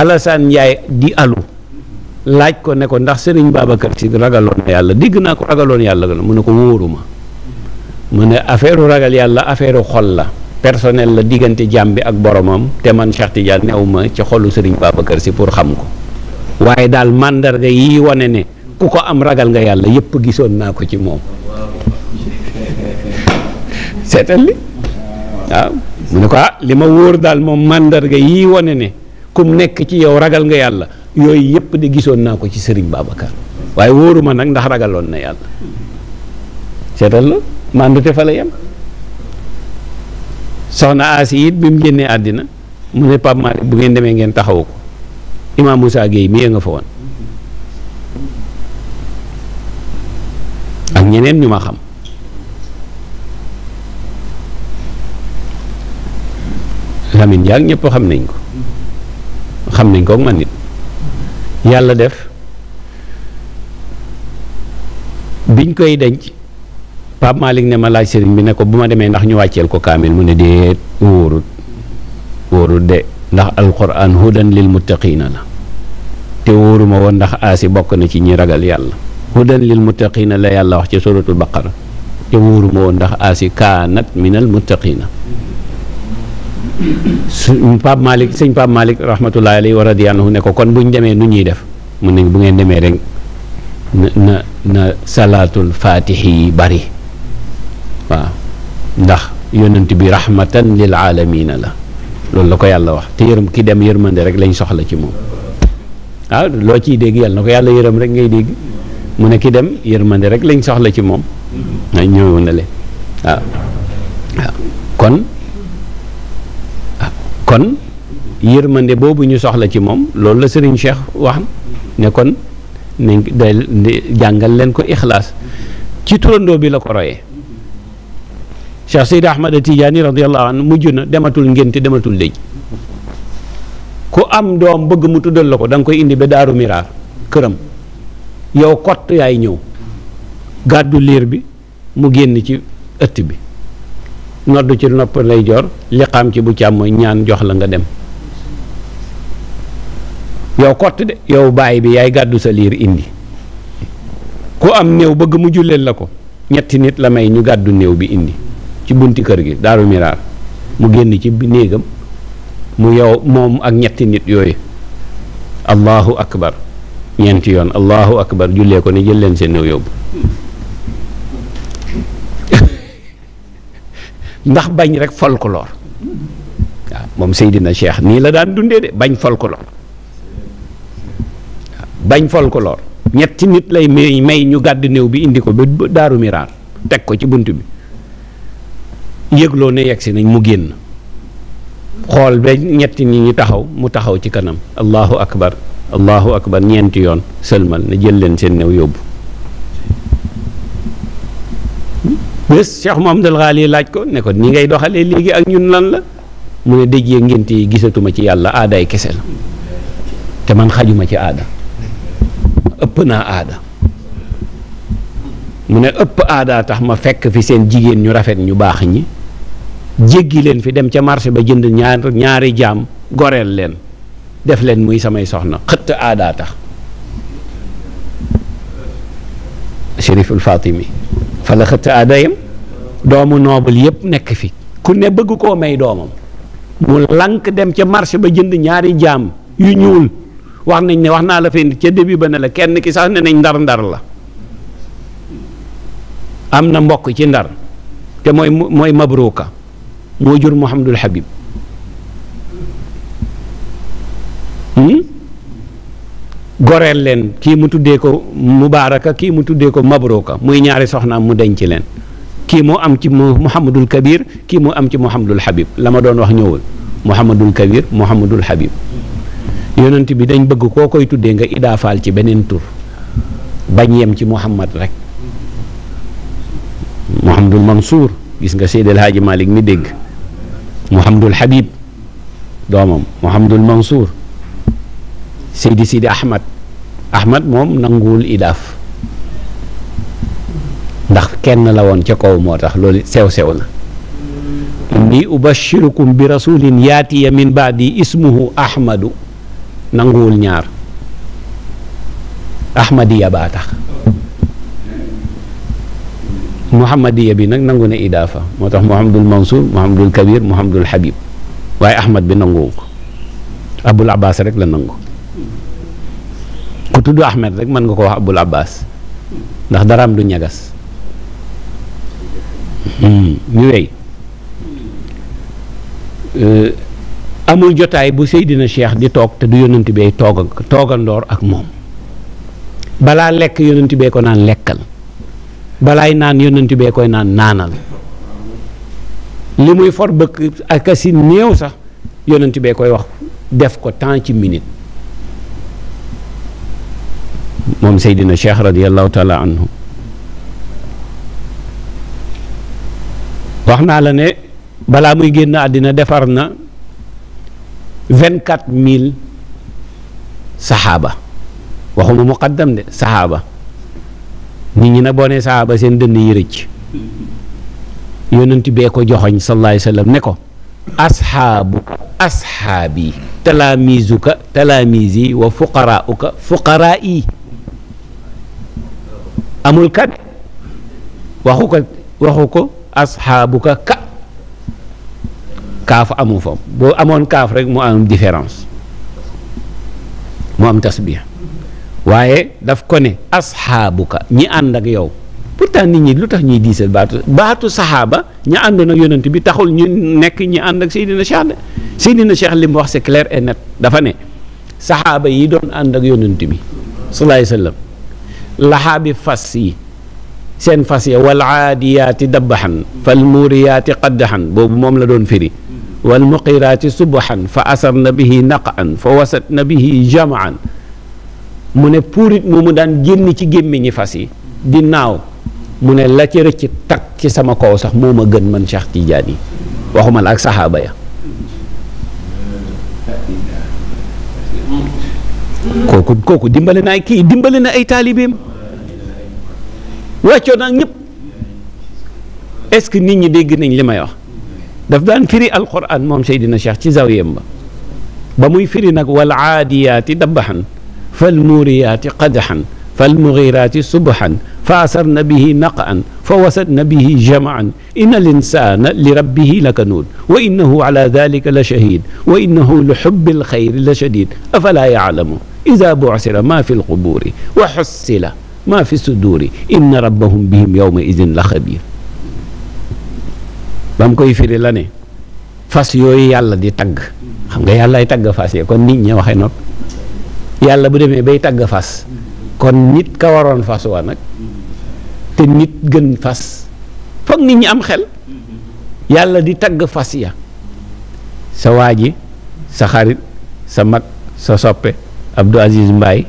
Alassane Ndiaye di alu laaj ko ne ko ndax Serigne Babacar Sy ragaloon na yàlla dégg naa ko ragaloon yàlla mu ne ko wóoruma mu ne affaire ragal yàlla affaire xol la personnel la diggante jàmm bi ak boromam te man Cheikh Tidiane neew ma ci xolu Serigne Babacar pour xam ko waaye daal mandarga yi wane ne ku ko am ragal nga yàlla yëpp gisoon naa ko ci moom seetal li waaw mu ne ko ah li ma wóor daal moom mandarga yi wane ne kum nekk ci yow ragal nga yàlla yooyu yëpp de gisoon naa ko ci Serigne Babacar waaye wóoruma nag ndax ragaloon na yàlla seetal la mandute fa la yem soxna Asi bi mu génnee àddina mu ne Pape Malick bu ngeen demee ngeen taxawu ko Imam Moussa Gueye mi nga fa ak ñeneen ñu ma xam Lamine Diack ñëpp xam nañ ko xam nañ ko man nit yàlla def biñ koy denc Pape Malick ne ma laaj sëriñ bi ne ko bu ma demee ndax ñu wàcceel ko kaamil mu ne déet wóorut wóorut de ndax alquran hudan lil muttaqina la te wóoruma woon ndax aasi bokk na ci ñi ragal yàlla hudan lil muttaqina la yàlla wax ci suratul baqara te wóoruma woon ndax aasi kaanat minal muttaqina suñ Pape Malick sëñ Pape Malick rahmatullahi alayhi wa radiyallahu ne ko kon bu ñu demee nu ñuy def mu ne bu ngeen demee rek na na na salaatul faatihi yi bari waaw ndax yonent bi rahmatan lil aalamiina la loolu la ko yàlla wax te yërëm ki dem yërmande rek lañ soxla ci moom waaw ah, loo ciy dégg yàlla yàlla yërëm rek ngay dégg mu ne ki dem yërmande rek lañ soxla ci moom. waaw waaw ah. ah. kon. kon yërmande boobu ñu soxla ci moom loolu la Serigne Cheikh wax ne kon nañ day jàngal leen ko ixlaas ci turandoo bi la ko royee Cheikh Seyd Ahmad Tidiane radiyallahu anhu mujj na dematul ngénte dematul dëj ku am doom bëgg mu tuddal la ko danga koy indi ba daaru miraar këram yow kott yaay ñëw gàddu liir bi mu génn ci ëtt bi noddu ci nopp lay jor liqaam ci bu càmmooñ ñaan jox la nga dem yow kott de yow baay bi yaay gàddu sa liir indi ku am néew bëgg mu julleel la ko ñetti nit la may ñu gàddu néew bi indi ci bunti kër gi daaru miraar mu génn ci néegam mu yow moom ak ñetti nit yooyu allahu akbar ñeenti yoon allahu akbar jullee ko ne jël leen seen néew yóbbu ndax bañ rek folklore waaw moom Seydina Cheikh nii la daan dundee de bañ folklore bañ folklore ñetti nit lay may may ñu gàdd néew bi indi ko ba daaru miraal teg ko ci bunt bi yëgloo ne yegg si nañ mu génn xool ba ñetti nit ñu taxaw mu taxaw ci kanam allahu akbar allahu akbar ñeenti yoon sëlmal na jël leen seen néew yóbbu bés Cheikh Mouhamadul Xaali laaj ko ne ko ni ngay doxalee léegi ak ñun lan la mu ne dëj yee ngénte yi gisatuma ci yàlla aadaay kese la te man xajuma ci aada ëpp naa aada mu ne ëpp aada tax ma fekk fi seen jigéen ñu rafet ñu baax ñi jéggi leen fi dem ca marché ba jënd ñaar ñaari jaam goreel leen def leen muy samay soxna xëtt aada tax Chériful Fatimi fa la xëtt aadayam doomu noobul yëpp nekk fi ku ne bëgg koo may doomam mu lank dem ca marché ba jënd ñaari jaam yu ñuul wax nañ ne wax naa la fii ca début ba ne la kenn ki sax ne nañ ndar ndar la am na mbokk ci ndar te mooy mooy mabruuka moo jur Muhammadul Habib goreel leen kii mu tuddee ko mubaaraka kii mu tuddee ko mabruka muy ñaari soxnaam mu denc leen kii moo am ci muhammadul kabir kii moo am ci muhammadul habib la ma doon wax ñëwul muhammadul kabir muhammadul habib yonent bi dañ bëgg koo koy tuddee nga idaafaal ci beneen tur bañ yem ci muhammad rek muhammadul mansour gis nga seydal haaji malik mi dégg muhammadul habib doomam muhammadul mansour Seydi Sidi Ahmad Ahmad moom nanguwul idaaf ndax kenn la woon ca kaw moo tax loolu sew sew la inni ubashirukum bi rasulin yaatiya min baadi ismuhu ahmadu nanguwul ñaar ahmadiya baa tax muhammadiya bi nag nangu na idaafa moo tax muhammadul mansour muhammadul kabir muhammadul habib waaye ahmad bi nanguwu rek la nangu ku tudd Ahmed rek mën nga ko wax Abul Abbas ndax daraam du ñagas hmm, ñu wey euh, amul jotaay bu Seydina Cheikh di toog te du yonent bee toog ak toogandoor ak moom balaa lekk yonent bee ko naan lekkal balaay naan yonent bee koy naan naanal li muy for bëkk ak si néew sax yonent bee koy wax def ko temps ci minute moom Seydina Cheikh radiallahu taala anhu wax naa la ne balaa muy génn àddina defar na vingt quatre mille saxaaba waxuma muqaddam de saxaaba nit ñi na boo nee saxaaba seen dënn yi rëcc yonent bee ko joxoñ sallallahu alayhi ne ko asxaabu asxaabi talaamizuka talaamizi wa fuqaraauka fuqaraa amul kat waxu ko waxu ko asxaabuka ka kaaf amu fa boo amoon kaaf rek mu am différence mu am tasbiya waaye daf ko ne asxaabuka ñi ànd ak yow pourtant nit ñi lu tax ñuy diisal baatu baatu saxaaba ñi àndoon ak yonent bi taxul ñu nekk ñi ànd ak Seydina Cheikh Seydina Cheikh li mu wax c'est clair et dafa ne saxaaba yi doon ànd ak yonent bi sallallahu alayhi wasallam laxaabi fas yi seen fas ya wal aadiyaati dabbaxan fal muuriyaati qaddaxan boobu moom la doon firi wal muqiraati subaxan fa asar na bihi naqaan fa wasat na bihi jamaan mu ne puurit moomu daan génn ci gémmiñi fas yi di naaw mu ne la ci rëcc tag ci sama kaw sax moo ma gën man Cheikh Tidiane waxuma la ak saxaaba kooku kooku ay kii wàccoo naag ñëpp est-ce que nit ñi dégg nañ li may wax daf daan firi alquran moom Seydina Cheikh ci zawiyam ba ba muy firi nag wal aadiyaati dabbaxan fal muuriyaati qadaxan fal mughiraati subaxan fa asarna bihi naqan fa wasatna bihi jamaan inna linsaana li rabbihi lakanuud wa innahu ala dalika la shahid wa innahu li xubbil xayri la shadid afalaa yaclamu ida bucsira ma fi lqubuuri wa xussila maa fi suduuri inna rabbahum yow yawma idin la xabiir ba mu koy firi la ne fas yooyu yàlla di tagg xam nga yàlla ay tagg fas yi kon nit ñi waxee nopp yàlla bu demee bay tagg fas kon nit ka waroon fas wa nag te nit gën fas foog nit ñi am xel yàlla di tagg fas ya sa waa ji sa xarit sa mag sa soppe Abdou Aziz Mbaye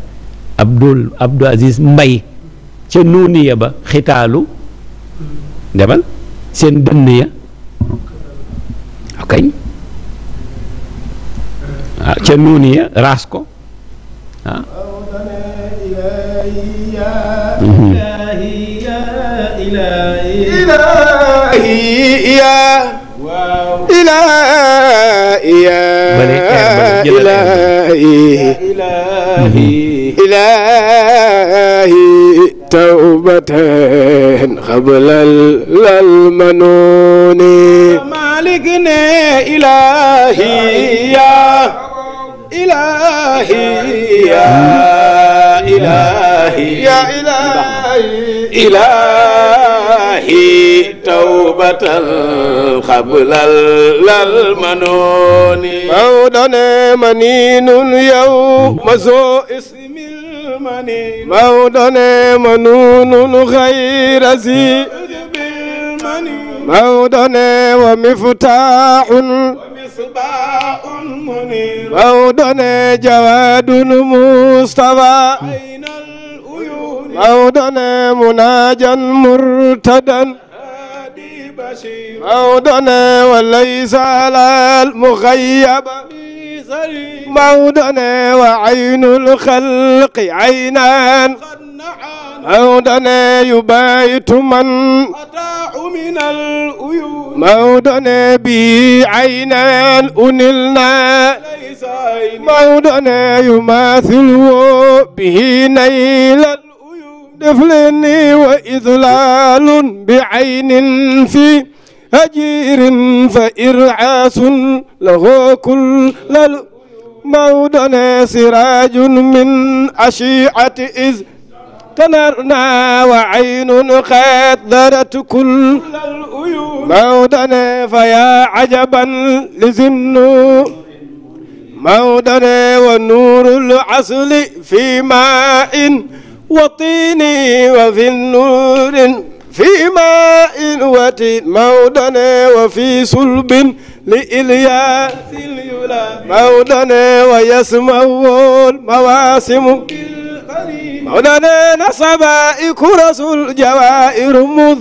Abdul Abdou Aziz Mbay ca nuuni ya ba xitaalu demal seen dënn ya ok waaw ah, ca nuuni raas ko waaw ah. mhm. ilaahi eh, إلهي توبة قبل المنون مالكنا إلهي يا إلهي يا إلهي يا إلهي إلهي توبة قبل المنون مولانا منين يوم زو اسم المنين مولانا منون غير ذي مولانا ومفتاح ومصباح منير مولانا جواد مصطفى أين موضنا مناجا مرتدا موضنا وليس على المغيب موضنا وعين الخلق عينان موضنا يبايت من أطاع من الأيون موضنا به عينان أنلنا موضنا يماثل به نيلا def leen ni wa idlaalun bi aynin fi hajirin fa iraasun lahoo kullal mawdane siraajun min ashiati is تنرنا وعين قد درت كل مودنا فيا عجبا لزنو مودنا ونور العسل في ماء وطيني وفي النور في ماء وتين مودنا وفي صلب لإلياس اليلا مودنا ويسمون مواسم مودنا نصبائك رسول جوائر مذ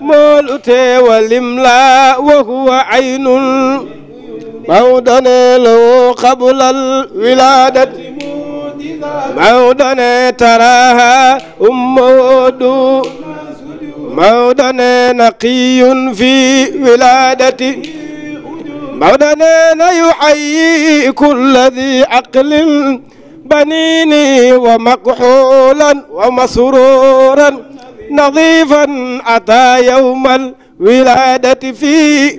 مولت والإملاء وهو عين مودنا له قبل الولادة موضن تراها أمه دو موضن نقي في ولادته موضن يحيي كل ذي عقل بنيني ومكحولا ومسرورا نظيفا أتى يوم الولادة في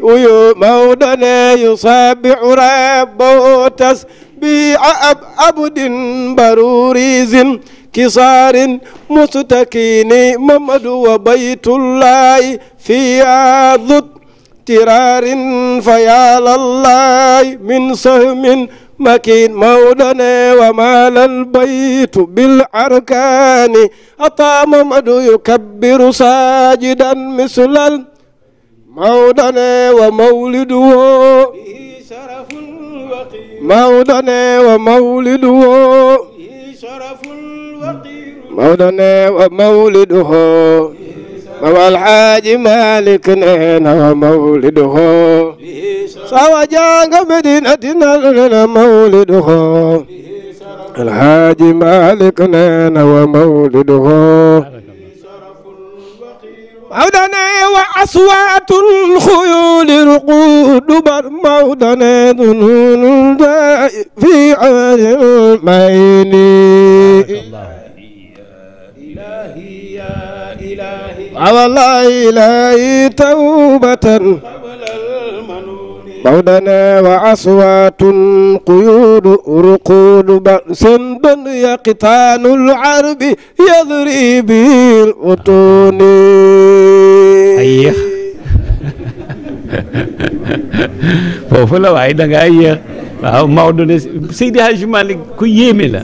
موضن يصابع ربه تسبيحا بي عبد بروريز كسار مستكين ممد وبيت الله في ذو ترار فيا لله من سهم مكين مودنا ومال البيت بالأركان أطى ممد يكبر ساجدا مثل مودنا ومولده به شرف موضنا ومولده شرف الوقير موضنا ومولده مولى الحاج مالك نينا ومولده سوى جانب مدينتنا مولده الحاج مالك نينا ومولده mawdane wa aswaatul xuyuli ruqud bar mawdane dunun fi alil mayni ilahi ya ilahi awalay ilahi tawbatan مولنا وأصوات قيود رقود بأس دنيا قطان العرب يذري بالأتون أيخ foofu la waaye da ngaa yéex waaw Maodo ne Seydi Hadji ku yéeme la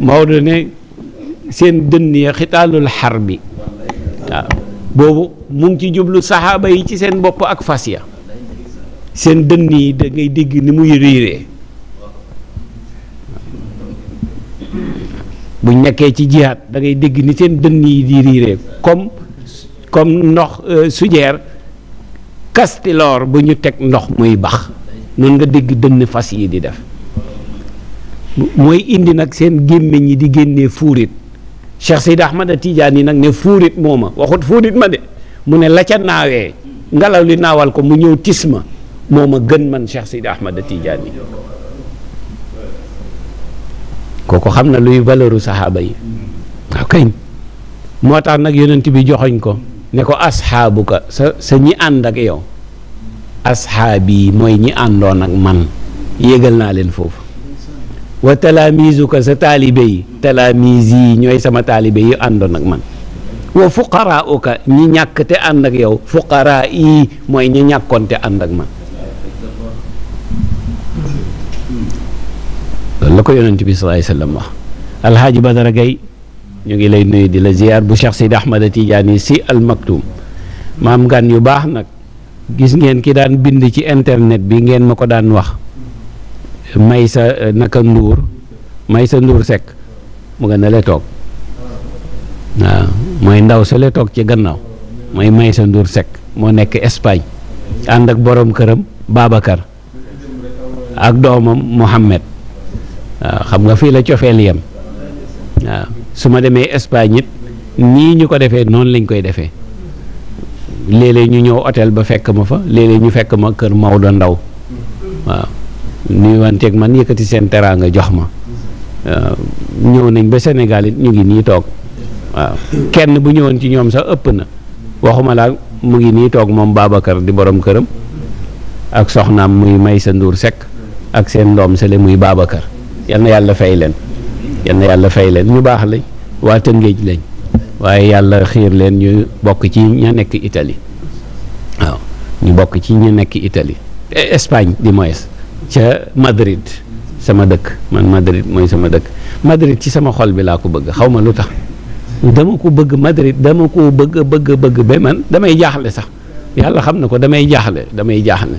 Maodo ne seen dënn ya xitaalul xar bi boobu mu ci jublu saxaaba yi ci seen bopp ak fas seen dënn yi da dégg ni muy riiree bu nekkee ci jihaat dangay dégg ni seen dënn yi di riiree comme comme ndox euh, sujeer kastiloor bu ñu teg ndox muy bax noonu nga dégg dënn fas yi di def mooy indi nag seen gémmiñ ñi di génnee fuurit Cheikh Seyd Ahmada tiijaan yi nag ne fuurit moo ma waxut fuurit ma de mu ne la ca naawee ngelaw li naawal ko mu ñëw tis ma moo ma gën man Cheikh Sidi Ahmad Tidiane kooku xam na luy valeuru saxaaba yi waaw kay moo tax nag yonent bi joxoñ ko ne ko asxaabuka sa sa ñi ànd ak yow asxaab yi mooy ñi àndoon ak man yégal naa leen foofu wa talaamizuka sa taalibe yi talaamiz ñooy sama taalibe yi àndoon ak man wa fuqaraauka ñi ñàkk te ànd ak yow fuqaraa yi mooy ñi ñàkkoon te ànd ak man loolu la ko yonent bi sallallahu alayhi wasallam wax alhaaji Badara Gaye ñu ngi lay nuyu di la ziar bu Cheikh Sidi Ahmad Tidiane si al maktum maam gan yu baax nag gis ngeen ki daan bind ci internet bi ngeen ma ko daan wax may sa eh, naka nduur may sa nduur sekk mu nga ne le toog waaw mooy ndaw sa le toog ci gannaaw mooy may sa nduur sekk moo nekk Espagne ànd ak borom këram Babacar ak doomam Mohammed xam nga fii la cofeel yam waaw su ma demee Espagne it nii ñu ko defee noonu lañ koy defee léeg ñu ñëw hôtel ba fekk ma fa léeg ñu fekk ma kër Maodo Ndaw waaw nuyuwanteeg man yëkkati seen teraanga jox ma ñëw nañ ba Sénégal it ñu ngi nii toog waaw kenn bu ñëwoon ci ñoom sax ëpp na waxuma laa mu ngi nii toog moom Babacar di boroom këram ak soxnaam muy Maysa nduur Seck ak seen ndoom sele muy Babacar yal na yàlla fay leen yal na yàlla fay leen ñu baax lañ waa Tëngéej lañ waaye yàlla xiir leen ñu bokk ci ña nekk Italie ñu bokk ci nekk itali e, Espagne di moyes ca Madrid sama dëkk man Madrid mooy sama dëkk Madrid ci sama xol bi laa ko bëgg xaw ma lu tax dama ko bëgg Madrid dama ko bëgg bëgg bëgg ba man damay jaaxle sax yàlla xam na ko damay jaaxle damay jaaxle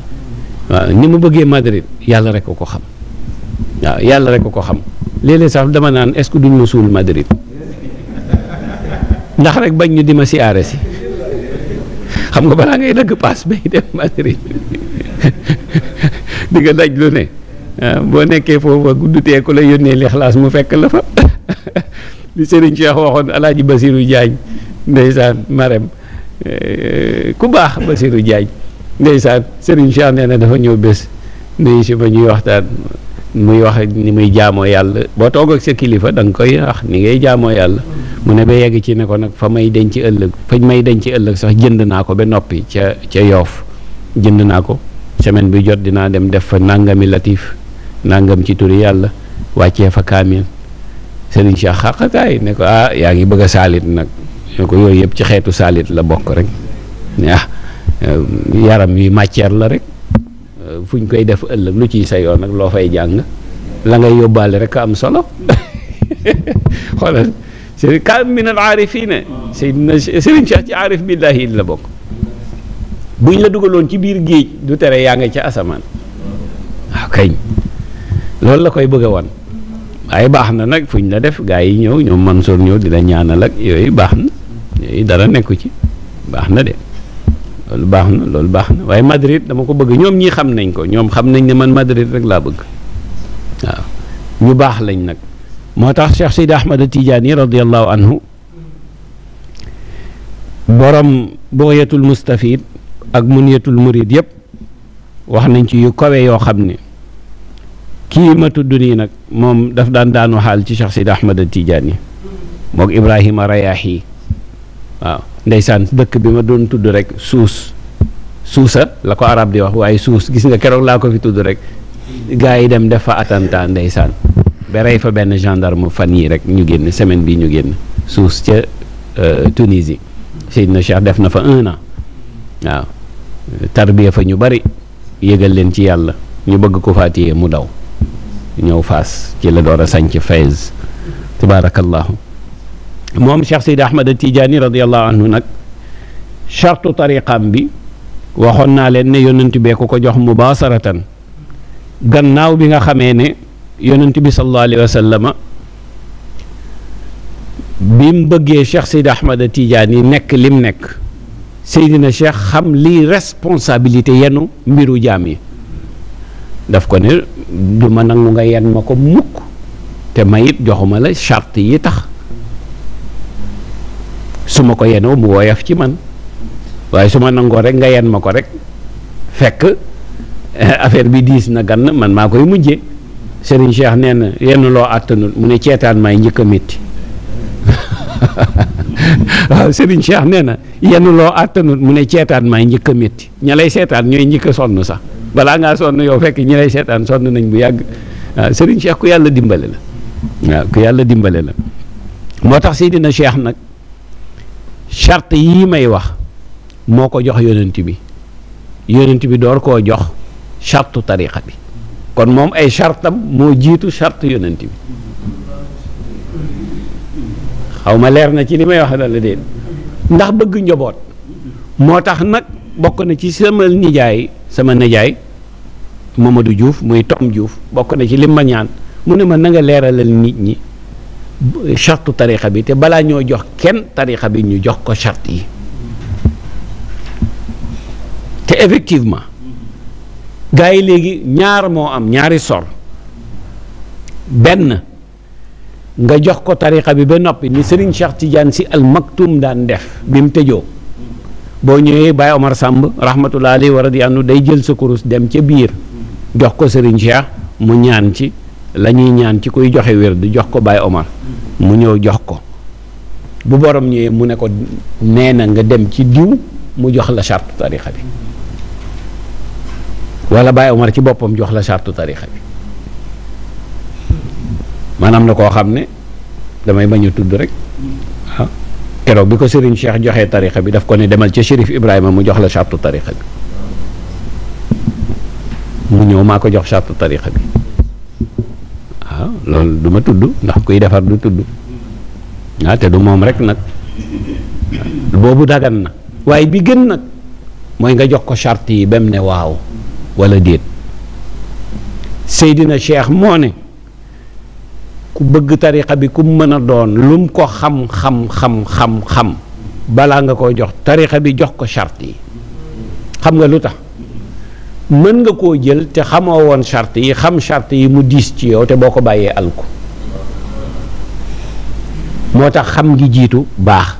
waaw ni ma bëggee Madrid yàlla rek ko ko xam waaw yàlla rek ko xam léeg-léeg sax dama naan est-ce que duñ ma suul Madrid ndax rek bañ ñu di ma siyaare si xam nga balaa ngay dëgg paas bay dem Madrid di daj lu ne ah, boo nekkee foofa guddutee ku la yónnee li xalaas mu fekk la fa li Serigne Cheikh waxoon alaaji Basiru Jaañ ndeysaan marem eh, ku baax Basiru Jaañ ndeysaan Serigne Cheikh nee na dafa ñëw bés nuyu si ba ñuy waxtaan muy wax ni muy jaamoo yàlla boo toog ak sa kilifa danga koy wax ni ngay jaamoo yàlla mu ne ba yegg ci ne ko nag fa may denc ëllëg fañ may deñ denc ëllëg sax jënd naa ko ba noppi ca ca yoof jënd naa ko semaine bi jot dinaa dem def fa nàngami latif nàngam ci turi yàlla wàccee fa kaamil Serigne Cheikh xaqakaay ne ko ah yaa ngi bëgg saalit nag ne ko yooyu yëpp ci xeetu saalit la bokk rek ah yaram wi matière la rek fu ñu koy def ëllëg lu ciy sa yoon nag loo fay jàng la ngay yóbbaale rek am solo xoolal sëriñ kaam min al aarifina seydina sëriñ Cheikh ci aarif billahi la bokk buñ la dugaloon ci biir géej du tere yaa ngi ca asamaan ah, kañ loolu la koy bëgge a wan waaye baax na nag fuñ la def gaa yi ñëw ñoom sol ñëw di la ñaanal ak yooyu baax na yooyu dara nekku ci baax na de loolu baax na loolu baax na waaye Madrid dama ko bëgg ñoom ñii xam nañ ko ñoom xam nañ ne man Madrid rek laa bëgg ñu baax lañ nag moo tax Cheikh Seydi Ahmad Tijaani radiyallahu anhu borom bugyatul mustafid ak munyatul murid yépp wax nañ ci yu kawe yoo xam ne kii ma tudd nii nag moom daf daan daanu xaal ci Cheikh Seydi Ahmad Tijaani moog Ibrahima Rayaahi waaw ndeysaan dëkk bi ma doon tudd rek suus suusa la ko arab di wax waaye suus gis nga keroog laa ko fi tudd rek gaa yi dem def fa attentat ndeysaan ba rey fa benn gendarme fan yii rek ñu génn semaine bi ñu génn suus ca euh, Tunisie na Cheikh def na fa un an waaw tarbiya fa ñu bari yëgal leen ci yàlla ñu bëgg ko faatiyee mu daw ñëw faas ci la door a sanc Fez tabaarakallahu moom Cheikh Seydi Ahmad Tijaani radiyallahu anhu nag chartu tariqaam bi waxoon naa leen ne yonent bee ko ko jox mubaasaratan gannaaw bi nga xamee ne yonent bi sallallahu alayhi wa bi mu bëggee Cheikh Seydi Ahmad Tijaani nekk lim nekk Seydina Cheikh xam liy responsabilité yenu mbiru jaam yi daf ko ne du nangu nga yen ma ko mukk te mayit joxuma la charte yi tax su ma ko yenoo mu woyof ci man waaye su ma nangoo rek nga yen ma ko rek fekk eh, affaire bi diis na gan man maa koy mujje Serigne Cheikh nee na yenn loo àttanul mu ne ceetaan maay njëkk a métti waaw Serigne Cheikh na yenn loo àttanul mu ne ceetaan njëkk a ña lay seetaan ñooy njëkk a sonn sax balaa ngaa sonn yow fekk ñi seetaan sonn nañ bu yàgg waaw Serigne ku yàlla dimbale la waaw ku yàlla dimbale la moo tax Seydina Cheikh nag. charte yii may wax moo ko jox yonent bi yonent bi door koo jox chartu tariqa bi kon moom ay chartam moo jiitu charte yonent bi xaw ma leer na ci li may wax la déet ndax bëgg njaboot moo tax nag bokk na ci sama nijaay sama nijaay Mamadou Diouf muy Tom Diouf bokk na ci lim ma ñaan mu ne ma nanga nga leeralal nit ñi charte tarixa bi te balaa ñoo jox kenn tarixa bi ñu jox ko charte yi te effectivement gars yi léegi ñaar moo am ñaari sor benn nga jox ko tarixa bi ba noppi ni Serigne Cheikh Tidiane si al maktum daan def bi mu tëjoo boo ñëwee Baye Omar Samb rahmatullahi alayhi wa radiyallahu day jël sa kurus dem ca biir jox ko sëriñ Cheikh mu ñaan ci la ñuy ñaan ci kuy joxe wér di jox ko Baye Omar mu ñëw jox ko bu boroom ñëwee mu ne ko nee na nga dem ci diw mu jox la charte tarixa bi wala Baye Omar ci boppam jox la charte tarixa maanaam na koo xam ne damay bañ a tudd rek waaw ah keroog bi ko sëriñ Cheikh joxee tarixa bi daf ko ne demal ca Chérif Ibrahima mu jox la charte tarixa bi mu ñëw maa ko jox charte tarixa bi waaw ah, loolu du ma tudd ndax kuy defar du tudd waaw ah, te du moom rek nag boobu dagan na waaye bi gën nag mooy nga jox ko charte yi ba mu ne waaw walla déet Seydina Cheikh moo ne ku bëgg tariqa bi ku mën a doon lum ko xam xam xam xam xam balaa nga koy jox tariqa bi jox ko charte yi xam nga lu tax mën nga koo jël te xamoo woon charte yi xam charte yi mu diis ci yow te boo ko bàyyee alku moo tax xam ngi jiitu baax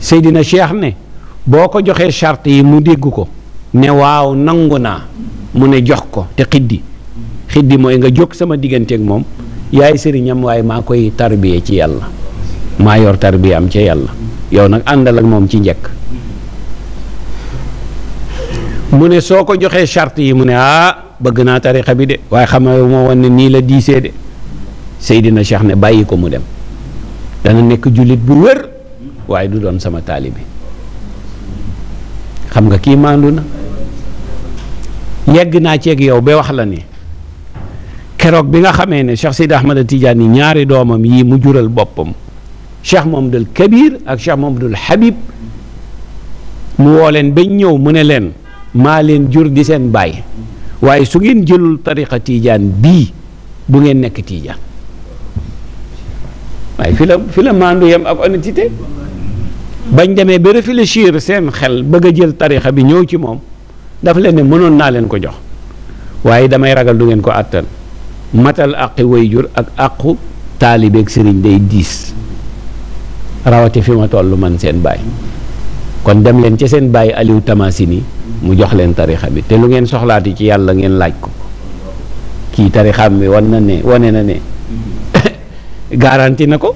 Seydina Cheikh ne boo ko joxee charte yi mu dégg ko ne waaw nangu naa mu ne jox ko te xiddi xiddi mooy nga jóg sama diggante digganteeg moom yaay sëriñam waaye maa koy tarbiye ci yàlla maa yor tarbiye am ca yàlla yow nag àndal ak moom ci njekk mu ne soo ko joxee charte yi mu ne ah bëgg naa tarixa bi de waaye xam nga moo woon ne nii la diisee de Seydina Cheikh ne bàyyi ko mu dem dana nekk jullit bu wér waaye du doon sama taalibi xam nga kii maandu na yegg naa ceeg yow ba wax la ni keroog bi nga xamee ne Cheikh Sidi Ahmada tiijaan yi ñaari doomam yi mu jural boppam Cheikh Mamadul Kabir ak Cheikh Mamadul Habib mu woo leen ba ñëw mu ne leen maa leen jur di seen baay waaye su ngeen jëlul tariqa tiijaan bii bu ngeen nekk tiijaan waaye fi la fi la maandu yem ak honnêteté bañ demee ba réfléchir seen xel bëgg a jël tarixa bi ñëw ci moom daf leen ne mënoon naa leen ko jox waaye damay ragal du ngeen ko àttan matal àqi jur ak àqu taalibeeg sëriñ day diis rawati fi ma toll man seen baay kon dem leen ca seen baay Aliou Tamasini mu jox leen tarixa bi te lu ngeen soxlaati ci yàlla ngeen laaj ko kii tarixam bi wan na ne wane na ne garanti na ko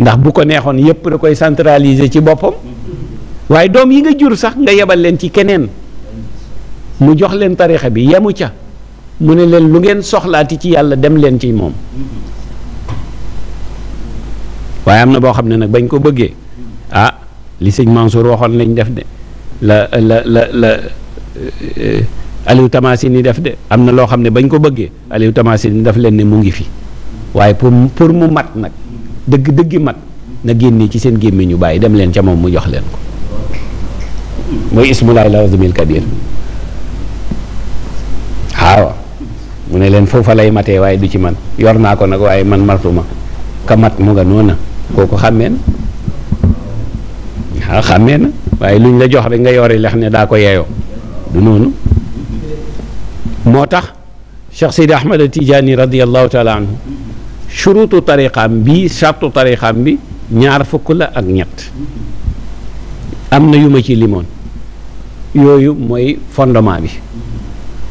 ndax bu ko neexoon yépp da koy centraliser ci boppam waaye doom yi nga jur sax nga yebal leen ci keneen mu jox leen tarixa bi yemu ca mu ne leen lu ngeen soxlaati ci yàlla dem leen ci moom waaye am na boo xam ne nag bañ ko bëggee ah li sëñ Mansour waxoon lañ def de la la la la eh, Aliou Tamasini def de am na loo xam ne bañ ko bëggee Aliou Tamasini daf leen ne mu ngi fi waaye pour pour mu mat nag dëgg dëggi mat na génne ci seen gémmiñ ñu bàyyi dem leen ca moom mu jox leen ko mooy ismulaay la azumil ne leen foofa lay matee waaye du ci man yor naa ko nag waaye man matuma ka mat mu nga noona kooku xàmmee na waaw xàmmee na waaye lu ñu la jox rek nga yore lex ne daa ko yeeyoo du noonu moo tax Cheikh Sidi Ahmad Tijaani radiallahu taala anhu churutu tariqaam bi chartu tariqaam bi ñaar fukk la ak ñett am na yu ma ci limoon yooyu mooy fondement bi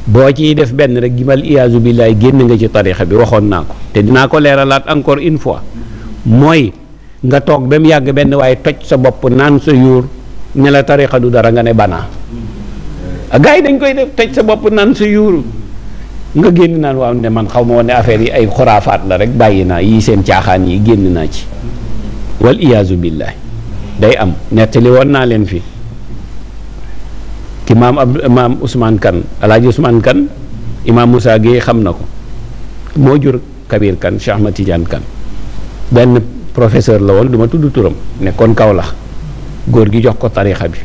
boo ciy def benn rek gimal iyaazu billaay génn nga ci tarixa bi waxoon naa ko te dinaa ko leeralaat encore une fois mooy nga toog ba mu yàgg benn waaye toj sa bopp naan sa yuur ne la tariqa du dara nga ne banaa mm-hmm. gars yi dañ koy def tëj sa bopp naan sa yuuru nga génn naan waaw ne man xaw ma woon ne affaire yi ay xuraafaat la rek bàyyi naa yii seen caaxaan yi génn naa ci mm-hmm. wal iyaazu billahi day am nettali woon naa leen fii ci maam ab maam Ousmane Kan alaaji Ousmane Kan imaam Moussa Gueye xam na ko moo jur Kabir Kan Cheikh Ahmad Tidiane Kan benn professeur la woon duma ma tudd turam nekkoon Kaolack góor gi jox ko tarixa bi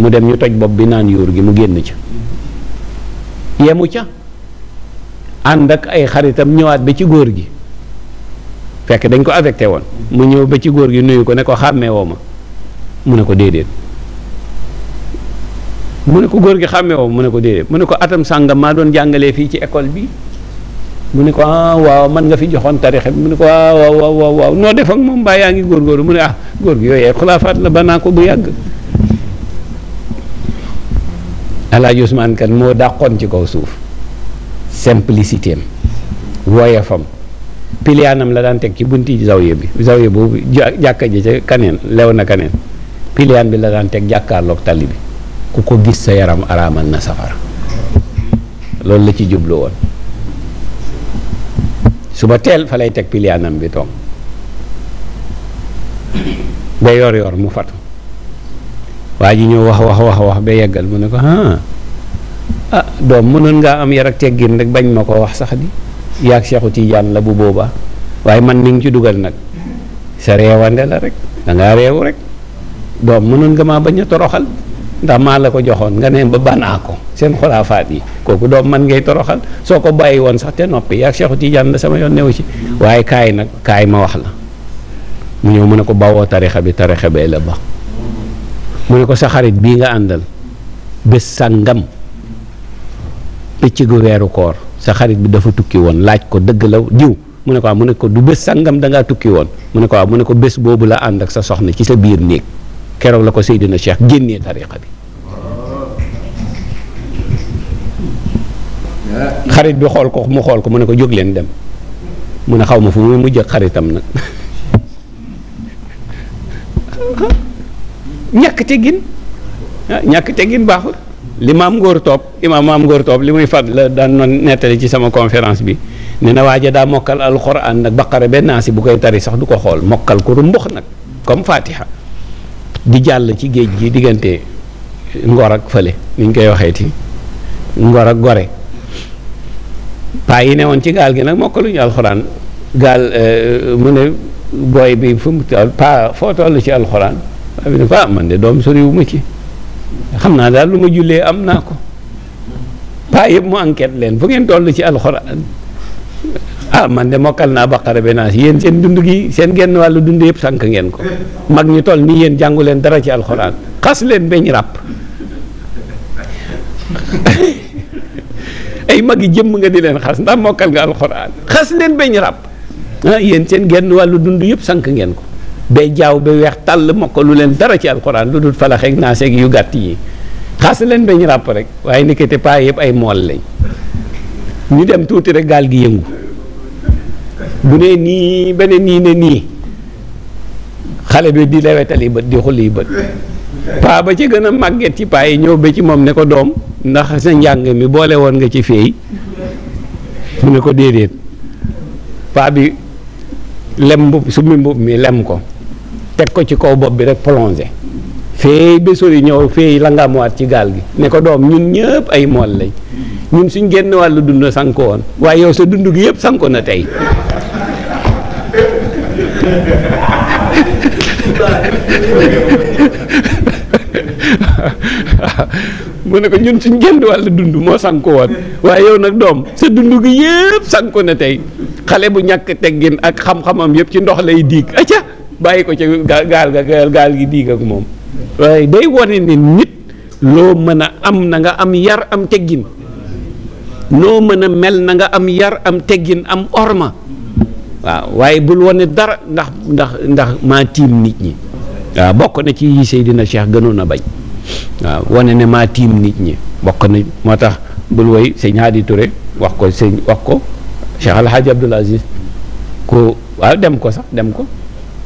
mu dem ñu toj bopp bi naan yóor gi mu génn ca yemu ca ànd ak ay xaritam ñëwaat ba ci góor gi fekk dañ ko affecté woon mu ñëw ba ci góor gi nuyu ko ne ko xàmmee woo ma mu ne ko déedéet mu ne ko góor gi xàmmee woo mu ne ko déedéet mu ne ko atam sàngam maa doon jàngalee fii ci école bi mu ne ko ah waaw man nga fi joxoon tarixe mu ne ko ah waaw waaw waaw noo def moom mbaa yaa ngi góorgóorlu mu ne ah góor gi yooyu ay xulaafaat la ba naa ko bu yàgg. Alaaji Usmaan kan moo dàqoon ci kaw suuf simplicité am woyofam piliyaanam la daan teg ci bunti zawye bi zawye boobu jàkka ji ca kaneen lew na kaneen piliyaan bi la daan teg jàkkaarloog tali bi ku ko gis sa yaram araamal na safara loolu la ci jublu woon. suba teel fa lay teg piliyaanam bi toog ba yor yor mu fatu waa ji ñëw wax wax wax wax ba yeggal mu ne ko ah ah doom mënoon ngaa am yar ak teggin bañ ma ko wax sax di yaag Seexu Tijaan la bu boobaa waaye man mi ngi ci dugal nag sa reewande la rek da ngaa reewu rek doom mënoon nga maa bañ a toroxal ndax maa la ko joxoon nga ne ba banaa ko seen xulaafaat yi kooku doom man ngay toroxal soo ko bàyyi woon sax te noppi yaa Cheikhu Tidiane la sama yoon newu si waaye kaay nag kaay ma wax la mu ñëw mu ne ko bawoo tarixa bi tarixa bee la ba mu ne ko sa xarit bii nga àndal bés sàngam picc gu weeru sa xarit bi dafa tukki woon laaj ko dëgg la diw mu ne ko mu ne ko du bés sàngam da ngaa tukki woon mu ne ko waaw mu ne ko bés boobu la ànd ak sa soxna ci sa biir néeg keroog la ko Seydina Cheikh génnee tarixa bi xarit bi xool ko mu xool ko mu ne ko jóg leen dem mu ne xaw ma fu muy mujj ak xaritam nag ñàkk teggin ah, ñàkk te teggin baaxul li ma maam ngóor topp imaam maam ngóor topp li muy fat la daan noon nettali ci sama conférence bi ne na waaja daa mokkal alxuraan nag baqara benn bu koy tari sax du ko xool mokkal ko rumbux nag comme fatiha di jàll ci géej gi diggante ngor ak fële ni ñu koy waxeeti ngor ak gore paa yi ne woon ci gaal gi nag mokkaluñu alxuraan gaal euh, mu ne booy bi fu mu toll paa foo toll ci alxuraan paa bi ne ko ah man de doom soriwu ma ci xam naa daal lu ma jullee am naa ko paa yëpp mu enquête leen fu ngeen toll ci alxuraan ah man de mokkal naa baqara be naa si yéen seen dund gi seen genn wàllu dund yëpp sànq ngeen ko mag ñu toll nii yéen jàngu leen dara ci alxuraan xas leen beñ ràpp ay mag yi jëmm nga di leen xas ndax mokkal nga alxuraan xas leen bañ ràbb ah yéen seen genn wàllu dund yëpp sànq ngeen ko bay jaaw ba weex tàll mokkalu leen dara ci alxuraan lu dul falaxeeg naaseeg yu gàtt yi xas leen bañ ràbb rek waaye nekkete paa yëpp ay mool lañ ñu dem tuuti rek gaal gi yëngu bu ne nii beneen nii ne nii xale bi di lewetali bët di xulli bët paa ba ci gën a màgget ci paa yi ñëw ba ci moom ne ko doom ndax sa njàng mi boole woon nga ci feey mu ne ko déedéet paa bi lem mbub su mi mbub mi lem ko teg ko ci kaw bopp bi rek plongé feey ba sori ñëw feey la amuwaat ci gaal gi ne ko doom ñun ñëpp ay mool lañ ñun suñ génn wàll dund sanko woon waaye yow sa dund gi yëpp sanko na tey mu ne ko ñun suñ genn wàll dund moo sànku woon waaye yow nag doom sa dund gi yëpp sànku na tey xale bu ñàkk teggin ak xam-xamam yëpp ci ndox lay diig acca bàyyi ko ca gaal gaal gi diig ak moom waaye day wone ne nit loo mën a am na nga am yar am teggin noo mën a mel na nga am yar am teggin am orma waaw waaye bul wone dara ndax ndax ndax maa tiim nit ñi waa bokk na ci yi Seydina Cheikh gënoon a bañ waaw wane ne maa tiim nit ñi bokk na moo tax bul woy sëñ Hadi Touré wax ko sëñ wax ko Cheikh Al Hadj Abdoul Aziz ko waaw dem ko sax dem ko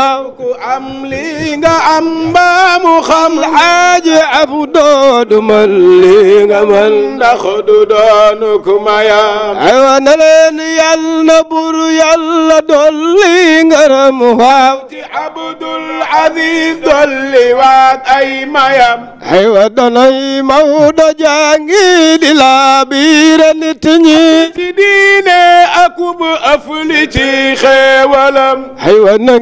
waaw ku am li nga am ba mu xam xaaji ab doodu man li nga man ndax du doon ku maya aywa na leen yal na bur yàlla dolli ngaram waaw ci abdul aziz dolli waat ay mayam aywa donay mawdo jàngi di laa biire nit ñi ci diine akub afli ci xeewalam aywa na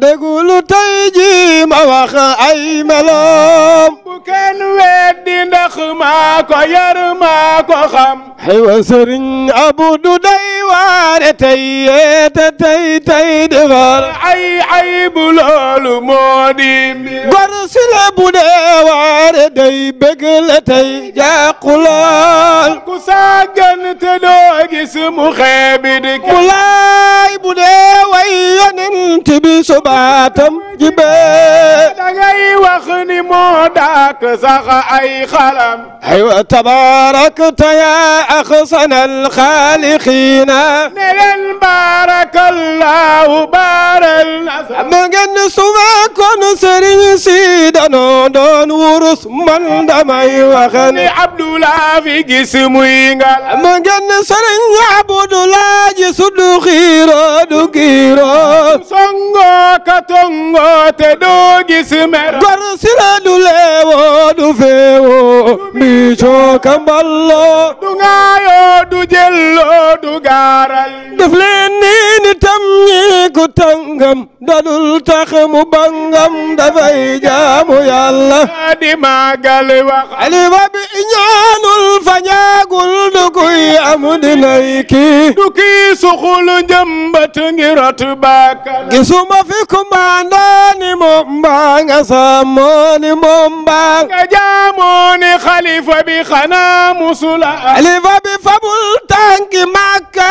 kenn dégul tey ma wax ay meloom bu kenn weddi ndax maa ko yar maa ko xam aywa sëriñ abudu day waare tey yeete tey tey defar ay ay bu loolu moo di gor si la bu dee waare day bëgg la tey jàqulool ku sàggan te doo gis mu xeebi di bu laay bu dee way yonent bi baatam ji bee da ngay wax ni moo daak sax ay xalam aywa tabaarakta yaa axsana alxaaliqiina ne leen baarakallaahu baaral nasa ma ngeen suma kon sëriñ si danoo doon wurus man damay wax ni Abdoulaye fi gis muy ngal ma ngeen sëriñ Abdoulaye ji su du xiiroo du kiiroo songoo ka tongo te doo gis mer gor du leewoo du feewoo mbi cooka mballoo du ngaayoo du jëlloo du gaaral def leen nii ni tam ñi ku tangam dadul tax mu bangam dafay jaamu yàlla di bi ñaanul fañaagul du kuy am dinay kii du kii suxul njëmbat ngi rot baakal gisuma fi kumbaandaani moom baa nga sàmmooni moom baa nga jaamooni xalifa bi xanaa musula xalifa bi fabul tànki màkka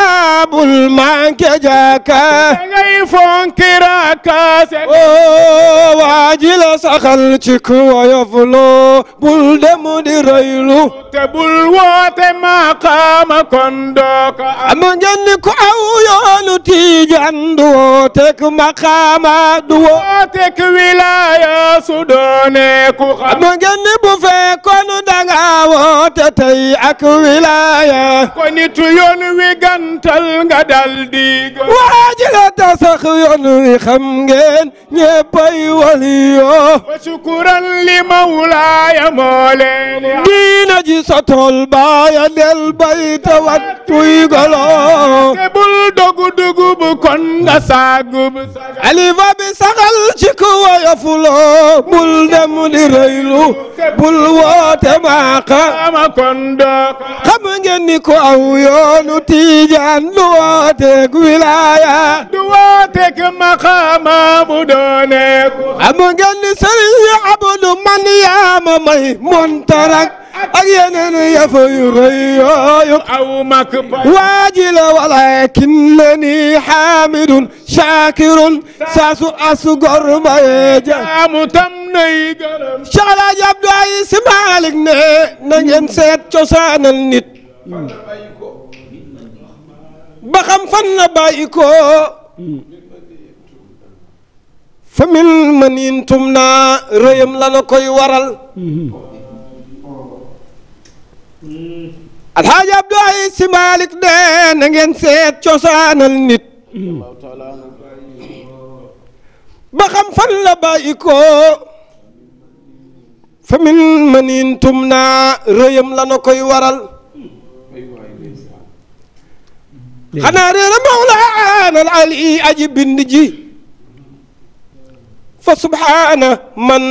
bul manke jàkka ngay fonki rakkaase oo waaji la saxal ci ku woyof loo bul dem di rëylu te bul woote maqaama kon doo ko am ngeen ni ku aw yoonu tiijaan du woote maqaama Amadu wooteek wilaaya su doonee ku xam ngeen bu fekkoon danga woote tey ak wilaaya ko nit wi gantal nga daldi waa ji tasax yoon wi xam ngeen ñeppay waliyoo wa diina ji sotol baaya del bay tawattuy golo te dogu dugub kon nga saagub musiba bi saxal ci ku woyofuloo bul dem di rëylu bul woote maaka xam ngeen ni ko aw yoonu tiijaan du wooteeg wilaaya du wooteeg maqaama bu dooneeku am ngeen ni sëriñ Abdu man yaa ma may montarak ak yeneen yafa yu rëy yooyu waa ji la walakin la ni xaamidun shaakirun saa su asu gor maye jaamu tam nay si Malick ne na ngeen seet cosaanal nit ba fan la bàyyi ko famil manintum naa rëyam la na koy waral alxaaji Abdou Aziz Sy Malick de na ngeen seet cosaanal nit ba xam fan la bàyyi ko fa min manin tum naa rëyam la na koy waral xanaa réera mawlaana al ali aji bind ji fa subhaana man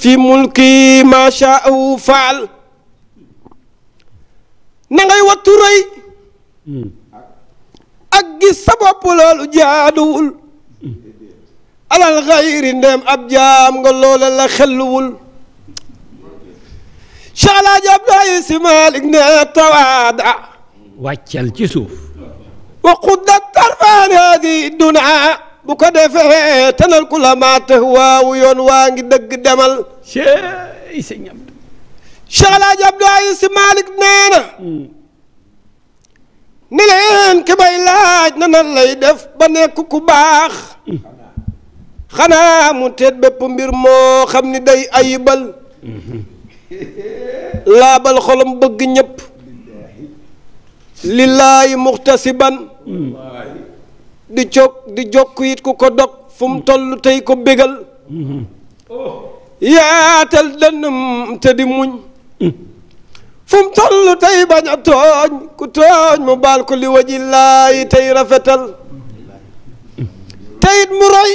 fi mulki ma shaa faal na ngay wattu rëy hmm. ak gis sa bopp loolu jaaduwul alal xayri ndem ab jaam nga loola la xelluwul caalaaji abdoulaye si malik ne tawaada wàccal ci suuf waquddat tarfaan haadi dunaa bu ko defee tanal ku maa tax waawu yoon waa ngi dëgg demal sëñ Cheikh El Hadj Abdou Aziz Sy nee na ni leen laaj na lay def ba nekk ku baax xanaa mu teet bépp mbir moo xam ni day ayibal laabal xolam bëgg ñëpp lillaahi muxtasiban di jóg di jokk it ku ko dog fu mu toll tey ko bégal mm-hmm. yaatal dënnam te di muñ fu mu toll tey bañ a tooñ ku tooñ mu baal ko li wajillaayi tey rafetal teyit mu roy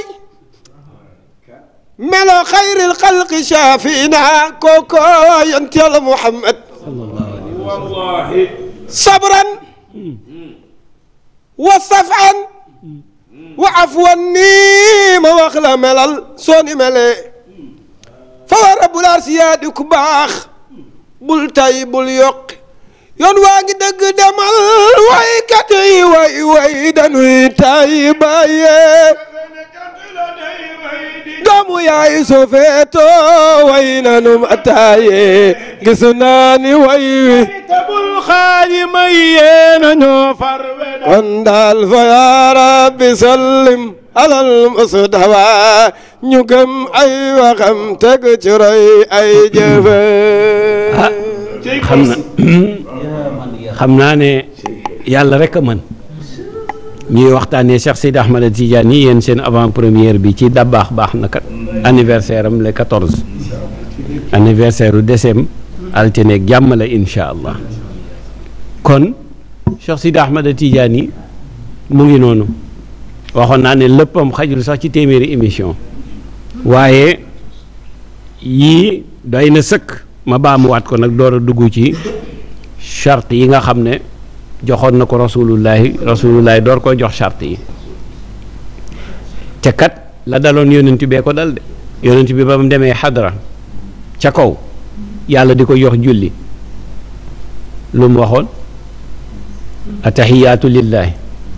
melo xayril xalqi shaafina kooko yonent Yàlla Muhammad sabran wa safan wa afwan nii ma wax la melal soo ni melee fa wa rabbul arsi yaa di ku baax bul tay bul yokki yoon waa ngi dëgg demal waykat yi way way dañuy tay bàyye doomu yaay sofeeto way nanum ataaye gisu naa ni way wi tabul xaaji may yee nañoo farwe kon fa yaa rabbi sallim alal mustafa ñu gëm ay waxam teg ci roy ay jëfe xam na xam naa ne yàlla rek a mën ñuy waxtaanee Cheikh Sidi Ahmad Tidiane yi yéen seen avant première bi ci dabaax baax na kat anniversaire am le 14 anniversaire u deseem altine jàmm la incha allah kon Cheikh Sidi Ahmad Tidiane yi mu ngi noonu waxoon naa ne léppam xajul sax ci téeméeri émission waaye yii doy na sëkk ma baamuwaat ko nag door a dugg ci charte yi nga xam ne joxoon na ko rasulullahi rasulullahi door koy jox charte yi ca kat la daloon yonent bee ko dal de yonent bi ba mu demee xadara ca kaw yàlla di ko jox julli lu mu waxoon ataxiyaatu lillaahi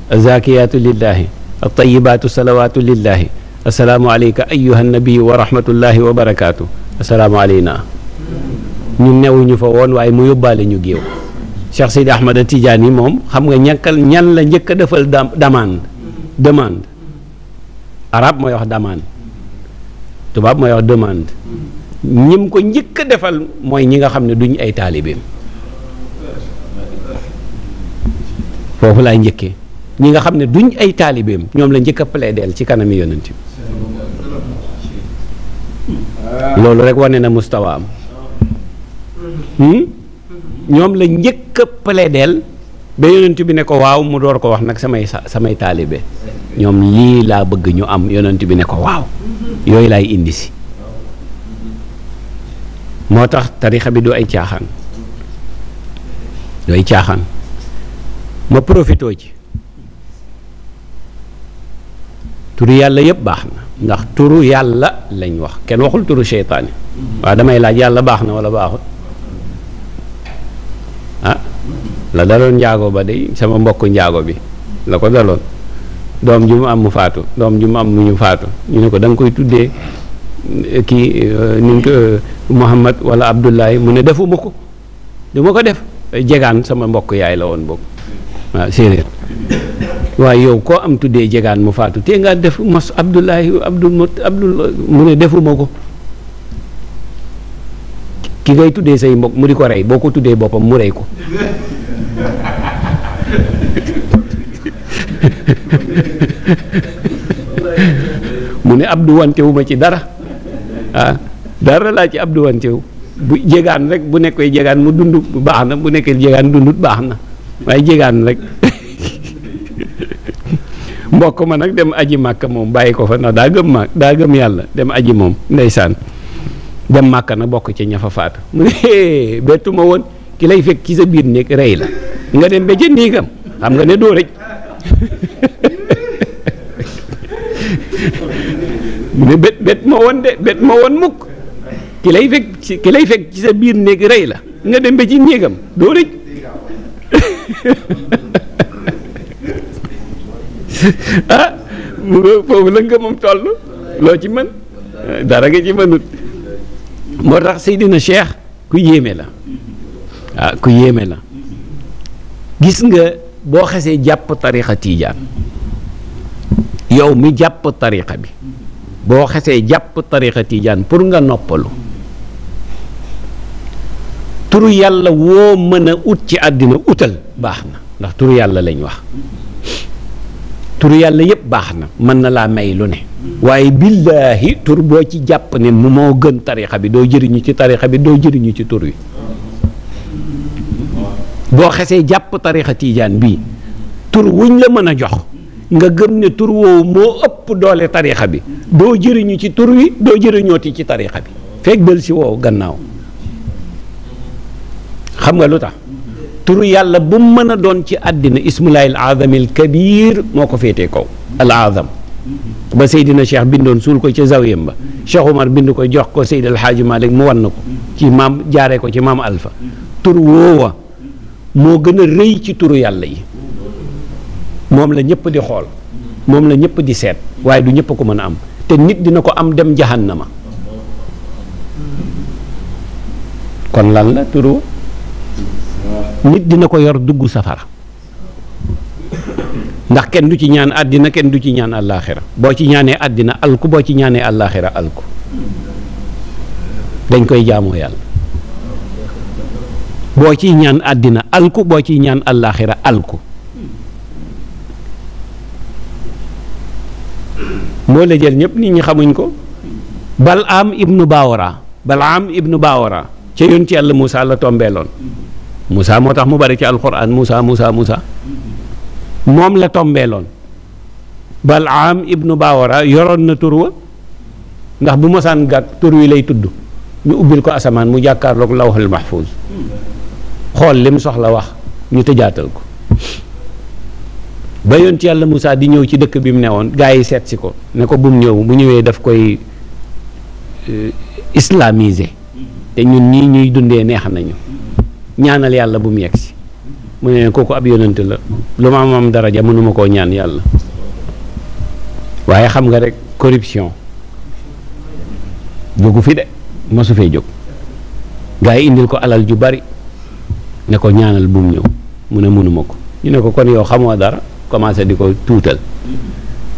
azakiyaatu lillaahi altayibaatu salawaatu lillahi assalaamu aleyka ayuha nabiyu wa rahmatullahi wa barakaatu assalaamu aleyna ñu newuñu fa woon waaye mu yóbbaale ñu géew Cheikh Sidi Ahmad Tidiane yi moom xam nga ñàkkal ñan la njëkk a defal demande demand arab mooy wax demand tubaab mooy wax demand ñim ko njëkk a defal mooy ñi nga xam ne duñ ay taalibeem foofu laay njëkkee ñi nga xam ne duñ ay taalibeem ñoom la njëkk a del ci kanami yonent bi loolu rek wane na mustawa hmm? ñoom la njëkk a del ba yonent bi ne ko waaw mu door ko wax nag samay samay taalibe ñoom lii laa bëgg ñu am yonent bi ne ko waaw yooyu laay indi si moo tax tarixa bi du ay caaxaan du ay caaxaan ma profitoo ci turu yàlla yëpp baax na ndax turu yàlla lañ wax kenn waxul turu seytaane waa damay laaj yàlla baax na wala baaxul ah la daloon njaago ba de sama mbokk njaago bi la ko daloon doom ju mu am mu faatu doom ju mu am mu ñu faatu ñu ne ko da koy tuddee kii euh, ni nga ko euh, Muhammad wala Abdullahi mu ne defuma ko du ma ko def jegaan sama mbokk yaay la woon boobu waaw séeréer waaye yow koo am tuddee jegaan mu faatu te nga def mos abdullahi abdul mot abdul mu ne defuma ko ki ngay tuddee say mbokk mu di ko rey boo ko tuddee boppam mu rey ko mu ne abdu wantewu ci dara ah dara laa ci abdu wantewu bu jegaan rek bu nekkee jegaan mu dund bu baax na bu nekkee jegaan dundut baax na waaye jegaan rek mbokk ma nag dem aji màkka moom bàyyi ko fa ndax daa gëm màkk daa gëm yàlla dem aji moom ndeysaan dem màkka na bokk ci ña fa faatu mu ne bettu ma woon ki lay fekk ci sa biir néeg rey la nga dem ba ca néegam xam nga ne doo rëcc mu ki lay fekk ci ki lay fekk ci sa biir néeg rey la nga dem ba ci néegam doo rëcc ah foofu la ngëmam toll loo ci mën dara nga ci mënut moo tax Seydina Cheikh ku yéeme la ah ku yéeme la gis nga boo xesee jàpp tarixa tiijaan yow mi jàpp tarixa bi boo xesee jàpp tarixa tiijaan pour nga noppalu tur yàlla woo mën a ut ci àddina utal baax na ndax turu yàlla lañ wax tur yàlla yëpp baax na mën na laa may lu ne waaye billaahi tur boo ci jàpp ne mu moo gën tarixa bi doo jëriñu ci tarixa bi doo jëriñu ci tur wi boo xesee jàpp tarixa tiijaan bii tur wuñ la mën a jox nga gën ne tur woowu moo ëpp doole tarixa bi doo jëriñu ci tur wi doo ñooti ci tarixa bi fekk del si woowu gannaaw xam nga lu tax turu yàlla bu mën a doon ci àddina ismullahi alazamil kabir moo ko féetee kaw al ba Seydina Cheikh bindoon suul ko ca zawiyam ba Cheikh Umar bind ko jox ko Seydi Alhaaji Malik mu wan na ko ci maam jaaree ko ci maam alfa tur woowa moo gën a rëy ci turu yàlla yi moom la ñëpp di xool moom la ñëpp di seet waaye du ñëpp ko mën a am te nit dina ko am dem jahannama kon lan la turu nit dina ko yor dugg safara ndax kenn du ci ñaan àddina kenn du ci ñaan àllaaxira boo ci ñaanee àddina alku boo ci ñaanee àllaaxira alku dañ koy jaamoo yàlla boo ci ñaan àddina alku boo ci ñaan àllaaxira alku moo la jël ñëpp nit ñi xamuñ ko balaam ibnu baawara balaam ibnu baawara ca yonent yàlla Muusaa la tombeeloon Moussa moo tax mu bari ci alquran Moussa Moussa musa moom la tombeeloon Balaam ibnu Baawara yoroon na tur wa ndax bu mosaan gàkk tur wi lay tudd ñu ubbil ko asamaan mu jàkkaarloog lawhul mahfuz xool li soxla wax ñu tëjaatal ko ba yoon ci yàlla Moussa di ñëw ci dëkk bi mu newoon gaa yi seet si ko ne ko bu mu ñëw mu ñëwee daf koy eh, islamisé te ñun ñii ñuy dundee neex nañu ñaanal yàlla bu mu yegg mu ne kooku ab yonent la lu ma am daraja mënuma koo ñaan yàlla waaye xam nga rek corruption jógu fi de mosu fee jóg gars indil ko alal ju bari ne ko ñaanal bu mu ñëw mu ne mënuma ko ñu ne ko kon yow xamoo dara commencé di ko tuutal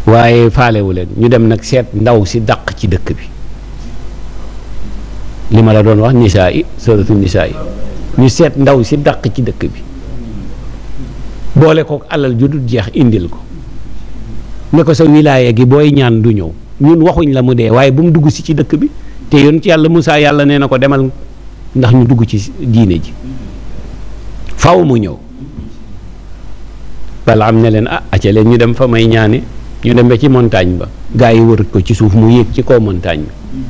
waaye faalewu leen ñu dem nag seet ndaw si daq ci dëkk bi li ma la doon wax nisaa yi sóoratu nisaa yi ñu seet ndaw si dàq ci dëkk bi boole kook alal ju dul jeex indil ko ne ko sa wilaaya gi booy ñaan du ñëw ñun waxuñ la mu dee waaye bu mu dugg si ci dëkk bi te yoon ci yàlla Moussa yàlla nee na ko demal ndax ñu dugg ci diine ji faw mu ñëw bala am ne leen ah aca leen ñu dem fa may ñaane ñu dem ba ci montagne ba gaa yi wërut ko ci suuf mu yéeg ci kaw montagne bi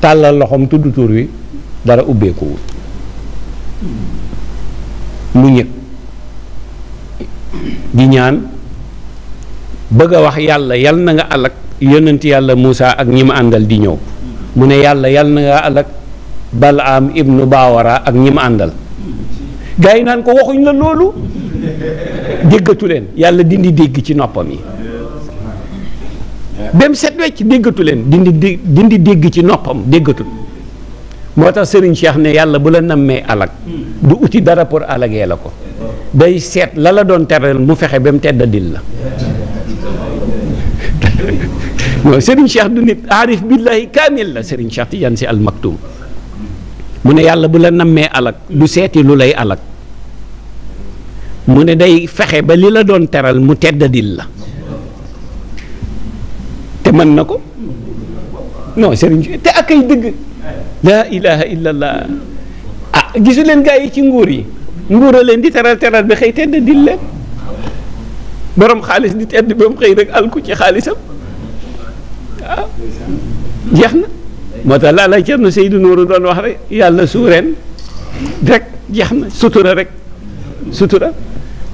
tàllal loxoom tudd tur wi dara ubbeekuwul mu ñëg di ñaan bëgg a wax yàlla yal na nga alak yonent yàlla Moussa ak ñi ma àndal di ñëw mu ne yàlla yal na nga alak Balaam ibnu Baawara ak ñi àndal gaa yi naan ko waxuñ la loolu déggatu leen yàlla dindi dégg ci noppam yi bem set wecc déggatu leen dindi dégg ci noppam déggatul moo tax Serigne Cheikh ne yàlla bu la nammee alag hmm. du uti dara pour alagee la ko day seet la la doon teral mu fexe ba mu teddadil la non Serigne Cheikh du nit aarif billahi kaamil la Serigne Cheikh Tidiane Sy Al mu ne yàlla bu la nammee alag du seeti lu lay alag mu ne day fexe ba li la doon teral mu teddadil la te mën na ko. non Serigne te ak ay dëgg laa ilaha illallah ah gisu leen gaa yi ci nguur yi nguur a leen di teral teral bi xëy tedd dil borom xaalis di tedd ba mu xëy rek alku ci xaalisam ah, jeex na moo tax laa lay Cerno Seydou Nourou doon wax rek yàlla suureen rek jeex na sutura rek sutura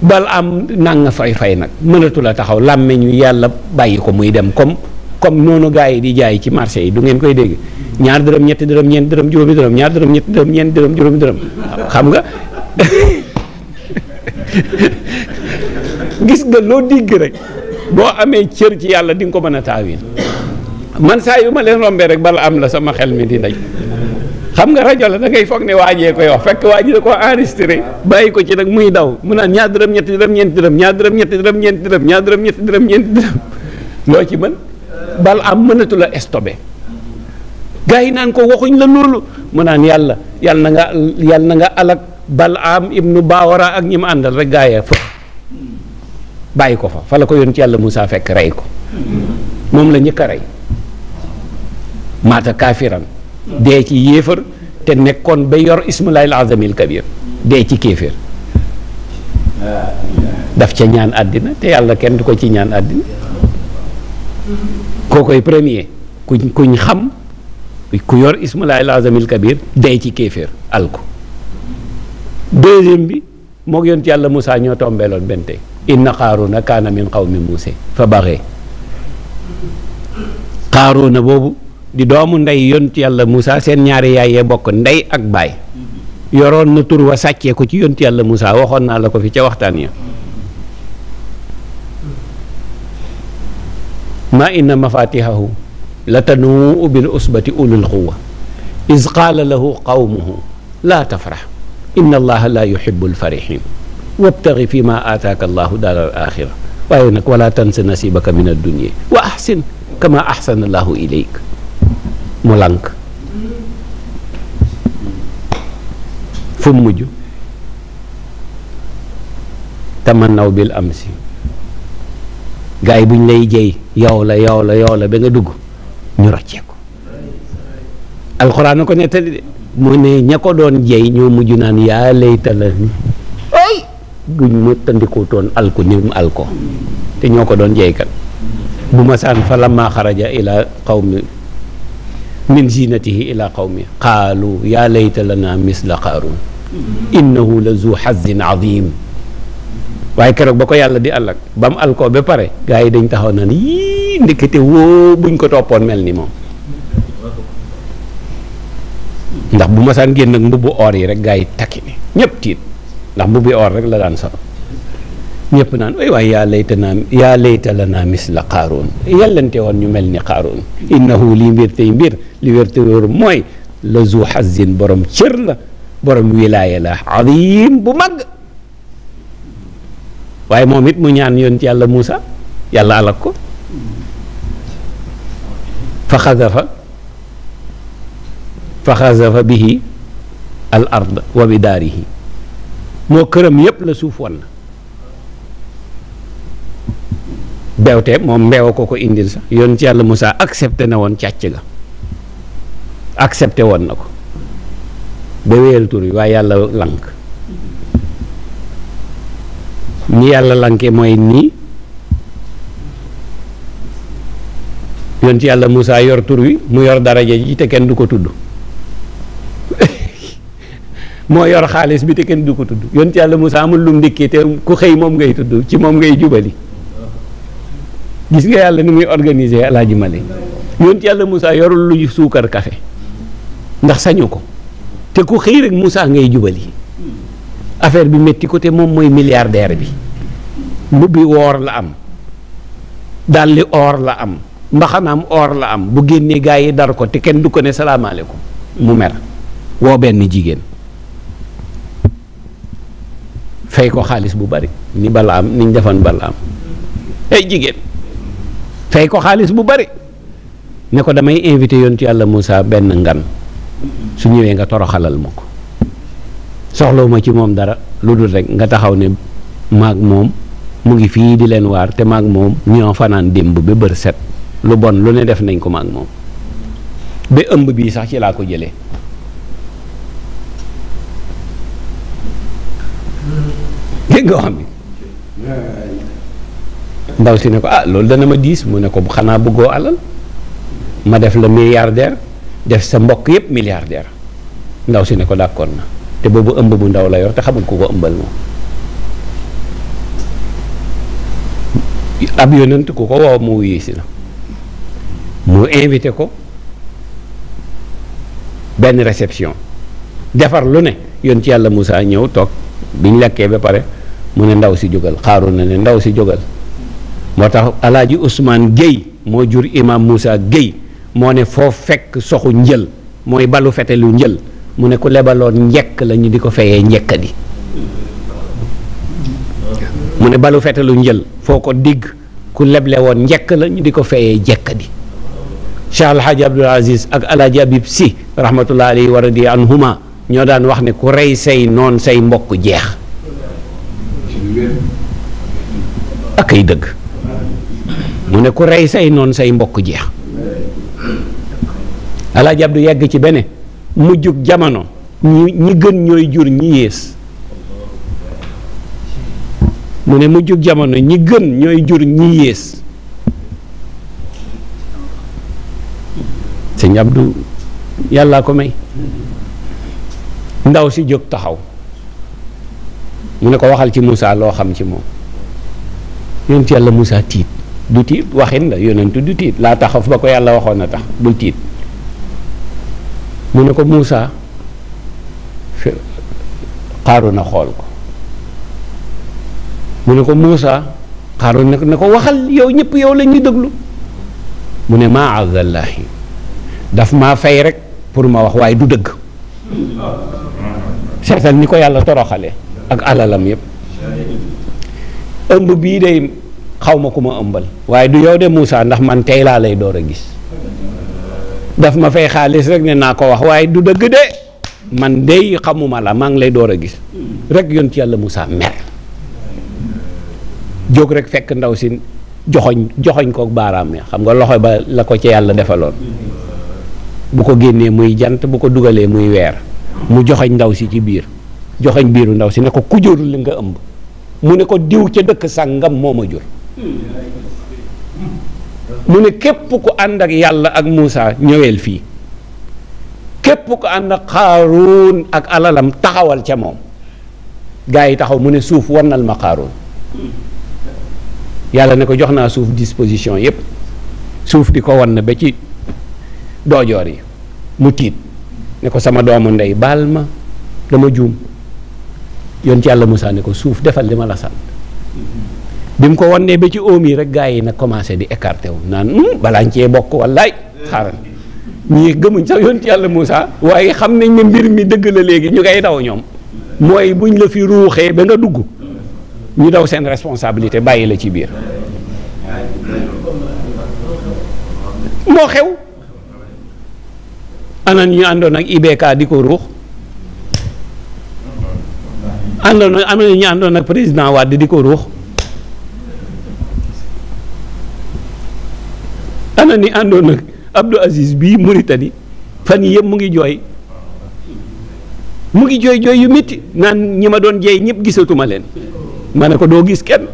bal am nang fay fay nag mënatu la taxaw làmmeñu yàlla bàyyi ko muy dem comme comme noonu gars yi di jaay ci marché yi du ngeen koy dégg ñaar dërëm ñetti dërëm ñeent dërëm juróomi dërëm ñaar dërëm ñetti dërëm ñeent dërëm juróomi dërëm xam nga gis nga loo digg rek boo amee cër ci yàlla di ko mën a taawin man saa yu ma leen rombee rek bala am la sama xel mi di daj xam nga rajo la da ngay foog ne waajee koy wax fekk waa ji da koo enregistré bàyyi ko ci nag muy daw mu naan ñaar dërëm ñetti dërëm ñeenti dërëm ñaar dërëm ñetti dërëm ñeenti dërëm ñaar dërëm ñetti dërëm ñeenti dërëm loo ci mën bal am mënatu la stoppé gars naan ko waxuñ la loolu mu naan yàlla yàlla na nga yàlla na bal am ibnu baawara ak ñi mu àndal rek gaa ya fa bàyyi ko fa fa la ko yoon ci yàlla Moussa fekk rey ko moom la njëkk a rey maata kaafiran dee ci yéefar te nekkoon ba yor ismulaahil azamil kabir dee ci kéeféer daf ca ñaan àddina te yàlla kenn du ko ci ñaan àddina kookoy premier kuñ kuñ xam ku yor ismalaay lazamil kabir day ci kéeféer al ko bi moo yont yàlla Moussa ñoo tombeeloon benn tey inna xaaruuna kaana xaw mi Muusa fa baxee na boobu di doomu ndey yont yàlla Moussa seen ñaari yaay yee bokk ndey ak baay yoroon na tur wa sàccee ko ci yont yàlla Moussa waxoon naa la ko fi ca waxtaan ya maa inna mafatihahu la tanuu bil usbati ulul quwa iz qaala lahu qawmuhu laa tafrax inna allaha laa yuhibu alfarixin wabtaxi fi ma aataaka allahu daara al axira waaye nag wala tansa nasibaka min addunia wa ahsin kama ahsana allahu ilayk mu lànk fu mu mujj tamannaw bil amsi gars yi bu ñu lay jëy yow la yow la yow la ba nga dugg ñu rocceeku alxuraan na ko nettali de ña ko doon jëy ñoo mujj naan yaa layta la ay ñoo ko doon jëy bu ma saan fa lamma xaraja ila qawmi min zinatihi ila qawmi qaalu yaa layta lana misla qaaruun innahu la zu xazin azim waaye keroog ba ko yàlla di àllak ba mu ba pare gaa yi dañ taxaw naan yii ndekete woo buñ ko toppoon mel ni moom ndax bu masaan génn nag mbubbu or yi rek gars yi takki ni ñëpp tiit ndax mbubbi or rek la daan sol ñëpp naan ay waay yaa layta naa yaa layta la naa yàllante woon ñu mel ni xaaroon innahu li mbir tey mbir li wér te wóor mooy la zu xazin borom cër la borom wilaaya la azim bu mag waaye moom it mu ñaan yoon ci yàlla Muusa yàlla alak ko fa xazafa fa xazafa bihi al wa bi daarihi moo këram yépp la suuf wan na beewte moom mbeew ko ko indil sax yoon ci yàlla Moussa accepté na woon càcc ga accepté woon na ko ba wéyal tur yi waaye yàlla lank ni yàlla lanke mooy nii ci yàlla Moussa yor tur wi mu yor daraja ji te kenn du ko tudd moo yor xaalis bi te kenn du ko tudd yonent yàlla Moussa amul lum ndikki te ku xëy moom ngay tudd ci moom ngay jubali gis nga yàlla ni muy organiser alaaji male ci yàlla Moussa yorul lu suukar kafe ndax sañu ko te ku xëy rek Moussa ngay jubali affaire bi métti ko te moom mooy milliardaire bi mbubbi woor la am dalli or la am mbaxanaam or la am bu génnee gaa yi dar ko te kenn du ko ne salaamaaleykum mu mer woo benn jigéen fey ko xaalis bu bari ni bala am niñ defoon bala am ay jigéen fay ko xaalis bu bari ne ko damay invité yontu yàlla Moussa benn ngan su ñëwee nga toroxalal ma ko soxlaw ma ci moom dara lu dul rek nga taxaw ne maag moom mu ngi fii di leen waar te maag moom ñoo fanaan démb ba bër set lu bon lu ne def nañ ko maag moom ba ëmb bii sax ci laa ko jëlee dégg nga xam ndaw si ne ko ah loolu dana ma diis mu ne ko xanaa bëggoo alal ma def la milliardaire def sa mbokk yëpp milliardaire ndaw si ne ko d'accord na te boobu ëmb bu ndaw la yor te xamul ku ko ëmbal moom ab yonent ku ko woo mu wuyu la mu invité ko benn réception defar lu ne yoon ci yàlla Moussa ñëw toog biñ lekkee ba pare mu ne ndaw si jógal xaaru na ne ndaw si jógal moo tax alaaji Ousmane Guèye moo jur imam Moussa Guèye moo ne foo fekk soxu njël mooy balu fete lu njël mu ne ku lebaloon njekk lañu di ko fayee njekk di mu ne balu fetalu njël foo ko digg ku leble woon njekk la ñu di ko fayee jekk di Cheikh Alhaji Abdul Aziz ak Alhaji Habib Sy rahmatullah alayhi wa radi anhuma ñoo daan wax ne ku rey say noon say mbokk jeex ak dëgg mu ne ku rey say noon say mbokk jeex Alhaji Abdou yegg ci bene mujjug jamono ñu ñi gën ñooy jur ñi yées mu ne mujjug jamono ñi gën ñooy jur ñi yées sëñ Abdu yàllaa ko may ndaw si jóg taxaw mu ne ko waxal ci Moussa loo xam ci moom yonent yàlla Moussa tiit du tiit waxin la yonentu du tiit laa taxaf ba ko yàlla waxoon na tax bul tiit mu ne ko Moussa xaaru na xool ko mu ne ko Moussa Xaaruun ne ko waxal yow ñëpp yow la ñuy déglu mu ne maa àllahi daf maa fay rek pour ma wax waaye du dëgg seetal ni ko yàlla toroxale ak alalam yépp ëmb bii de xaw ma ku ma ëmbal waaye du yow de Moussa ndax man tey laa lay door a gis daf ma fay xaalis rek ne naa ko wax waaye du dëgg de man dey xamuma la maa ngi lay door a gis rek yoon ci yàlla Moussa mer jóg rek fekk ndaw si joxoñ joxoñ kook baaraam ya xam nga loxo ba la ko ci yàlla defaloon bu ko génnee muy jant bu ko dugalee muy weer mu joxoñ ndaw si ci biir joxoñ biiru ndaw si ne ko ku li nga ëmb mu ne ko diw ca dëkk sàngam moo ma jur mu ne képp ku ànd ak yàlla ak Muusa ñëweel fii képp ku ànd ak Xaaruun ak alalam taxawal ca moom gaa yi taxaw mu ne suuf wannal ma Xaaruun yàlla ne ko jox naa suuf disposition yépp suuf di ko wan na ba ci doojoor yi mu tiit ne ko sama doomu ndey baal ma dama juum yoon ci yàlla Muusa ne ko suuf defal li ma la sant bi mu ko wannee ba ci oom yi rek gars yi nag commencé di écarté wu naan hmm, balaa ñu cee bokk wallaay xaaral ñii gëmuñ sax yonent yàlla Moussa waaye xam nañ ne mbir mi dëgg la léegi ñu ngay daw ñoom mooy buñ la fi ruuxee ba nga dugg ñu daw seen responsabilité bàyyi la ci biir moo xew ana ñu àndoon ak IBK di ko ruux àndoon ana ñu àndoon ak président Wade di ko ruux ana ni àndoon ak Abdou Aziz bii Mauritanie fan yii yëpp mu ngi jooy mu ngi jooy jooy yu métti naan ñi ma doon jeey ñëpp gisatuma leen ma ne ko doo gis kenn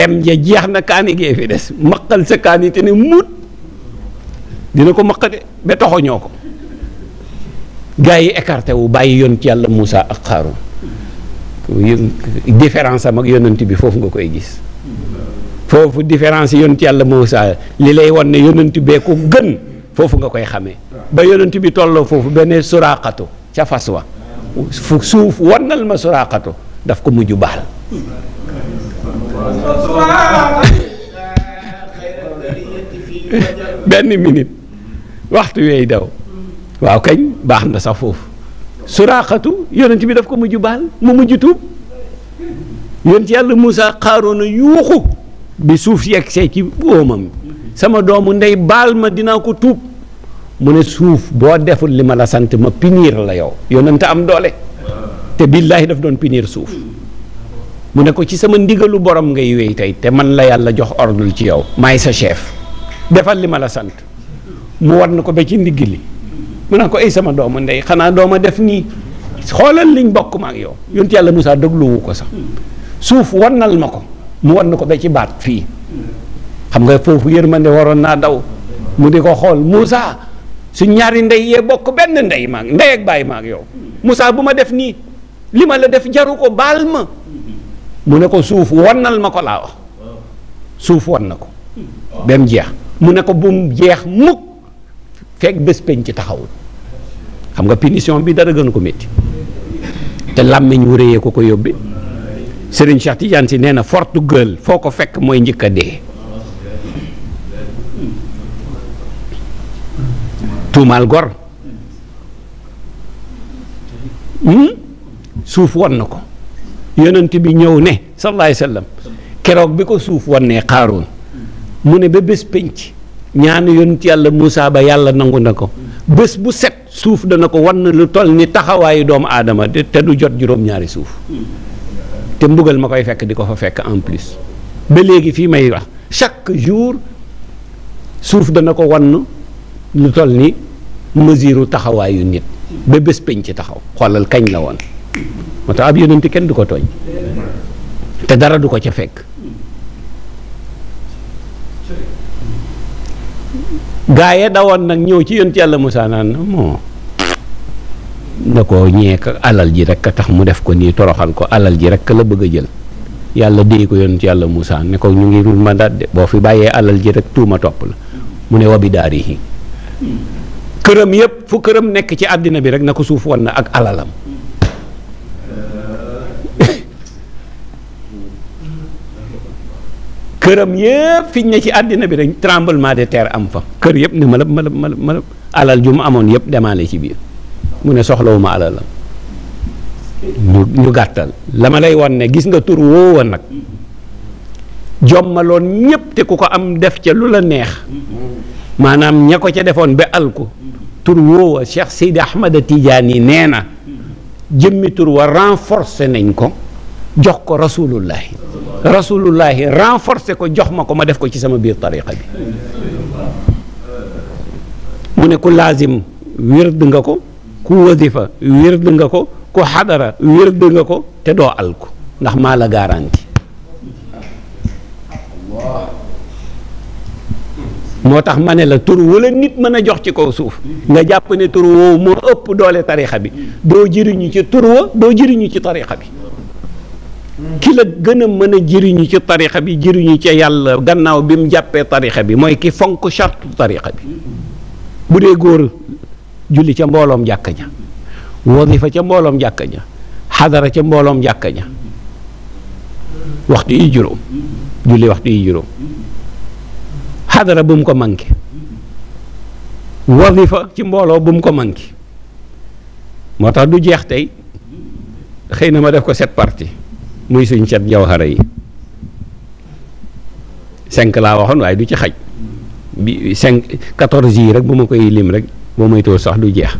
lem ja jeex na kaani gee fi des maqal sa kaani te ne muut dina ko maqate ba toxoñoo ko gars yi écarté wu bàyyi yoon ci yàlla Moussa ak Xaaroon différence am ak yonent bi foofu nga koy gis foofu différence yoonu ci yàlla Muusa li lay wan ne yonent bee ko gën foofu nga koy xamee ba yonent bi tolloo foofu benn suraqatu ca fas wa fu suuf ma suraqatu daf ko mujj baal benn minute waxtu weey na sax foofu suraqatu yonent bi daf ko mujj baal mu mujj tuub yonent yàlla Muusa xaaroona yuuxu bi suuf si see ci óomam sama doomu ndey baal ma dinaa ko tuub mu ne suuf boo deful li ma la sant ma punir la yow yonent am doole te billaahi daf doon punir suuf mu ne ko ci sama ndigalu borom ngay wéy tey te man la yàlla jox ordre ci yow maay sa chef defal li ma la sant mu war na ko ba ci ndigg li mu ne ko ay sama doomu ndey xanaa dooma def nii xoolal liñ bokk ma ak yow yonent yàlla Musaa dégluwu ko sax suuf nal ma ko mu wan na ko ba ci baat fii xam nga foofu yërmande waroon naa daw mu di ko xool Moussa su ñaari ndey yee bokk benn ndey maag ndey ak bàyyi maag yow Moussa bu ma def nii li ma la def jaru ko baal ma mu ne ko suuf wannal ma ko laa wax suuf wan na ko ba jeex mu ne ko bu mu jeex mukk fekk bés peñ ci taxawul xam nga punition bi dara gën ko metti te làmmiñ wu rëyee ko ko yóbbi Serigne Cheikh Tidiane si nee na forte gueule foo ko fekk mooy njëkk a dee tuumaal gor hmm? suuf won na ko yonent bi ñëw ne sallallahu alayhi keroog bi ko suuf wonnee xaaroon mu ne ba bés pénc ñaanu yonent yàlla Moussa ba yàlla nangu na ko bés bu set suuf dana ko wan lu toll ni taxawaayu doomu aadama te du jot juróom-ñaari suuf te mbugal ma koy fekk di ko fa fekk en plus ba léegi fii may wax chaque jour suuf dana ko wann lu toll ni mesure taxawaayu nit ba bés peñ ci taxaw xoolal kañ la woon moo tax ab yonent kenn du ko tooñ te dara du ko ca fekk gaa yi dawoon nag ñëw ci yonent yàlla Musaa naan moo na ko ñeek alal ji rek a tax mu def ko nii toroxal ko alal ji rek la bëgg a jël yàlla déy ko yonent yàlla Moussa ne ko ñu ngi dul mandat de boo fi bàyyee alal ji rek tuuma topp la mu ne wabi daari yi këram yëpp fu këram nekk ci àddina bi rek na ko suuf wan na ak alalam këram yëpp fiñ ne ci àddina bi rek tremblement de ter am fa kër yëpp ne malab ma malab alal ju mu amoon yëpp demaale ci biir mu ne soxlawuma alalam ñu gàttal la ma lay wan ne gis nga tur woowa nag jommaloon ñépp te ku ko am def ca lu la neex maanaam ña ko ca defoon ba al ko tur woowa Cheikh Seydi Ahmada Tidiane yi nee na jëmmi tur wa renforcé nañ ko jox ko rasulullahi rasulullahi renforcé ko jox ma ko ma def ko ci sama biir tariqa bi mu ne ku laazim wird nga ko ku wasifa wérd nga ko ku xadara wérd nga ko te doo alku ndax maa la garanti moo tax ma ne la tur wala nit mën a jox ci kaw suuf nga jàpp ne tur woowu moo ëpp doole tarixa bi doo jëriñu ci tur wa doo jëriñu ci tarixa bi ki la gën a mën a jëriñu ci tarixa bi jëriñu ci yàlla gannaaw bi mu jàppee tarixa bi mooy ki fonk charte tarixa bi bu dee góor julli ca mbooloom jàkka ja wasifa ca mbooloom jàkka ja xadara ca mbooloom jàkka ja waxtu yi juróom julli waxtu yi juróom xadara bu mu ko manqué wasifa ci mbooloo bu mu ko manqué moo tax du jeex tey xëy na ma def ko sept parti muy suñ set jawhara yi cinq laa waxoon waaye du ci xaj bi cinq quatorze yi rek bu ma koy lim rek boo moytuwul sax du jeex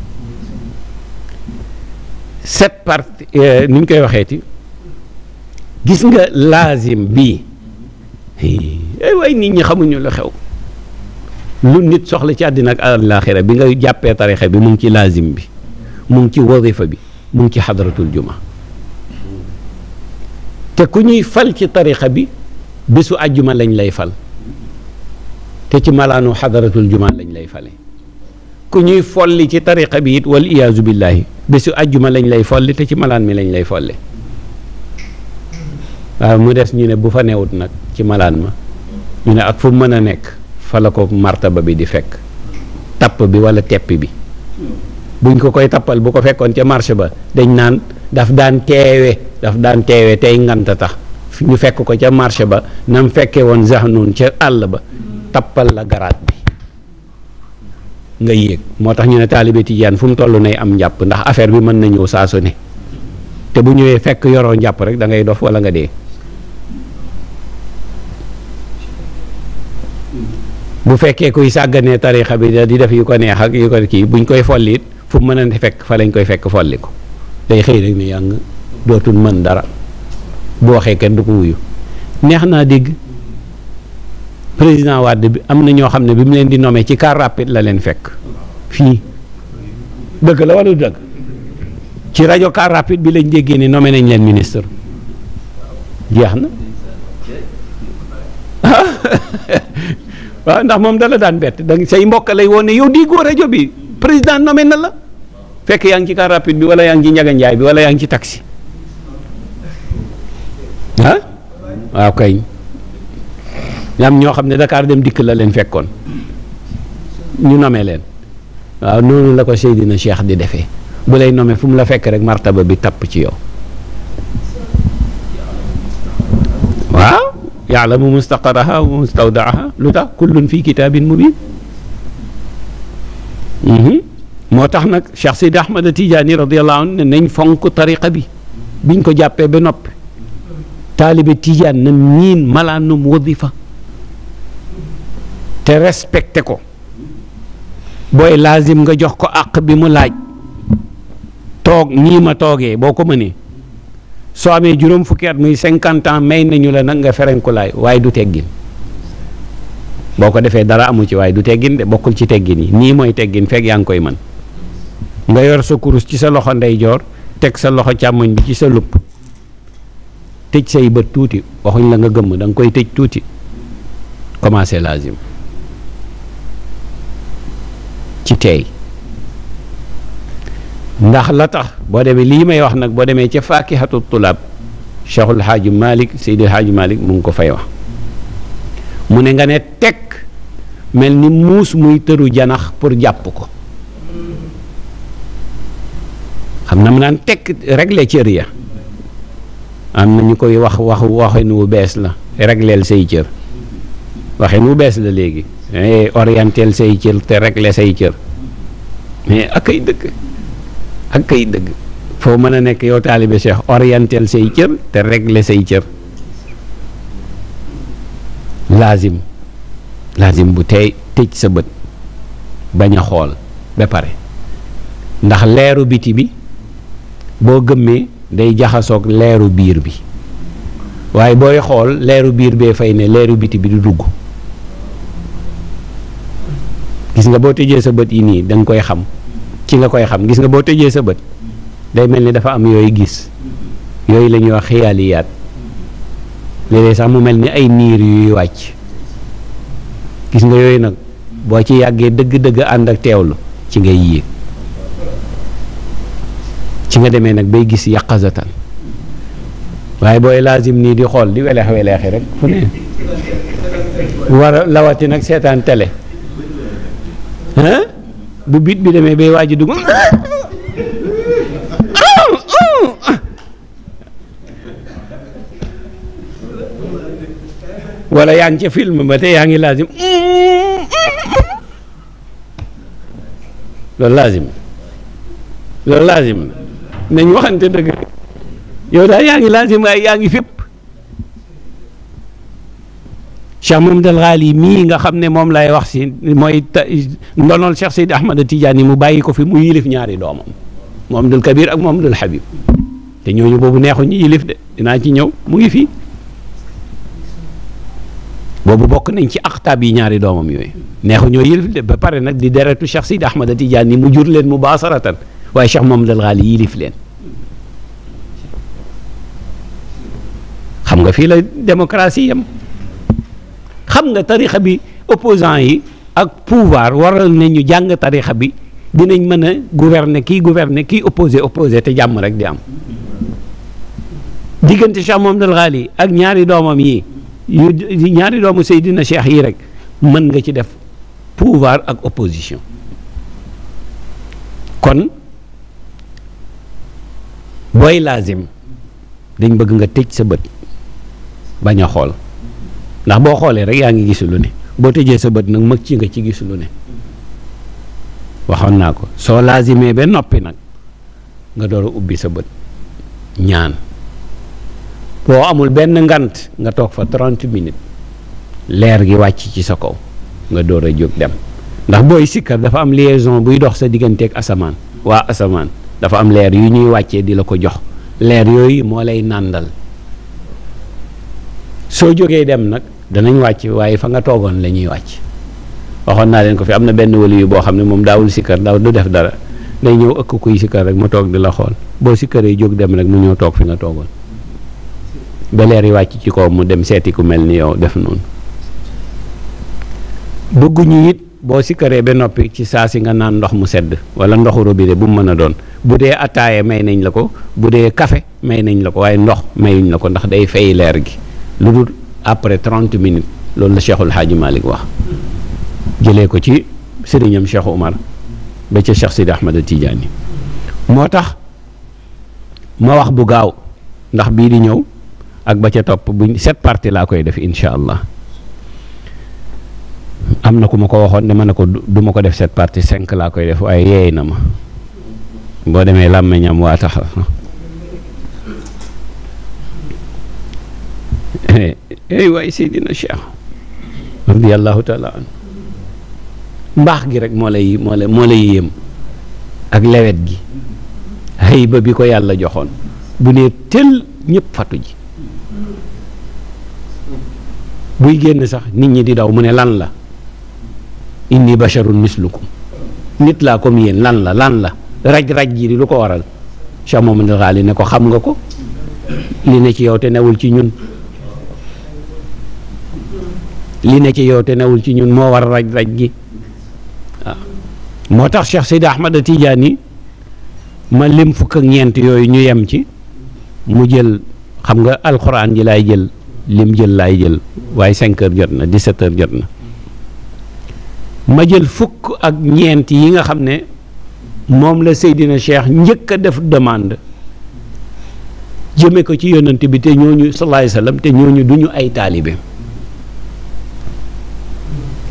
set partie euh, ni koy waxee waxeeti gis nga laazim bi ay waay nit ñi xamuñu la xew lu nit soxla ci àddina ak àllaaxira bi nga jàppee tarixa bi mu ngi ci laazim bi mu ci wazifa bi mu ngi ci xadratul juma te ku ñuy fal ci tarixa bi bésu àjjuma lañ lay fal te ci malaanu xadratul juma lañ lay fale ku ñuy folli ci tariqa bi it wal iyaazu billaahi bésu àjjuma lañ lay folli te ci malaan mi lañ lay folli waaw mu des ñu ne bu fa newut nag ci malaan ma ñu ne ak fu mën a nekk fa la ko martaba bi di fekk tapp bi wala tepp bi buñ ko koy tappal bu ko fekkoon ca marché ba dañ naan daf daan teewe daf daan teewe tey ngant tax ñu fekk ko ca marché ba nam fekkee woon sax noonu ca àll ba tappal la garaat bi nga yéeg moo tax ñu ne taalibe tijaan fu mu toll nay am njàpp ndax affaire bi mën na ñëw saa su ne te bu ñëwee fekk yoroo njàpp rek da ngay dof wala nga dee bu fekkee kuy sàgganee tariixa bi da di def yu ko neex ak yu ko kii buñ koy folli it fu mu mën a fekk fa lañ koy fekk folli ko day xëy rek ne yaa ngi dootul mën dara bu waxee kenn du ko wuyu neex naa dégg président Wade bi am na ñoo xam ne bi mu leen di nommé ci car rapide la leen fekk fii dëgg la walla dëgg ci rajo car rapide bi lañ déggee ne nommé nañ leen ministre jeex na waaw ndax moom dala daan bett danga say mbokk lay woon ne yow déggoo rajo bi président nommé na la fekk yaa ngi ci car rapide bi wala yaa ngi ci Ndiaga bi wala yaa ngi ci taxi ah waaw kay. ñam ñoo xam ne Dakar dem dikk la leen fekkoon ñu nomee leen waaw noonu la ko Seydina Cheikh di defee bu lay nomee fu mu la fekk rek martaba bi tapp ci yow waaw yaalamu mustaqaraha mustawdaaha lu tax kullun fi kitaabin mubin mhm. moo tax nag Cheikh Sidi Ahmad Tijaani radiyallahu anhu ne nañ fonk tariqa bi biñ ko jàppee ba noppi taalibe Tijaan na miin malaanum wadifa te respecté ko booy laazim nga jox ko àq bi mu laaj toog nii ma toogee boo ko mënee soo amee juróom fukki at muy cinquante ans may nañu la nag nga ferenkulaay waaye du teggin boo ko defee dara amu ci waaye du teggin de bokkul ci teggin yi nii mooy teggin fekk yaa ngi koy mën nga yor sa kurus ci sa loxo ndeyjoor teg sa loxo càmmoñ bi ci sa lup tëj say bët tuuti waxuñ la nga gëmm danga koy tëj tuuti commencé lazim ci teey ndax la tax boo demee lii may wax nag boo demee ca faakihatu tulaab cheikhul xaaji malik seydil xaaji malik mu ngi ko fay wax mu ne nga ne tekk mel ni muus muy tëru janax pour jàpp ko xam na mu naan tekk réglé cër ya am na ñu koy wax wax waxin wu bees la régleel say cër waxin wu bees la léegi Eh, orientel say cër te régler say cër mais ak ay dëgg ak ay dëgg foo mën a nekk yow taalibe cheikh orientel say cër te régler say cër laazim laazim bu tey tëj sa bët bañ a xool ba pare ndax leeru biti bi boo gëmmee day jaxasoog leeru biir bi waaye booy xool leeru biir bee fay ne leeru biti bi du dugg gis nga boo tëjee sa bët yi nii da koy xam ci nga koy xam gis nga boo tëjee sa bët day mel ni dafa am yooyu gis yooyu lañuy ñuy wax xiyaaliyaat léeg sax mu mel ni ay niir yuy wàcc gis nga yooyu nag boo ci yàggee dëgg-dëgg ànd ak teewlu ci ngay yéeg ci nga demee nag bay gis yàqazatan waaye booy laasim nii di xool di weleex weleexi rek fu war lawati nag seetaan télé bu biit bi demee bay waaj dugg wala yaa ngi ca film ba tey yaa ngi laazim loolu laazim loolu laazim nañ waxante dëgg yow daal yaa ngi laazim waaye yaa ngi fépp. Cheikh Mamadou Al Ghali mii nga xam ne moom lay wax si mooy ndonol Cheikh Seydi Ahmad Tidiane mu bàyyi ko fi mu yilif ñaari doomam Mamadou Al Kabir ak Mamadou Al Habib te ñooñu boobu neexuñu yilif de dinaa ci ñëw mu ngi fi boobu bokk nañ ci aqtaab yi ñaari doomam yooyu neexu ño yilif de ba pare nag di deretu Cheikh Seydi Ahmad Tidiane mu jur leen mu baasaratan waaye Cheikh Mamadou Al Ghali yilif leen xam nga fii la démocratie yam xam nga tarixa bi opposant yi ak pouvoir waral na ñu jàng tarixa bi dinañ mën a gouverner kii gouverner kii opposé opposé te jàmm rek di am diggante Cheikh Mouhamadoul Ghali ak ñaari doomam yi yu ñaari doomu Seydina Cheikh yi rek mën nga ci def pouvoir ak opposition kon booy laazim dañ bëgg nga tëj sa bët bañ a xool ndax boo xoolee rek yaa ngi gis lu ne boo tëjee sa bët nag mag ci nga ci gis lu ne waxoon naa ko soo laazimee ba noppi nag nga door a ubbi sa bët ñaan boo amul benn ngant nga toog fa 30 minutes leer gi wàcc ci sa kaw nga door a jóg dem ndax booy sikkar dafa am liaison buy dox sa digganteeg asamaan waa asamaan dafa am leer yu ñuy wàccee di la ko jox leer yooyu moo lay nàndal soo jógee dem nag danañ wàcc waaye fa nga toogoon la ñuy wàcc waxoon naa leen ko fi am na benn wali yu boo xam ne moom daawul sikkar daaw du def dara day ñëw ëkk kuy sikkar rek mu toog di la xool boo sikkaree jóg dem rek mu ñëw toog fi nga toogoon ba yi wàcc ci kaw mu dem seeti ku mel ni yow def noonu bëgguñu it boo sikkaree ba noppi ci saa si nga naan ndox mu sedd wala ndoxu robinet bu mu mën a doon bu dee attaaye may nañ la ko bu dee kafe may nañ la ko waaye ndox mayuñ la ko ndax day fay leer gi après trente minutes loolu la Cheikhul Hadji Malick wax jëlee ko ci sëriñam Cheikh Umar ba ca Cheikh Sidi Ahmad Tidiane moo tax ma wax bu gaaw ndax bii di ñëw ak ba ca topp buñ set parties laa koy def incha allah am na ku ma ko waxoon dama ne ko du ma ko def sept parties cinq laa koy def waaye yeey na ma boo demee làmmeñam waa tax eey eh, eh, waay Seydina Cheikh radiallahu taala mbaax gi rek moo lay moo lay moo lay yéem ak lewet gi hayba bi ko yàlla joxoon bu nee tël ñépp fatu ji buy génn sax nit ñi di daw mu ne lan la inni basharun mislukum nit laa comme yéen lan la lan la raj raj ji di lu ko waral Cheikh Momadou Xaali ne ko xam nga ko li ne ci yow te newul ci ñun li ne ci yow te newul ci ñun moo war a raj raj gi moo tax Cheikh Seydi Ahmada Tidiane ma lim fukk ak ñeent yooyu ñu yem ci mu jël xam nga alxuraan ji laay jël lim jël laay jël waaye cinq jot na dix jot na ma jël fukk ak ñeent yi nga xam ne moom la Seydina Cheikh njëkk a def demande jëme ko ci yonent bi te ñooñu sallallahu alayhi wasallam te ñooñu duñu ay taalibe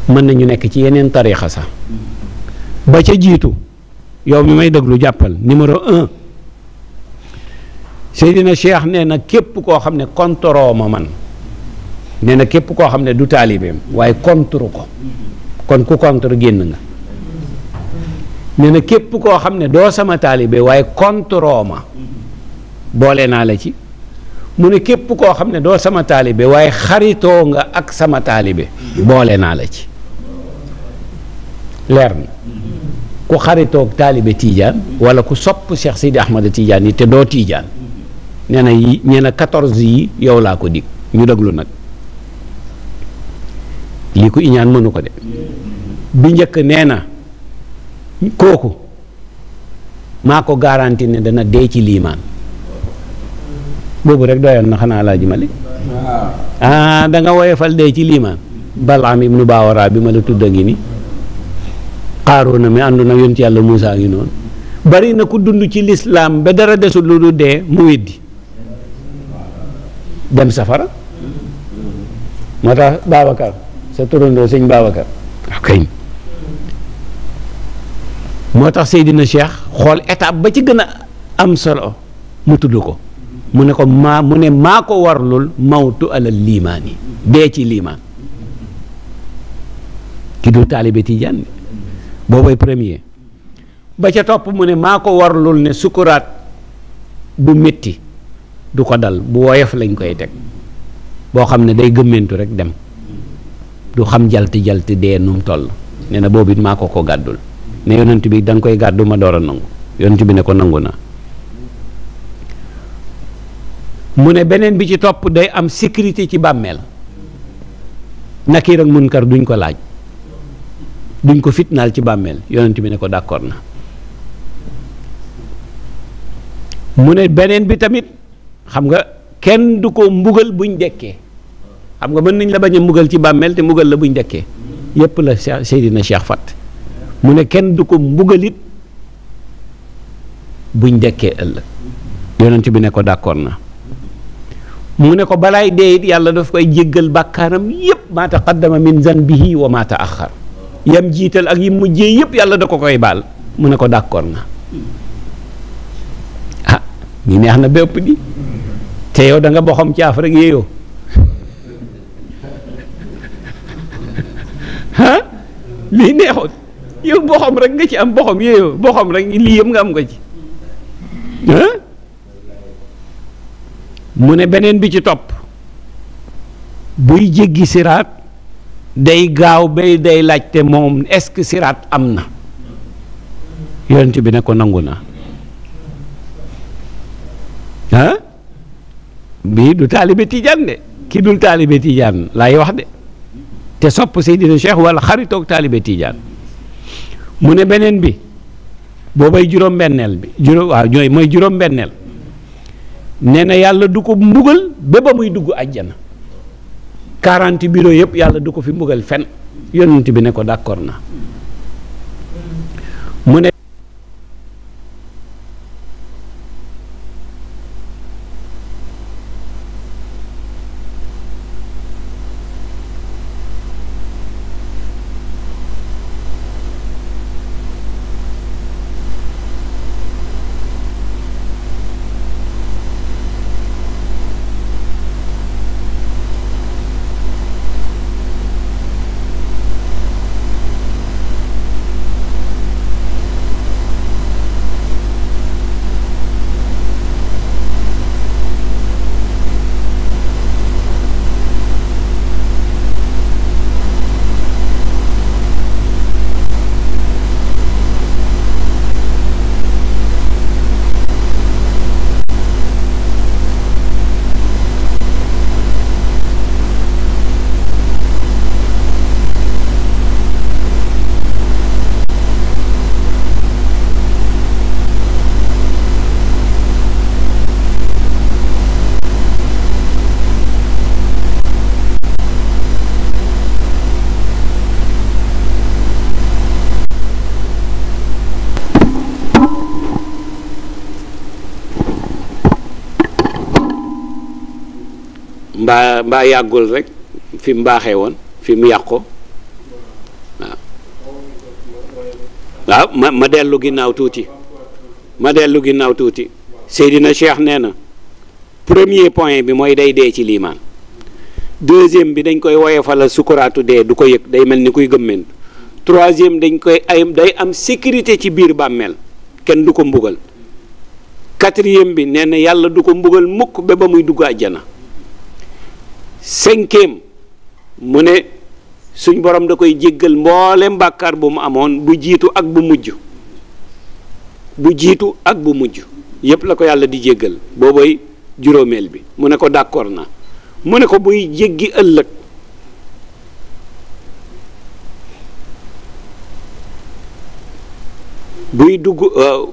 mën nañu nekk ci yeneen tariixa sax ba ca jiitu yow mi may déglu jàppal numéro un Seydina Cheikh nee na képp koo xam ne kontoroo ma man nee na képp koo xam ne du taalibeem waaye contre ko kon ku contre génn nga nee na képp koo xam ne doo sama taalibe waaye kontoroo ma boole naa la ci mu ne képp koo xam ne doo sama taalibe waaye xaritoo nga ak sama taalibe boole naa la ci leer na ku xaritoog taalibe tiijaan wala ku sopp Cheikh Sidi Ahmad tiijaan yi te doo tiijaan nee na yi nee na yi yow laa ko dig ñu déglu nag lii ku iñaan mënu ko de bi njëkk nee na kooku maa ko garanti ne dana dee ci liimaan boobu rek doyoon na xanaa laa jimale ah, ah da nga woyefal dee ci liimaan balaam ibnu baawara bi ma la tudd a ngi ni xaaroona mi àndoon ak yonent yàlla Muusaa ngi noonu bari na ku dund ci lislaam ba dara desul lu du dee mu weddi dem safara moo tax Babacar sa turandoo sëñ Babacar ok ah, moo tax Seydina Cheikh xool étape ba ci gën a am solo mu tudd ko mu ne ko maa mu ne maa ko warlul mawtu alal liimaan yi dee ci liimaan ki du taalibe Tijaan boobay premier ba ca topp mu ne maa ko warlul ne sukuraat bu métti du ko dal bu woyof lañ koy teg boo xam ne day gëmmentu rek dem du xam jalti jalti dee num toll nee na boobu maa ko ko gàddul ne yonent bi danga koy gàddu ma door a nangu yonent bi ne ko nangu na mu ne beneen bi ci topp day am sécurité ci bàmmeel Nakiir rek Munkar duñ ko laaj duñ ko fitnaal ci bàmmeel yonent bi ne ko d'accord na mu ne beneen bi tamit xam nga kenn du ko mbugal buñ dekkee xam nga mën nañ la bañ a mbugal ci bàmmeel te mbugal la buñ dekkee yépp la Seydina Cheikh fatt mu ne kenn du ko mbugalit buñ dekkee ëllëg yonent bi ne ko d'accord na mu ne ko balaay dee it yàlla daf koy jéggal bàkkaanam yépp maa taqaddama min zanbihi wa maa taaxar yam jiital ak yi mujjee yëpp yàlla da ko koy baal mu ne ko d'accord na ah ñu neex na bépp di te yow danga nga boxam caaf rek yéeyoo ah lii neexut yow boxam rek nga ci am boxam yéeyoo boxam rek lii yëpp nga am ko ci ah mu ne beneen bi ci topp buy jéggi siraat day gaaw bay day laajte moom est-ce siraat am na yonent bi ne ko nangu na ah bii du taalibe tijaan de ki dul taalibe tijaan laay wax de te sopp dina Cheikh wala xaritoog taalibe tijaan mu ne beneen bi boobay juróom-benneel bi juróom waaw ñooy mooy juróom-benneel nee na yàlla du ko mbugal ba ba muy dugg àjjana quarante bureau yëpp yàlla du ko fi mbugal fen yonent bi ne ko d'accord na mbaa mbaa yàggul rek fi mu baaxee woon fi mu yàqoo waaw waaw ma ma dellu ginnaaw tuuti ma dellu ginnaaw tuuti Seydina Cheikh nee na premier point bi mooy day dee ci liimaan deuxième bi dañ koy woyofalal sukuraatu dee du ko yëg day mel ni kuy gëmmentu troisième dañ koy ay day am sécurité ci biir bàmmeel kenn du ko mbugal quatrième bi nee na yàlla du ko mbugal mukk ba ba muy dugg àjjana cinquième mu ne suñ borom da koy jéggal mboolem bàkkaar bu mu amoon bu jiitu ak bu mujj bu jiitu ak bu mujj yépp la ko yàlla di jéggal boobooy juróomeel bi mu ne ko d'accord na mu ne ko buy jéggi ëllëg buy dugg euh,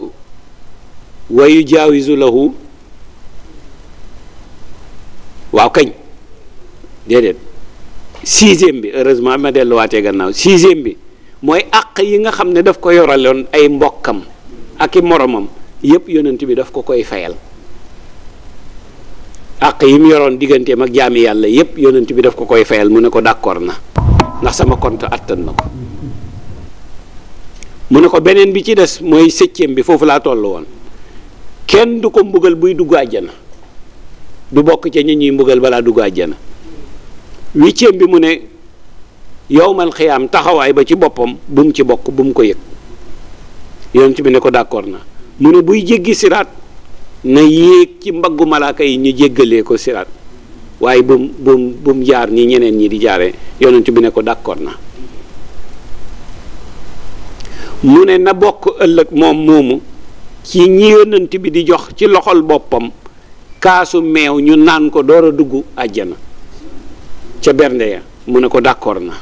wayu jaawizu lahu waaw kañ déedéet sixième bi heureusement ma delluwaatee gannaaw sixième bi mooy àq yi nga xam ne daf ko yoraloon ay mbokkam ak i moromam yëpp yonent bi daf ko koy fayal àq yi mu yoroon digganteem ak jaami yàlla yëpp yonent bi daf ko koy fayal mu ne ko d'accord na ndax sama compte attan na ko mu ne ko beneen bi ci des mooy septième bi foofu laa toll woon kenn du ko mbugal buy dugg àjjana du bokk ca ñi ñuy mbugal balaa dugg àjjana huitième bi mu ne yowmal xiyaam taxawaay ba ci boppam bu mu ci bokk bu mu ko yëg yonent bi ne ko d'accord na mu ne buy jéggi siraat na yéeg ci mbaggu malaaka yi ñu jéggale ko siraat waaye bu mu bu mu jaar nii ñeneen ñi di jaare yonent bi ne ko d'accord na mu ne na bokk ëllëg moom moomu ci ñi yonent bi di jox ci loxol boppam kaasu meew ñu naan ko door a dugg àjjana ca bernde ya mu ne ko d'accord na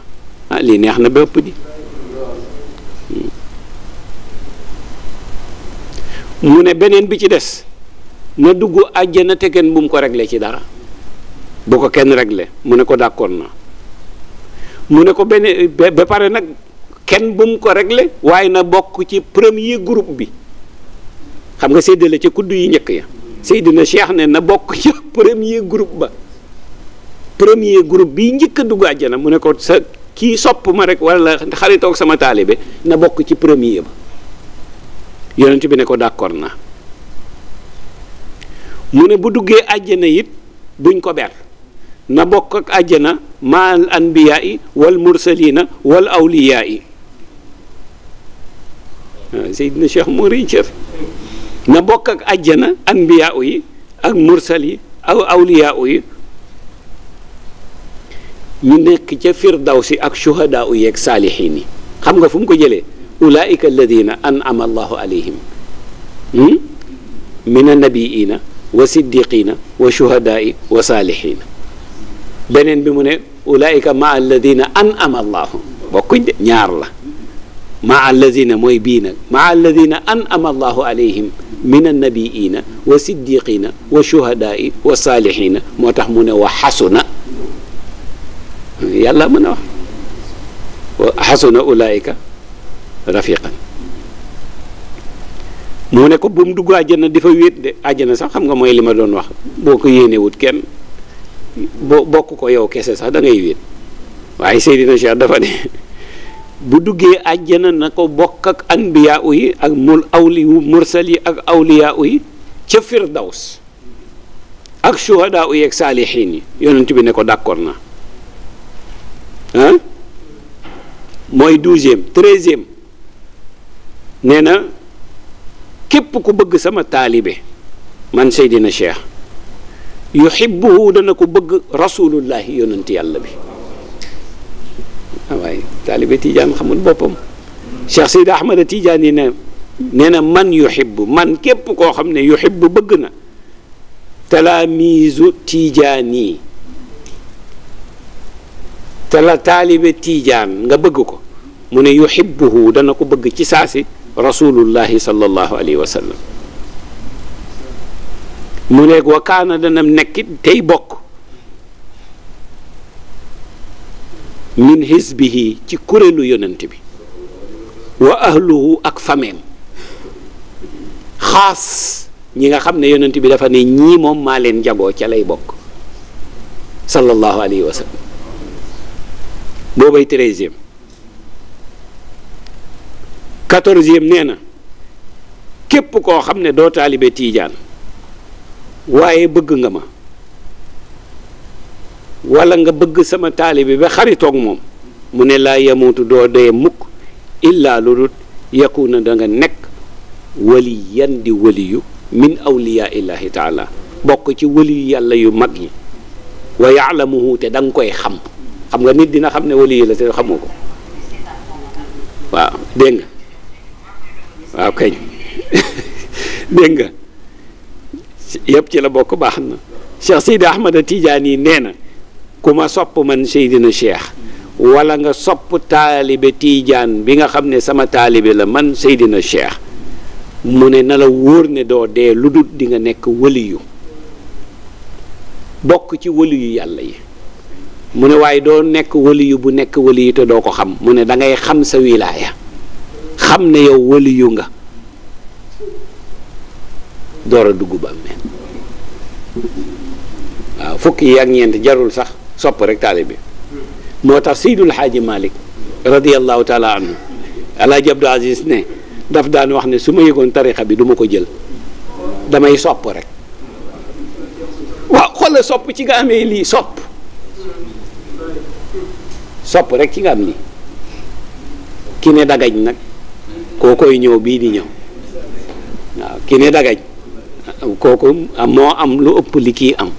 ah lii neex na bépp di hmm. mu ne beneen bi ci des na dugg àjjana te kenn bu mu ko réglé ci dara bu ko kenn réglé mu ne ko d'accord na mu ne ko beneen ba pare nag kenn bu mu ko regle waaye na bokk ci premier group bi xam nga séddale ca kudd yi njëkk ya Seydina Cheikh ne na bokk ca premier groupe ba premier group bi njëkk a dugg àjjana mu ne ko sa kii sopp ma rek wala xaritoog sama taalibe na bokk ci premier ba yonent bi ne ko d'accord na mu ne bu duggee àjjana it buñ ko ber na bokk ak àjjana ma al wal mursalina wal awliyaa yi ah, Seydina Cheikh moo rëy cër na bokk ak àjjana anbiyaa yi ak mursal aw awliyaa ñu nekk ca firdawsi ak shuhadaa u yeeg saalihiin yi xam nga fu mu ko jëlee ulaika alladina an'ama allahu alayhim hmm? min annabiina wa siddiqina wa shuhadaai wa saalihiina beneen bi mu ne ulaika ma alladina an'ama allahu bokkuñ de ñaar la ma alladina mooy bii nag ma alladina an'ama allahu alayhim min annabiina wa siddiqina wa shuhadaai wa saalihiina moo tax mu ne wa xasuna yàlla mën a wax xasuna ulaayika rafiqan mu ne ko bu mu dugg àjjana di fa wéet de àjjana sax xam nga mooy li ma doon wax boo ko yéenewut kenn bo bokk ko yow kese sax da ngay wéet waaye Seydina Cheikh dafa ne bu duggee àjjana na ko bokk ak anbiya yi ak mul awli mursal yi ak awliya yi ca firdaws ak shuhada yi ak saalihiin yi yonent bi ne ko d'accord naa ah mooy douzième treizième nee na képp ku bëgg sama taalibe man Seydina Cheikh yuhibbuhu dana ko bëgg rasulullahi yonent yàlla bi taalibe tiijan xamul boppam Cheikh Seydi Ahmada Tidiane yi ne nee na man yuhibbu man képp koo xam ne yuhibbu bëgg na talaamiisu Tidiane yi te la taalibe tiijaan nga bëgg ko mu ne yuhibbuhu dana ko bëgg ci saa si sallallahu alayhi wa sallam mu ne wa kaana dana nekkit tey bokk min hisbihi ci kuréelu yonent bi wa ahluhu ak fameem xaas ñi nga xam ne yonent bi dafa ne ñii moom maa leen jagoo ca lay bokk sallallahu alayhi wa boobay treizième quatorzième nee na képp koo xam ne doo taalibe tiijaan waaye bëgg nga ma wala nga bëgg sama taalibe ba xaritoog moom mu ne laa yamutu doo dee mukk illaa lu dul yakuna danga nga nekk waliyan di waliyu min awliyaa illahi taala bokk ci waliyu yàlla yu mag yi wa yaalamuhu mu da danga koy xam xam nga nit dina xam ne wali yi la te xamoo ko waaw dégg nga waaw kañ dégg nga ci la bokk baax na Cheikh Seydi Ahmada tiijaan yi nee na ku ma sopp man Seydina Cheikh wala nga sopp taalibe tiijaan bi nga xam ne sama taalibe la man Seydina Cheikh mu ne na la wóor ne doo dee lu dul di nekk waliyu bokk ci waliyu yàlla yi mu ne waaye doo nekk waliyu bu nekk waliyu te doo ko xam mu ne dangay xam sa wilaaya xam ne yow waliyu nga door a dugg bàmmeel waaw fukki yi ak ñeent jarul sax sopp rek taali bi moo tax Seydul Xaaji Malik radiallahu taala anhu Alaaji Aziz ne daf daan wax ne su ma yëgoon tarixa bi duma ko jël damay sopp rek waaw xoolal sopp ci nga amee lii sopp sopp rek ci nga am ni ki ne dagañ nag koo koy ñëw bii di ñëw waaw ki ne dagañ kooku moo am lu ëpp li kii am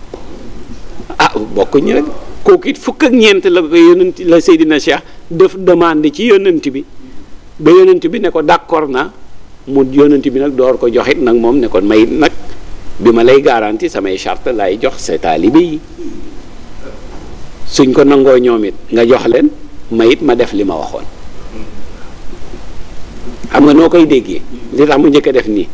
ah bokkuñu rek kooku it fukk ak ñeent la ko yonent la Seydina Cheikh def demande ci yonent bi ba yonent bi ne ko d'accord na mu yonent bi nag door ko joxit nag moom ne ko may nag bi ma lay garanti samay chart lay jox sa taalibe yi suñ ko nangoo ñoom it nga jox leen ma it ma def li ma waxoon xam nga noo koy déggee li tax mu njëkk a def nii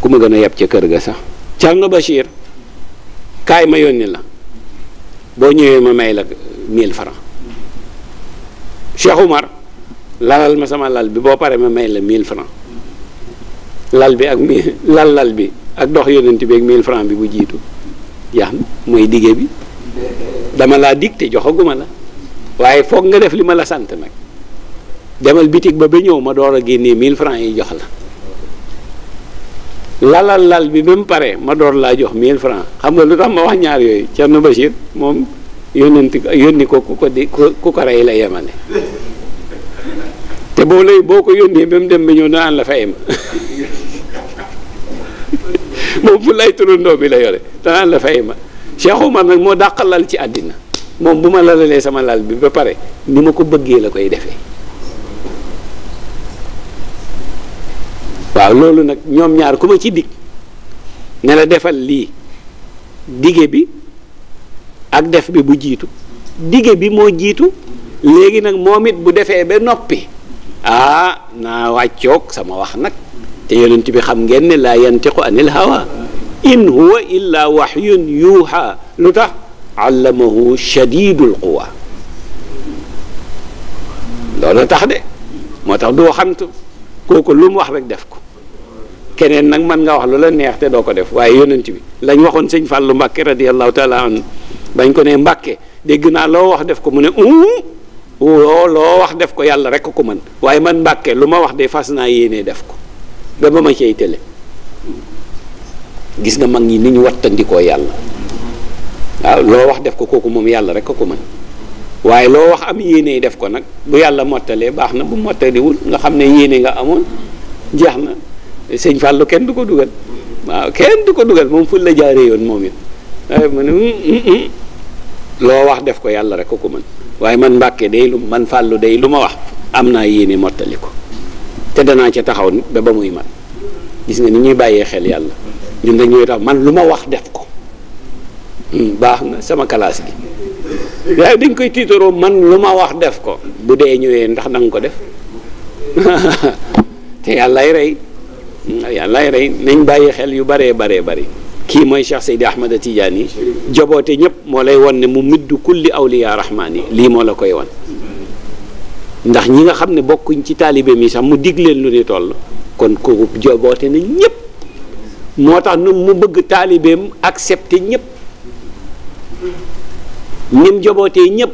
ku ma gën a yab ca kër ga sax cal nga Bachir kaay ma yónni la boo ñëwee ma may la 1000 francs Cheikh Umar lalal ma sama lal bi boo paree ma may la 1000 francs lal bi ak mi lal lal bi ak dox yónnent bi ak 1000 francs bi bu jiitu jeex na mooy dige bi dama laa dig te joxaguma la waaye foog nga def li ma la sant nag demal bitik ba ba ñëw ma door a génnee 1000 francs yi jox la lalal lal bi ba mu pare ma door laa jox 1000 francs xam nga lu tax ma wax ñaar yooyu Thierno Bachir moom yónnanti yónni ko ku ko di ku ko rey la yemane te boo lay boo ko yónnee ba mu dem ba ñëw danaan la fay ma moom fu lay turandoo bi la yore danaan la fay ma Cheikh Oumar nag moo dàq lal ci àddina moom bu ma lalalee sama lal bi ba pare ni ma ko bëggee la koy defee waaw loolu nag ñoom ñaar ku ma ci dig ne la defal lii dige bi ak def bi bu jiitu dige bi moo jiitu léegi nag moom it bu defee ba noppi ah naa wàccoog sama wax nag te yonent bi xam ngeen ne laa yantiqu anil hawa in huwa illa waxyun yuuxa lu tax allamahu shadidul quwa loolu tax de moo tax du waxantu kooku lu mu wax rek def ko keneen nag man nga wax lu la neex te doo ko def waaye yonent bi lañ waxoon sëñ lu Mbàkke radiallahu taala anhu bañ ko ne Mbàkke dégg naa loo wax def ko mu ne loo loo wax def ko yàlla rekk ko man mën waaye man Mbàkke lu ma wax de fas naa yéenee def ko ba ba ma cay télé gis nga mag ñi ni ñu wattandikoo yàlla waaw loo wax def ko kooku moom yàlla rek a ko mën waaye loo wax am yéene def ko nag bu yàlla mottalee baax na bu mottaliwul nga xam ne yéene nga amoon jeex na sëñ kenn du ko dugal waaw kenn du ko dugal moom fu la jaaree yoon moom it ma ne mm, mm, mm. wax def ko yàlla rek a ko mën waaye man Mbàkke day man Fallou day lu ma wax am naa yéene mottali ko te danaa ca taxaw ba ba muy mat gis nga ni ñuy bàyyee xel yàlla ñun dañ ñooy tax man lu ma wax def ko hmm, baax na sama kalaas gi waaye dañ koy tiitaroo man lu ma wax def ko bu dee ñëwee ndax da ko def te yàllaay rey yàllaay rey nañ bàyyi xel yu baree baree bari kii mooy Cheikh Seydi Ahmad tiijaan yi joboote ñëpp moo lay won ne mu middu kulli awliya rahmaani lii moo la koy won ndax ñi nga xam ne bokkuñ ci taalibeem yi sax mu dig leen lu ni toll kon kooku joboote na ñëpp moo tax nu mu bëgg taalibeem accepté ñëpp ñim jobootee ñëpp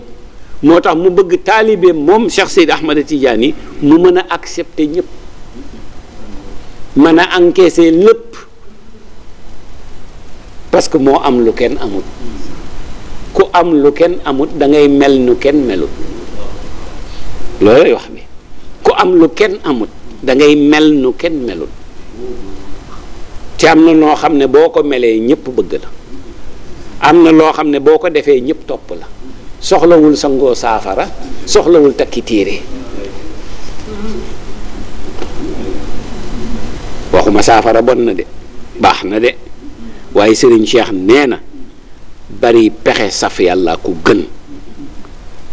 moo tax mu bëgg taalibeem moom Cheikh Seyd Ahmada Tidiane mu mën a accepté ñëpp mën a encaissé lépp parce que moo am lu kenn amut ku am lu kenn amut da ngay mel nu kenn melut loolooy wax bi ku am lu kenn amut dangay mel nu kenn melul ci am na noo xam ne boo ko melee ñëpp bëgg la am na loo xam ne boo ko defee ñëpp topp la soxlawul sangoo saafara soxlawul takki téere waxuma saafara bon na de baax na de waaye Serigne Cheikh nee na bari pexe saf yàlla ku gën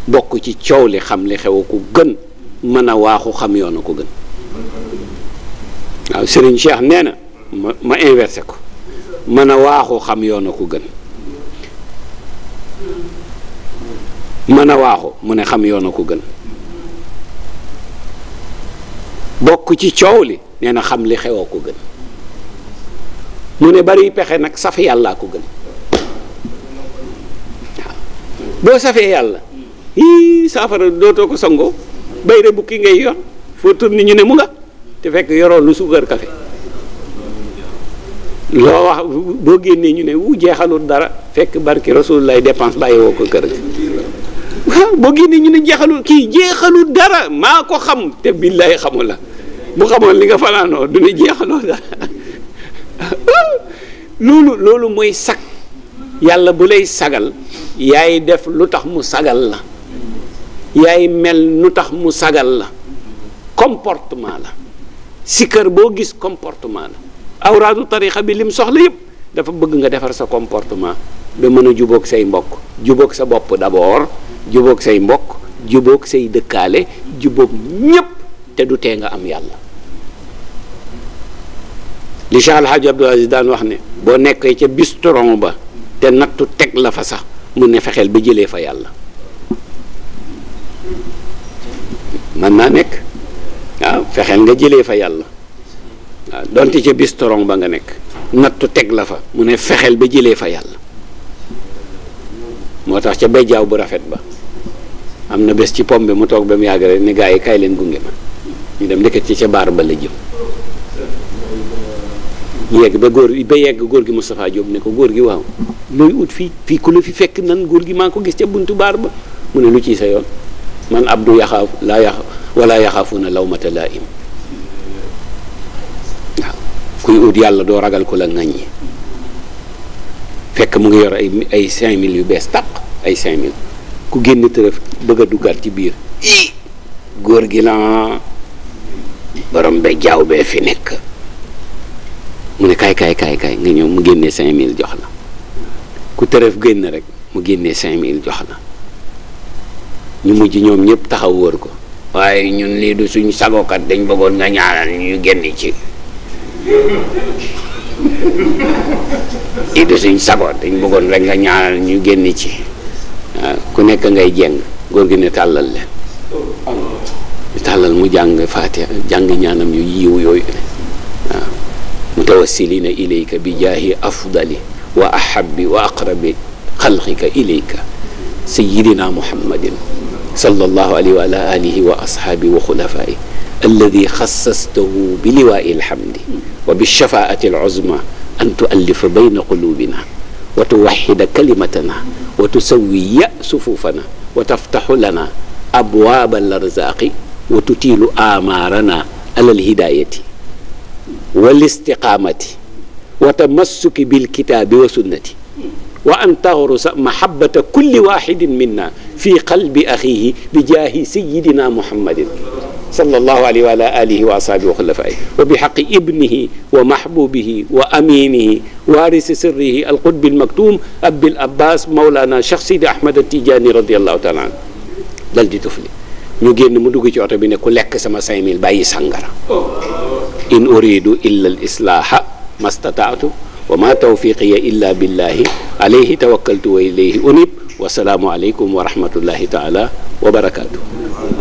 bokk ci coow li xam li xew ko gën mën a waaxu xam yoon a ko gën waaw sëriñ Cheikh nee na ma ma inversé ko mën a waaxu xam yoon a ko gën mën a waaxu mu ne xam yoon a ko gën bokk ci coow li nee na xam li xew a ko gën mu ne bari pexe nag safe yàllaa ko gën boo safee yàlla ii saafara dootoo ko sangoo bayre bukki ngay yor foo tur ñu ne mu nga te fekk yoroo lu suukar café loo wax boo génnee ñu ne wu jeexalul dara fekk barki rasul lay dépense bàyyi woo ko kër waaw boo génnee ñu ne jeexalul kii jeexalul dara maa ko xam te billaay xamul la bu xamoon li nga fanaanoo du ne jeexaloo dara loolu loolu mooy sag yàlla bu lay sagal yaay def lu tax mu sagal la yaay mel nu tax mu sagal la comportement la sikkar boo gis comportement la awraadu tarixa bi lim soxla yëpp dafa bëgg nga defar sa comportement ba mën a jubóog say mbokk jubóog sa bopp d'abord jubóog say mbokk jubóog say dëkkaale jubóog ñépp te du tee nga am yàlla li Cheikh El Hadj Abdoul Aziz daan wax ne boo nekkee ca bistoron ba te nattu teg la fa sax mu ne fexeel ba jëlee fa yàlla mën naa nekk waaw fexeel nga jëlee fa yàlla waaw donte ca bis torong ba nga nekk nattu teg la fa mu ne fexeel ba jëlee fa yàlla moo tax ca béjjaaw bu rafet ba am na bés ci pom bi mu toog ba mu yàgg rek ni gaa yi kaay leen gunge ma ñu dem ndeket ci ca baar ba la jëm yegg ba góor ba yegg góor gi Moustapha Diop ne ko góor gi waaw looy ut fii fii ku la fi fekk nan góor gi maa ko gis ca buntu baar ba mu ne lu ciy sa yoon man abdu yaxaaf laa yax wala yaxaafuuna lawmata waaw kuy ut yàlla doo ragal ku la ñi fekk mu ngi yor ay ay cinq mille yu bees tàq ay cinq mille ku génn tërëf bëgg a duggaat ci biir i góor gi la borom be jaaw bee fi nekk mu ne kaay kaay kaay kaay nga ñëw mu génnee cinq mille jox la ku tërëf génn rek mu génne cinq mille jox la ñu mujj ñoom ñëpp taxaw ko waaye ñun lii du suñ sagokat dañ bëggoon nga ñaanal ñu génn ci lii du suñ sago dañ bëggoon rek nga ñaanal ñu génn ci waaw ah, ku nekk ngay jeng góor gi ne tàllal leen tàllal mu jàng faatiha jàng ñaanam yu yiw yooyu waaw ah, mutawassilina ilayka bi jaahi afdali wa ahabbi wa aqrabi xalqika ilayka sayyidina muhammadin sallallahu alayhi wa ala alihi wa ashaabi wa xulafaa'i alladi xassastahu bi liwaai alhamdi wa bi shafaati aluzma an tuallifa bayna qulubina wa tuwaxida kalimatana wa tusawiya sufufana wa taftaxu lana abwaaba alarzaqi wa tutiilu aamaarana ala alhidaayati wal istiqaamati wa tamassuki bilkitaabi wa sunnati wa an taxrusa mahabbata kulli waxidin minna fi qalbi axihi bi jaahi sayidina muhammadin sallallahu alayhi wa ala alihi wa ashaabihi wa xulafaayi wa bi xaqi ibnihi wa mahbubihi wa aminihi waarisi sirrihi alqutbi almaktum abil abbas maulana cheikh sidi ahmad atijaani radiallahu taala an dal di tufli ñu génn mu dugg ci oto bi ne ku lekk sama 5000 bàyyi sàngara in uridu illa al islaaha mastataatu wa ma tawfiqiya illa billahi alayhi tawakkaltu wa ilayhi unib wasalaamu aleykum wa rahmatullahi taala wa barakaatu.